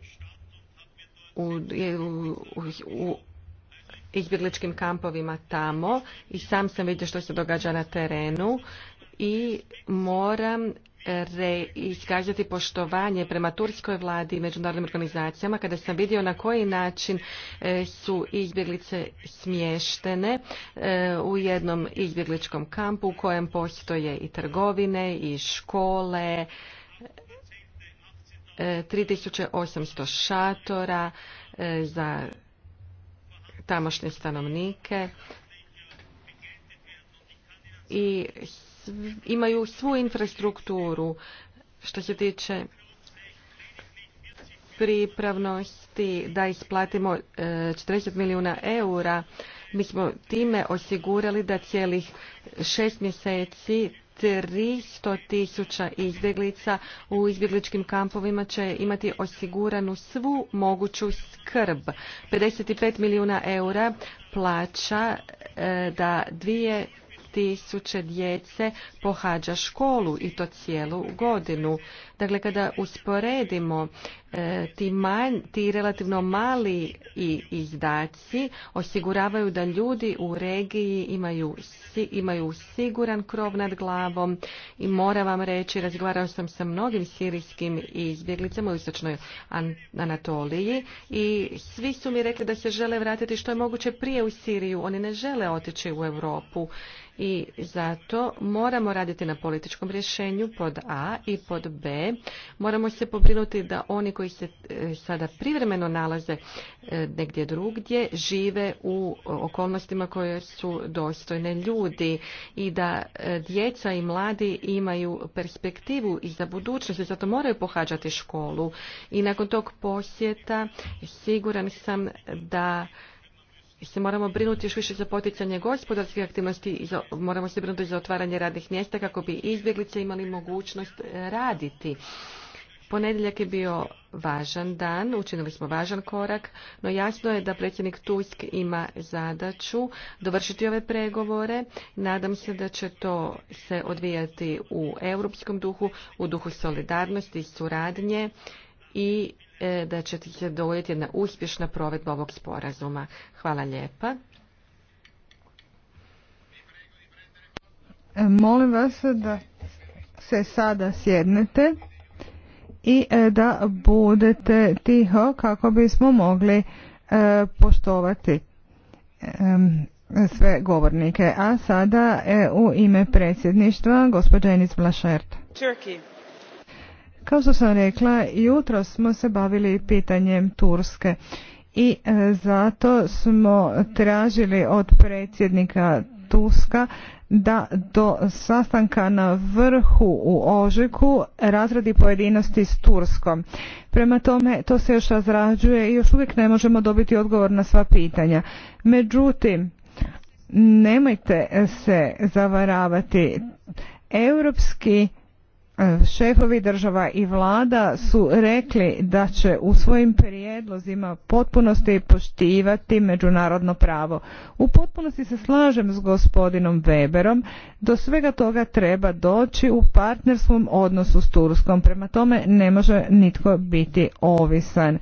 u, u, u izbjegličkim kampovima tamo i sam sam vidio što se događa na terenu i moram iskazati poštovanje prema turskoj vladi i međunarodnim organizacijama kada sam vidio na koji način e, su izbjeglice smještene e, u jednom izbjegličkom kampu u kojem postoje i trgovine i škole 3800 e, šatora za tamošnje stanovnike i imaju svu infrastrukturu što se tiče pripravnosti da isplatimo 40 e, milijuna eura. Mi smo time osigurali da cijelih šest mjeseci 300 tisuća izbjeglica u izbjegličkim kampovima će imati osiguranu svu moguću skrb. 55 milijuna eura plaća e, da dvije tisuće djece pohađa školu i to cijelu godinu. Dakle, kada usporedimo e, ti, ti relativno mali i izdaci osiguravaju da ljudi u regiji imaju, imaju siguran krov nad glavom i moram vam reći, razgovarao sam sa mnogim sirijskim izbjeglicama u istočnoj Anatoliji i svi su mi rekli da se žele vratiti što je moguće prije u Siriju. Oni ne žele otići u Europu i zato moramo raditi na političkom rješenju pod A i pod B Moramo se pobrinuti da oni koji se e, sada privremeno nalaze e, negdje drugdje žive u okolnostima koje su dostojne ljudi i da e, djeca i mladi imaju perspektivu i za budućnost i zato moraju pohađati školu. I nakon tog posjeta siguran sam da se moramo brinuti još više za poticanje gospodarskih aktivnosti i moramo se brinuti za otvaranje radnih mjesta kako bi izbjeglice imali mogućnost raditi. Ponedjeljak je bio važan dan, učinili smo važan korak, no jasno je da predsjednik Tusk ima zadaću dovršiti ove pregovore. Nadam se da će to se odvijati u europskom duhu, u duhu solidarnosti, i suradnje i e, da će se dogoditi jedna uspješna provedba ovog sporazuma. Hvala lijepa. E, molim vas da se sada sjednete i e, da budete tiho kako bismo mogli poštovati sve govornike. A sada u ime predsjedništva gospođa Enis Blašert. Turkey. Kao što sam rekla, jutro smo se bavili pitanjem Turske i e, zato smo tražili od predsjednika Tuska da do sastanka na vrhu u Ožiku razradi pojedinosti s Turskom. Prema tome, to se još razrađuje i još uvijek ne možemo dobiti odgovor na sva pitanja. Međutim, nemojte se zavaravati. Europski E, šefovi država i vlada su rekli da će u svojim prijedlozima potpunosti poštivati međunarodno pravo. U potpunosti se slažem s gospodinom Weberom, do svega toga treba doći u partnerskom odnosu s Turskom, prema tome ne može nitko biti ovisan.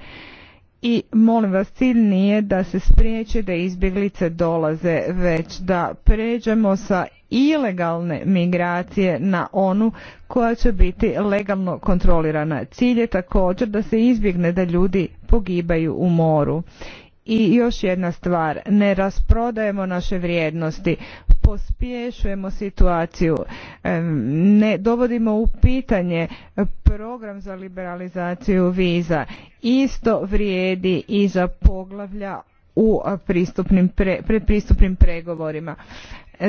I molim vas, cilj nije da se spriječi da izbjeglice dolaze, već da pređemo sa ilegalne migracije na onu koja će biti legalno kontrolirana. Cilj je također da se izbjegne da ljudi pogibaju u moru. I još jedna stvar, ne rasprodajemo naše vrijednosti, pospješujemo situaciju, ne dovodimo u pitanje program za liberalizaciju viza. Isto vrijedi i za poglavlja u pristupnim pregovorima.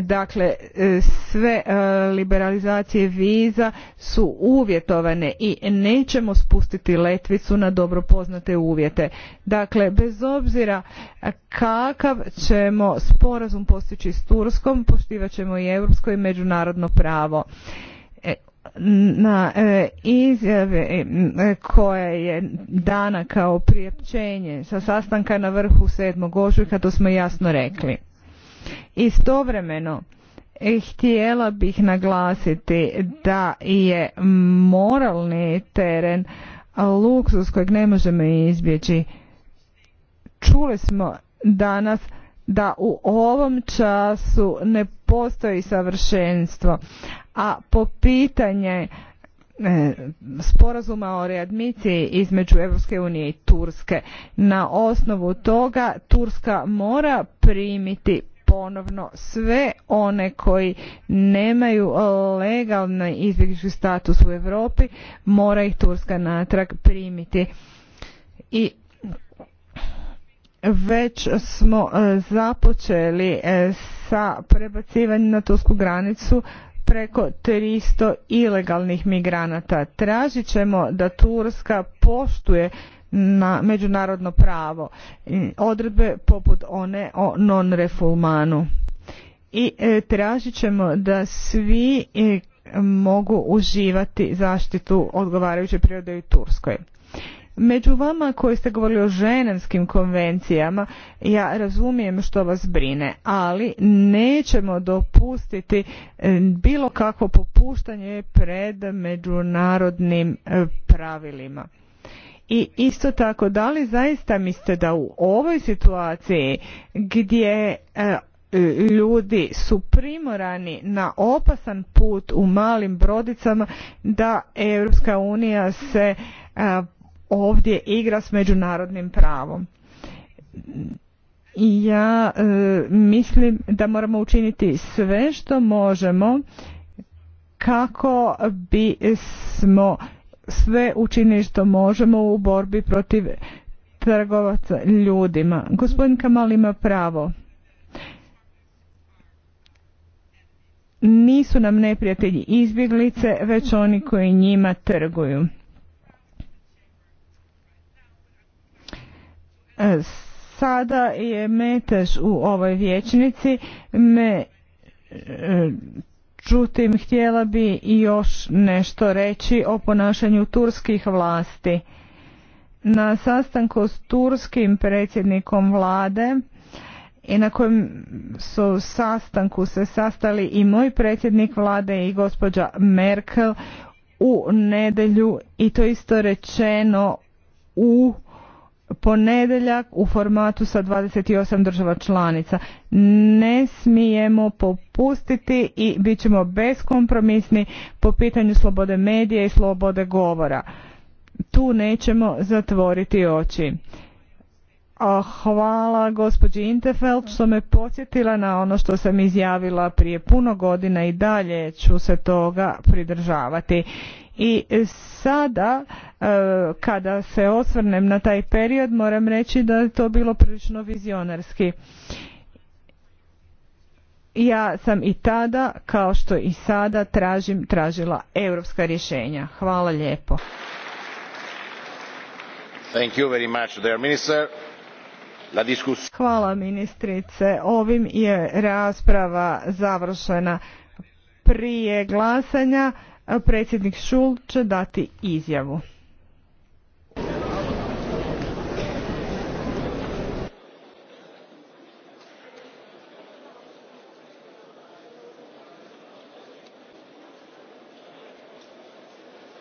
Dakle, e, sve e, liberalizacije viza su uvjetovane i nećemo spustiti letvicu na dobro poznate uvjete. Dakle, bez obzira kakav ćemo sporazum postići s Turskom, poštivat ćemo i europsko i međunarodno pravo e, na izjave koje je dana kao priopćenje sa sastanka na vrhu 7. ožujka to smo jasno rekli. Istovremeno, e, htjela bih naglasiti da je moralni teren luksuz kojeg ne možemo izbjeći. Čuli smo danas da u ovom času ne postoji savršenstvo, a po pitanje e, sporazuma o readmiciji između Europske unije i Turske. Na osnovu toga Turska mora primiti ponovno sve one koji nemaju e, legalni izbjeglički status u Europi mora ih Turska natrag primiti. I već smo e, započeli e, sa prebacivanjem na tursku granicu preko 300 ilegalnih migranata. Tražit ćemo da Turska poštuje na međunarodno pravo, odredbe poput one o non-refulmanu. I e, tražit ćemo da svi e, mogu uživati zaštitu odgovarajuće prirode u Turskoj. Među vama koji ste govorili o ženevskim konvencijama, ja razumijem što vas brine, ali nećemo dopustiti e, bilo kakvo popuštanje pred međunarodnim pravilima. I isto tako, da li zaista mislite da u ovoj situaciji gdje e, ljudi su primorani na opasan put u malim brodicama da Europska unija se e, ovdje igra s međunarodnim pravom. Ja e, mislim da moramo učiniti sve što možemo kako bismo sve učini što možemo u borbi protiv trgovaca ljudima. Gospodin Kamal ima pravo. Nisu nam neprijatelji izbjeglice, već oni koji njima trguju. E, sada je metež u ovoj vječnici me e, Međutim, htjela bi još nešto reći o ponašanju turskih vlasti. Na sastanku s turskim predsjednikom vlade i na kojem su sastanku se sastali i moj predsjednik vlade i gospođa Merkel u nedelju i to isto rečeno u ponedjeljak u formatu sa 28 država članica. Ne smijemo popustiti i bit ćemo beskompromisni po pitanju slobode medija i slobode govora. Tu nećemo zatvoriti oči. A hvala gospođi Intefeld što me podsjetila na ono što sam izjavila prije puno godina i dalje ću se toga pridržavati i sada e, kada se osvrnem na taj period moram reći da je to bilo prilično vizionarski. Ja sam i tada kao što i sada tražim tražila europska rješenja. Hvala lijepo. Thank you very much, minister. Hvala ministrice. Ovim je rasprava završena prije glasanja. Predsjednik Šul će dati izjavu.